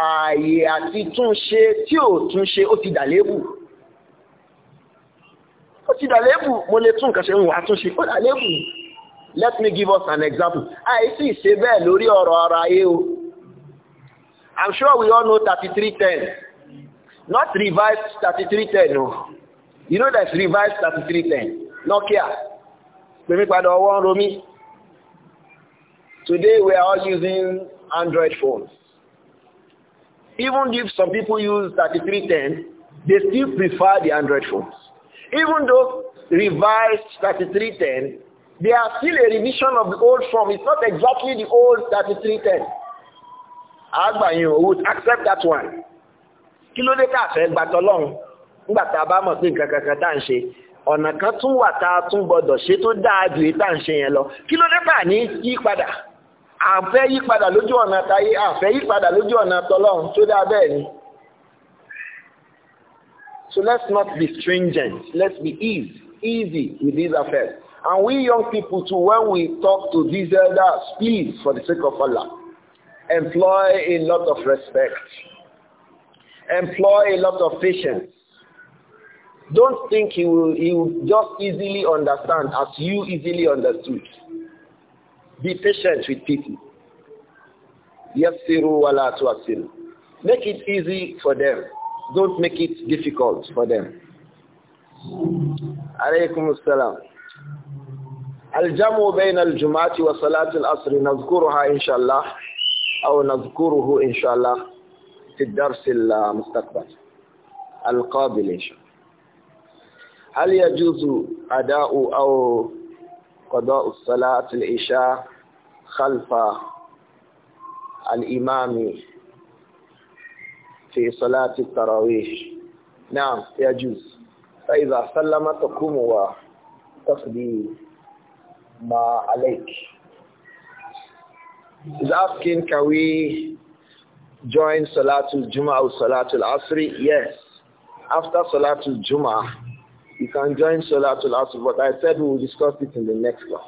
ààyè àti túnṣe tí ò túnṣe ó ti dà dàlébù ó ti dàlébù mo lè tún nǹkan ṣe ń wà á túnṣe ó dà dàlébù let me give us an example àìsí ìṣe bẹ́ẹ̀ lórí ọ̀rọ̀ ara ayé o. I'm sure we all know 3310. Not revised 3310, no. You know that's revised 3310. Nokia. Today we are all using Android phones. Even if some people use 3310, they still prefer the Android phones. Even though revised 3310, they are still a revision of the old form. It's not exactly the old 3310. àgbà yín o would accept that one kí ló dé káàfẹ́ gbàtọ́ lọ́run nígbà tá a bá mọ̀ pé nǹkan kankan tá à ń ṣe ọ̀nà kan tún wà tá a tún gbọdọ̀ ṣe tó dáa ju èyí tá à ń ṣe yẹn lọ kí ló dé bá ní yí padà àfẹ́ yí padà lójú ọ̀nà táyé àfẹ́ yí padà lójú ọ̀nà tọlọ́run tó dáa bẹ́ẹ̀ ni. So let's not be stringent let's be easy easy with these affairs and we young people too when we talk to these elders please for the sake of Allah Employ a lot of respect. Employ a lot of patience. Don't think he will, he will just easily understand as you easily understood. Be patient with people. Yassiru wala tuasiru. Make it easy for them. Don't make it difficult for them. Alaykum assalam. الجمع بين الجمعة وصلاة العصر نذكرها إن شاء الله أو نذكره إن شاء الله في الدرس المستقبل القابل إن شاء الله هل يجوز أداء أو قضاء الصلاة العشاء خلف الإمام في صلاة التراويح نعم يجوز فإذا سلم تقوم وتقضي ما عليك is asking, can we join Salatul Juma or Salatul Asri? Yes. After Salatul Juma, you can join Salatul Asr, but I said we will discuss it in the next class.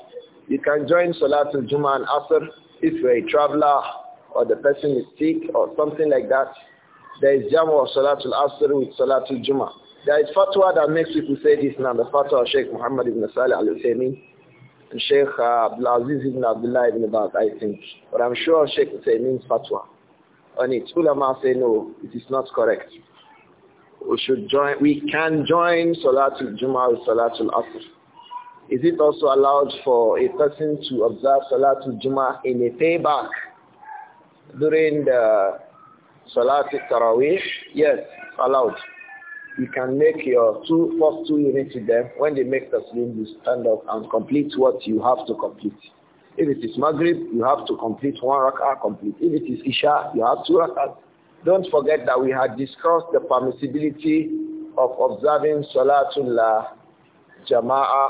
You can join Salatul Juma and Asr if you're a traveler or the person is sick or something like that. There is Jam or Salatul Asr with Salatul Juma. There is fatwa that makes people say this now, the fatwa of Sheikh Muhammad ibn Salih al-Uthaymeen to Sheikh uh, Abdulaziz ibn Abdullah ibn Abbas, I think. But I'm sure Sheikh means fatwa on it. Ulama say no, it is not correct. We should join, we can join Salatul Jum'ah with Salatul Asr. Is it also allowed for a person to observe Salatul Jum'ah in a payback during the Salatul Taraweeh? Yes, allowed you can make your two first two units with them. When they make the taslim, you stand up and complete what you have to complete. If it is Maghrib, you have to complete one rak'ah complete. If it is Isha, you have two rak'ah. Don't forget that we had discussed the permissibility of observing salatul Jama'ah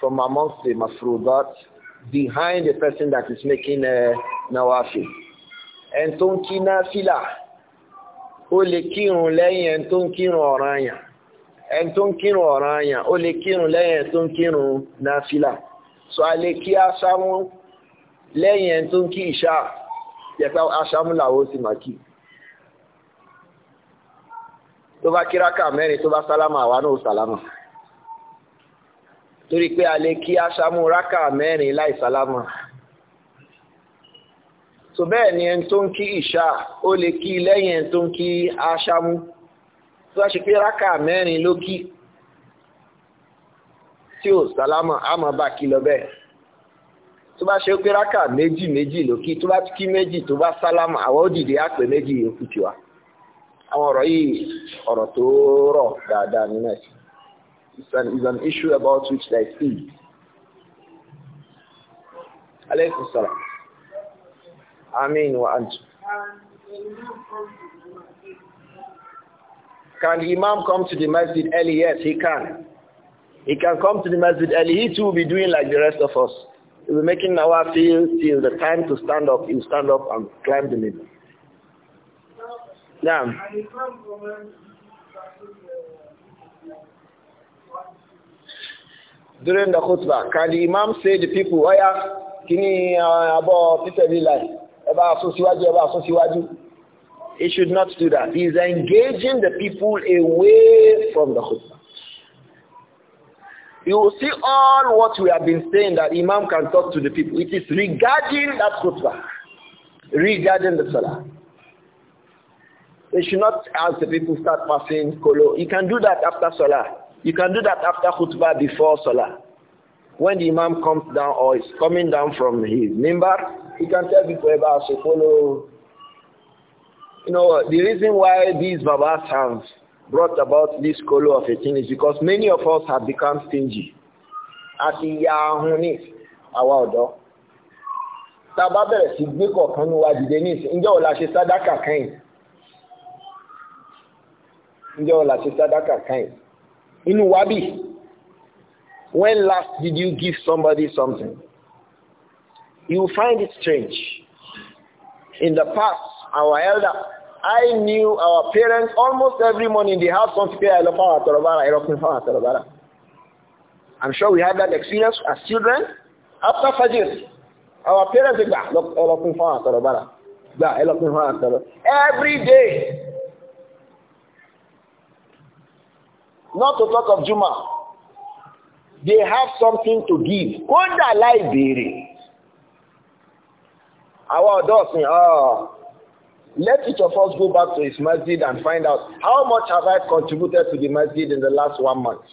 from amongst the mafrudat behind the person that is making a uh, nawafi. And tonkina filah ó lè kírun lẹ́yìn ẹni tó ń kírun ọ̀ranyàn ẹni tó ń kírun ọ̀ranyàn ó lè kírun lẹ́yìn ẹni tó ń kírun náfìlà so a lè kí aṣámú lẹ́yìn ẹni tó ń kí ìṣá yẹta aṣámú làwọn sì máa kí tó bá kíráka mẹ́rin tó bá sálámà àwa náà sálámà torí pé a lè kí aṣámú ráka mẹ́rin láì sálámà so bẹ́ẹ̀ ni ẹni tó ń kí ìṣà ó lè kí lẹ́yìn ẹni tó ń kí aṣámú tó ṣe pé rákà mẹ́rin ló kí tí ò sálámà á máa bá kí lọ bẹ́ẹ̀ tó bá ṣe pé rákà méjì méjì ló kí tó bá kí méjì tó bá sálámà àwọn ó àpè méjì yòókù tiwa àwọn ọ̀rọ̀ yìí ọ̀rọ̀ tó rọ̀ dáadáa nínú ẹ̀sìn it's an, it's an issue about which they is alaykum salaam. Amin wa ant. Can the Imam come to the masjid early? Yes, he can. He can come to the masjid early. He too will be doing like the rest of us. He'll be making our feel till the time to stand up. He'll stand up and climb the middle. Yeah. during the khutbah, can the Imam say the people, oh yeah, kini uh, about Peter Village? He should not do that. He is engaging the people away from the khutbah. You will see all what we have been saying that Imam can talk to the people. It is regarding that khutbah, regarding the salah. They should not ask the people start passing kolo. You can do that after salah. You can do that after khutbah before salah. When the Imam comes down or is coming down from his mimbar, he can tell the about to follow. You know, the reason why these Babas have brought about this color of a thing is because many of us have become stingy. Àti ìyá ahun ní àwa ọ̀dọ́. Tá a bá bẹ̀rẹ̀ sí gbé kọ̀ọ̀kan ní wa dìde ní ìsìn, ǹjẹ́ ọ̀la ṣe sádákà When last did you give somebody something? You will find it strange. In the past, our elder, I knew our parents almost every morning they have something. I'm sure we had that experience as children. After Fajr, our parents say, look, every day. Not to talk of Juma. They have something to give. Kódà láì béèrè. Àwọn ọ̀dọ́ ọ̀sìn ah, let each of us go back to his masjid and find out how much have I contributed to the masjid in the last one month.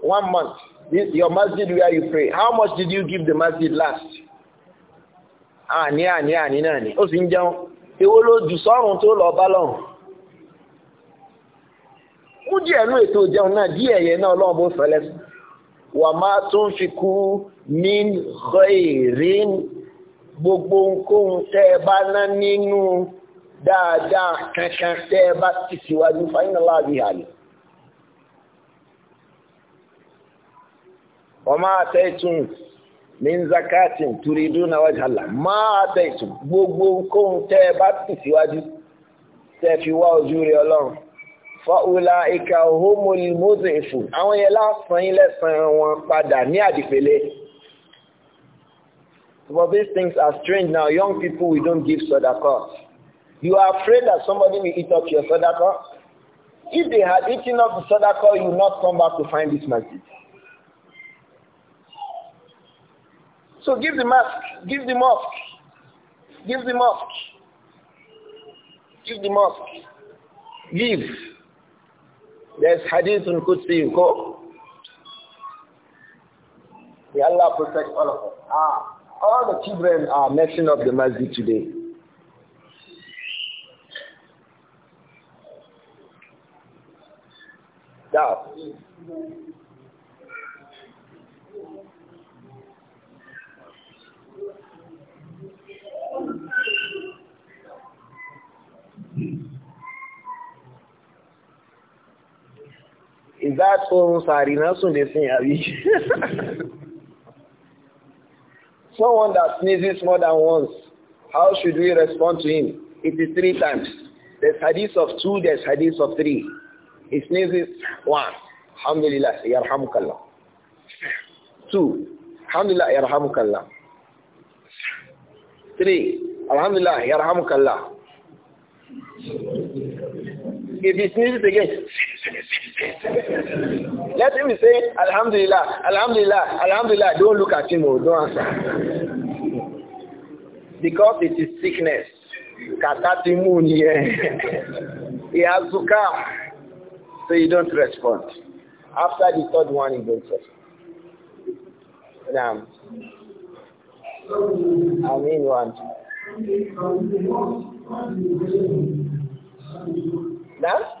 One month. This, your masjid where you pray. How much did you give the masjid last? Àní àní ni náà ni. Ó sì jẹun. Èwo ló jù sọ́run tó lọ bá kú díẹ̀ nú ètò ìjẹun náà díẹ̀ yẹn náà ọlọ́run bó fẹ́lẹ́ wà máa tún fi kú ní khairin gbogbo ohunkóhun tẹ́ ẹ bá ná nínú dáadáa kankan tẹ́ ẹ bá ti síwájú fáyínà láàbí àlè. wọ́n máa tẹ́ ìtún min zakatin turiduna wajha Allah máa tẹ́ ìtún gbogbo ohunkóhun tẹ́ ẹ bá ti síwájú tẹ́ fi wá ojú rẹ ọlọ́run. fa'ulaika humul mudhifun àwọn yẹn lásán yín lẹ́sàn wọn padà ní àdìpẹ̀lẹ̀ but these things are strange now young people we don't give sadaqah you are afraid that somebody will eat up your sadaqah if they had eaten up the sadaqah you would not come back to find this masjid so give the mosque give the mosque give the mosque give the mosque give there's hadith in Qudsi, go. May Allah protect all of us. Ah, all the children are messing up the masjid today. Now, is that so sorry now someone that sneezes more than once how should we respond to him it is three times there's hadith of two there's hadith of three he sneezes one alhamdulillah yarhamukallah two alhamdulillah yarhamukallah three alhamdulillah yarhamukallah if he sneezes again Let him say, Alhamdulillah, Alhamdulillah, Alhamdulillah. Don't look at him, oh, don't answer. Because it is sickness. Katatimun here. he has to come, So you don't respond. After the third one, he goes respond. Now, I mean one. Now?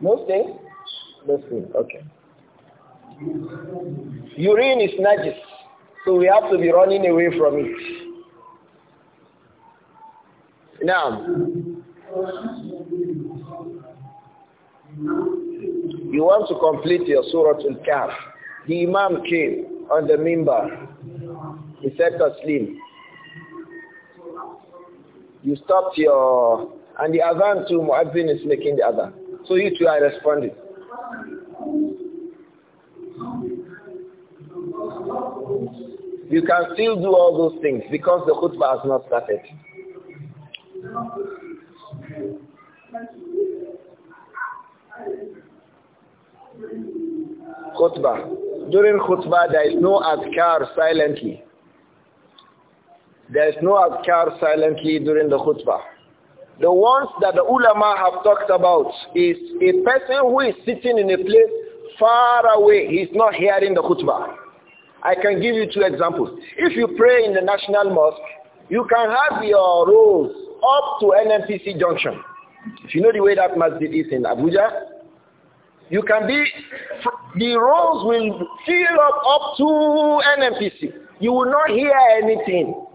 Muslim? Muslim, okay. Urine is najis, so we have to be running away from it. Now, you want to complete your Surah al calf. The Imam came on the mimbar. He said Taslim. You stopped your... And the Adhan too, Muazzin is making the Adhan. So you two are responding. You can still do all those things because the khutbah has not started. Khutbah. During khutbah, there is no adhkar silently. There is no adhkar silently during the khutbah. The ones that the ulama have talked about is a person who is sitting in a place far away. He's not hearing the khutbah. I can give you two examples. If you pray in the National Mosque, you can have your rows up to NMPC Junction. If you know the way that masjid is in Abuja, you can be, the rows will fill up up to NMPC. You will not hear anything.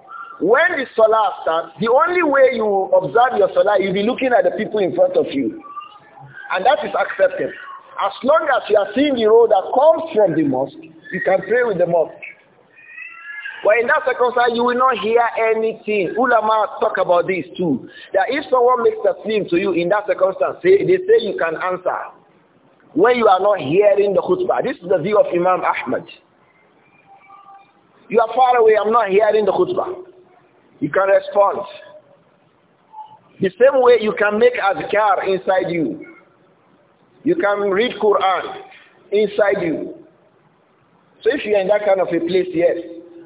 When the salah starts, the only way you observe your salah, you'll be looking at the people in front of you. And that is accepted. As long as you are seeing the road that comes from the mosque, you can pray with the mosque. But in that circumstance, you will not hear anything. Ulama talk about this too. That if someone makes a claim to you in that circumstance, they say you can answer. When you are not hearing the khutbah. This is the view of Imam Ahmad. You are far away, I'm not hearing the khutbah. You can respond. The same way you can make adhkar inside you. You can read Quran inside you. So if you are in that kind of a place, yes.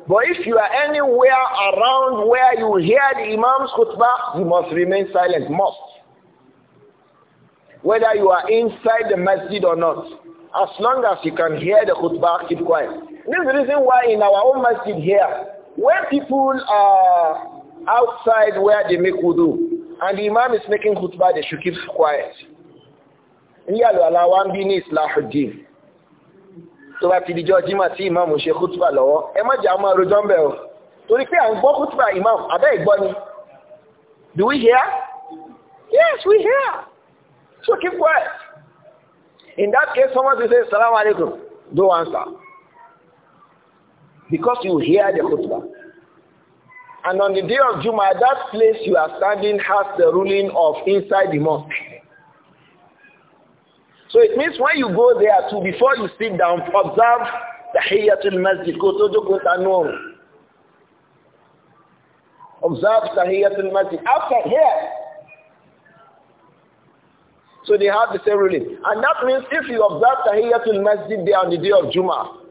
But if you are anywhere around where you hear the Imam's khutbah, you must remain silent, must. Whether you are inside the masjid or not, as long as you can hear the khutbah, keep quiet. This is the reason why in our own masjid here, When people are outside where they make wudu, and the imam is making khutbah, they should keep quiet. Ìyàlù aláwa ń bí ní Islahuddin. Tó bá ti di jọ jímà tí imam ń ṣe khutbah lọ́wọ́, ẹ má jẹ́ àmọ́ rojọ́ ń bẹ̀ o. Torí pé à ń khutbah imam, àbẹ́ ìgbọ́ ni. Do we hear? Yes, we hear. So keep quiet. In that case, someone will say, Salaam alaikum. Do answer. Because you hear the khutbah. And on the day of Juma, that place you are standing has the ruling of inside the mosque. So it means when you go there too, before you sit down, observe the Tahiyyatul Masjid, Observe Tahiyyatul Masjid. After here, so they have the same ruling. And that means if you observe Tahiyyatul Masjid there on the day of Jummah,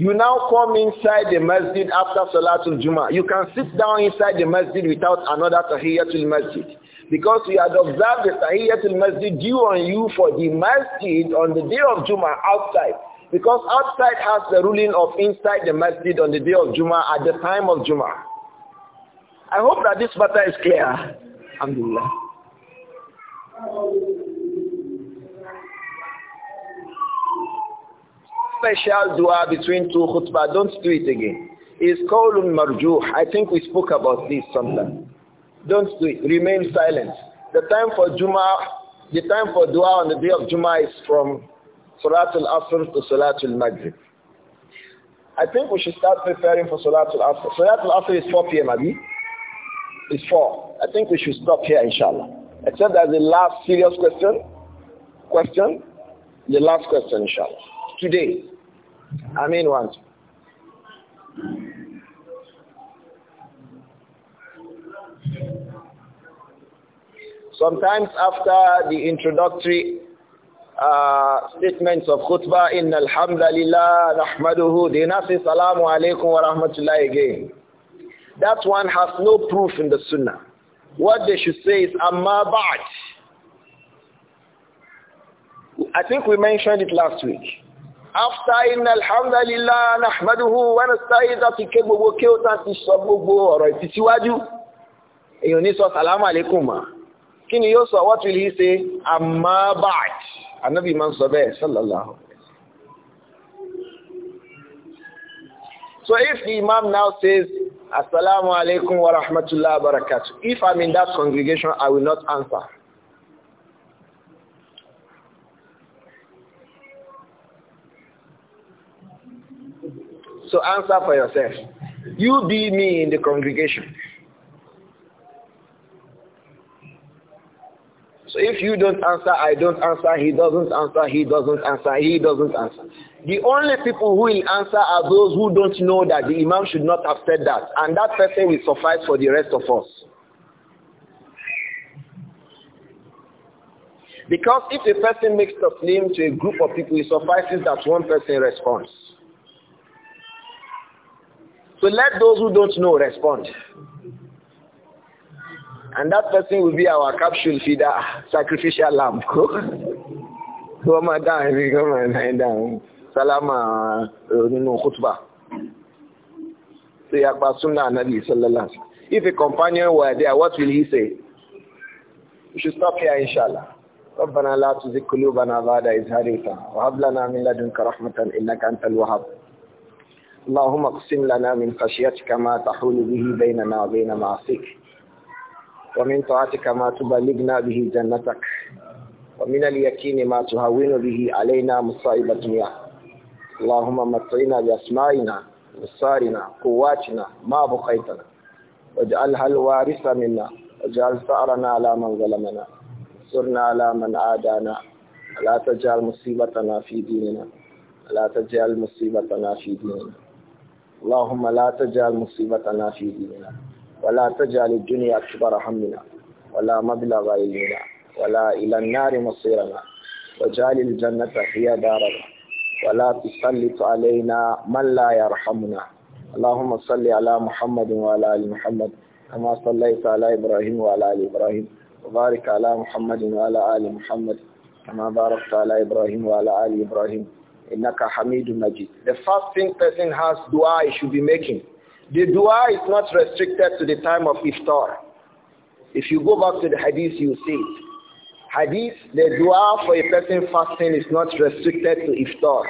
you now come inside the masjid after Salatul Jummah. You can sit down inside the masjid without another the Masjid. Because we had observed the Tahiyyatul Masjid due on you for the masjid on the day of Jummah outside. Because outside has the ruling of inside the masjid on the day of Jummah at the time of Jummah. I hope that this matter is clear. Alhamdulillah. special dua between two khutbah. Don't do it again. It's called marjuh. I think we spoke about this sometime. Don't do it. Remain silent. The time for Juma, the time for dua on the day of Juma is from Salatul Asr to Salatul Maghrib. I think we should start preparing for Salatul Asr. Salatul Asr is 4 p.m., Abi. It's 4. I think we should stop here, inshallah. Except that the last serious question, question, the last question, inshallah today. I mean once. Sometimes after the introductory uh, statements of khutbah, Inna alhamdulillah, nahmaduhu, dinasi salamu alaykum wa rahmatullahi again. That one has no proof in the sunnah. What they should say is, Amma ba'd. I think we mentioned it last week. after inna alhamdulillah nahmaduhu wa nasta'idha ti ké gbogbo kí ó tán ti sọ gbogbo ọ̀rọ̀ ìfisíwájú èèyàn ní sọ salamu alaikum ma kí ni what will he say amma ba'd anabi máa ń sọ sallallahu so if the imam now says assalamu alaikum wa rahmatullahi wa barakatuh if i'm in that congregation i will not answer So answer for yourself. You be me in the congregation. So if you don't answer, I don't answer, he doesn't answer, he doesn't answer, he doesn't answer. The only people who will answer are those who don't know that the imam should not have said that. And that person will suffice for the rest of us. Because if a person makes claim to a group of people, it suffices that one person responds. So let those who don't know respond. And that person will be our capsule feeder, sacrificial lamb. Salama, khutbah. If a companion were there, what will he say? We should stop here, inshallah. ربنا لا تزغ قلوبنا بعد إذ هديتنا وهب لنا من لدنك رحمة إنك أنت الوهاب اللهم اقسم لنا من خشيتك ما تحول به بيننا وبين معصيك ومن طاعتك ما تبلغنا به جنتك ومن اليقين ما تهون به علينا مصائب الدنيا اللهم متعنا بأسمائنا وصارنا قواتنا ما بقيتنا واجعلها الوارث منا واجعل ثأرنا على من ظلمنا انصرنا على من عادانا لا تجعل مصيبتنا في ديننا لا تجعل مصيبتنا في ديننا اللهم لا تجعل مصيبتنا في ديننا ولا تجعل الدنيا أكبر همنا ولا مبلغ علمنا ولا إلى النار مصيرنا وجعل الجنة هي دارنا ولا تسلط علينا من لا يرحمنا اللهم صل على محمد وعلى آل محمد كما صليت على إبراهيم وعلى آل إبراهيم وبارك على محمد وعلى آل محمد كما باركت على إبراهيم وعلى آل إبراهيم The first thing person has dua he should be making. The dua is not restricted to the time of iftar. If you go back to the hadith, you see it. Hadith, the dua for a person fasting is not restricted to iftar.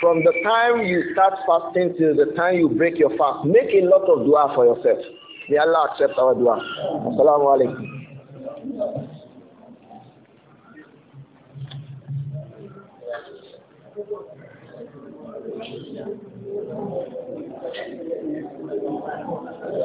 From the time you start fasting till the time you break your fast, make a lot of dua for yourself. May Allah accept our dua. Assalamu alaikum.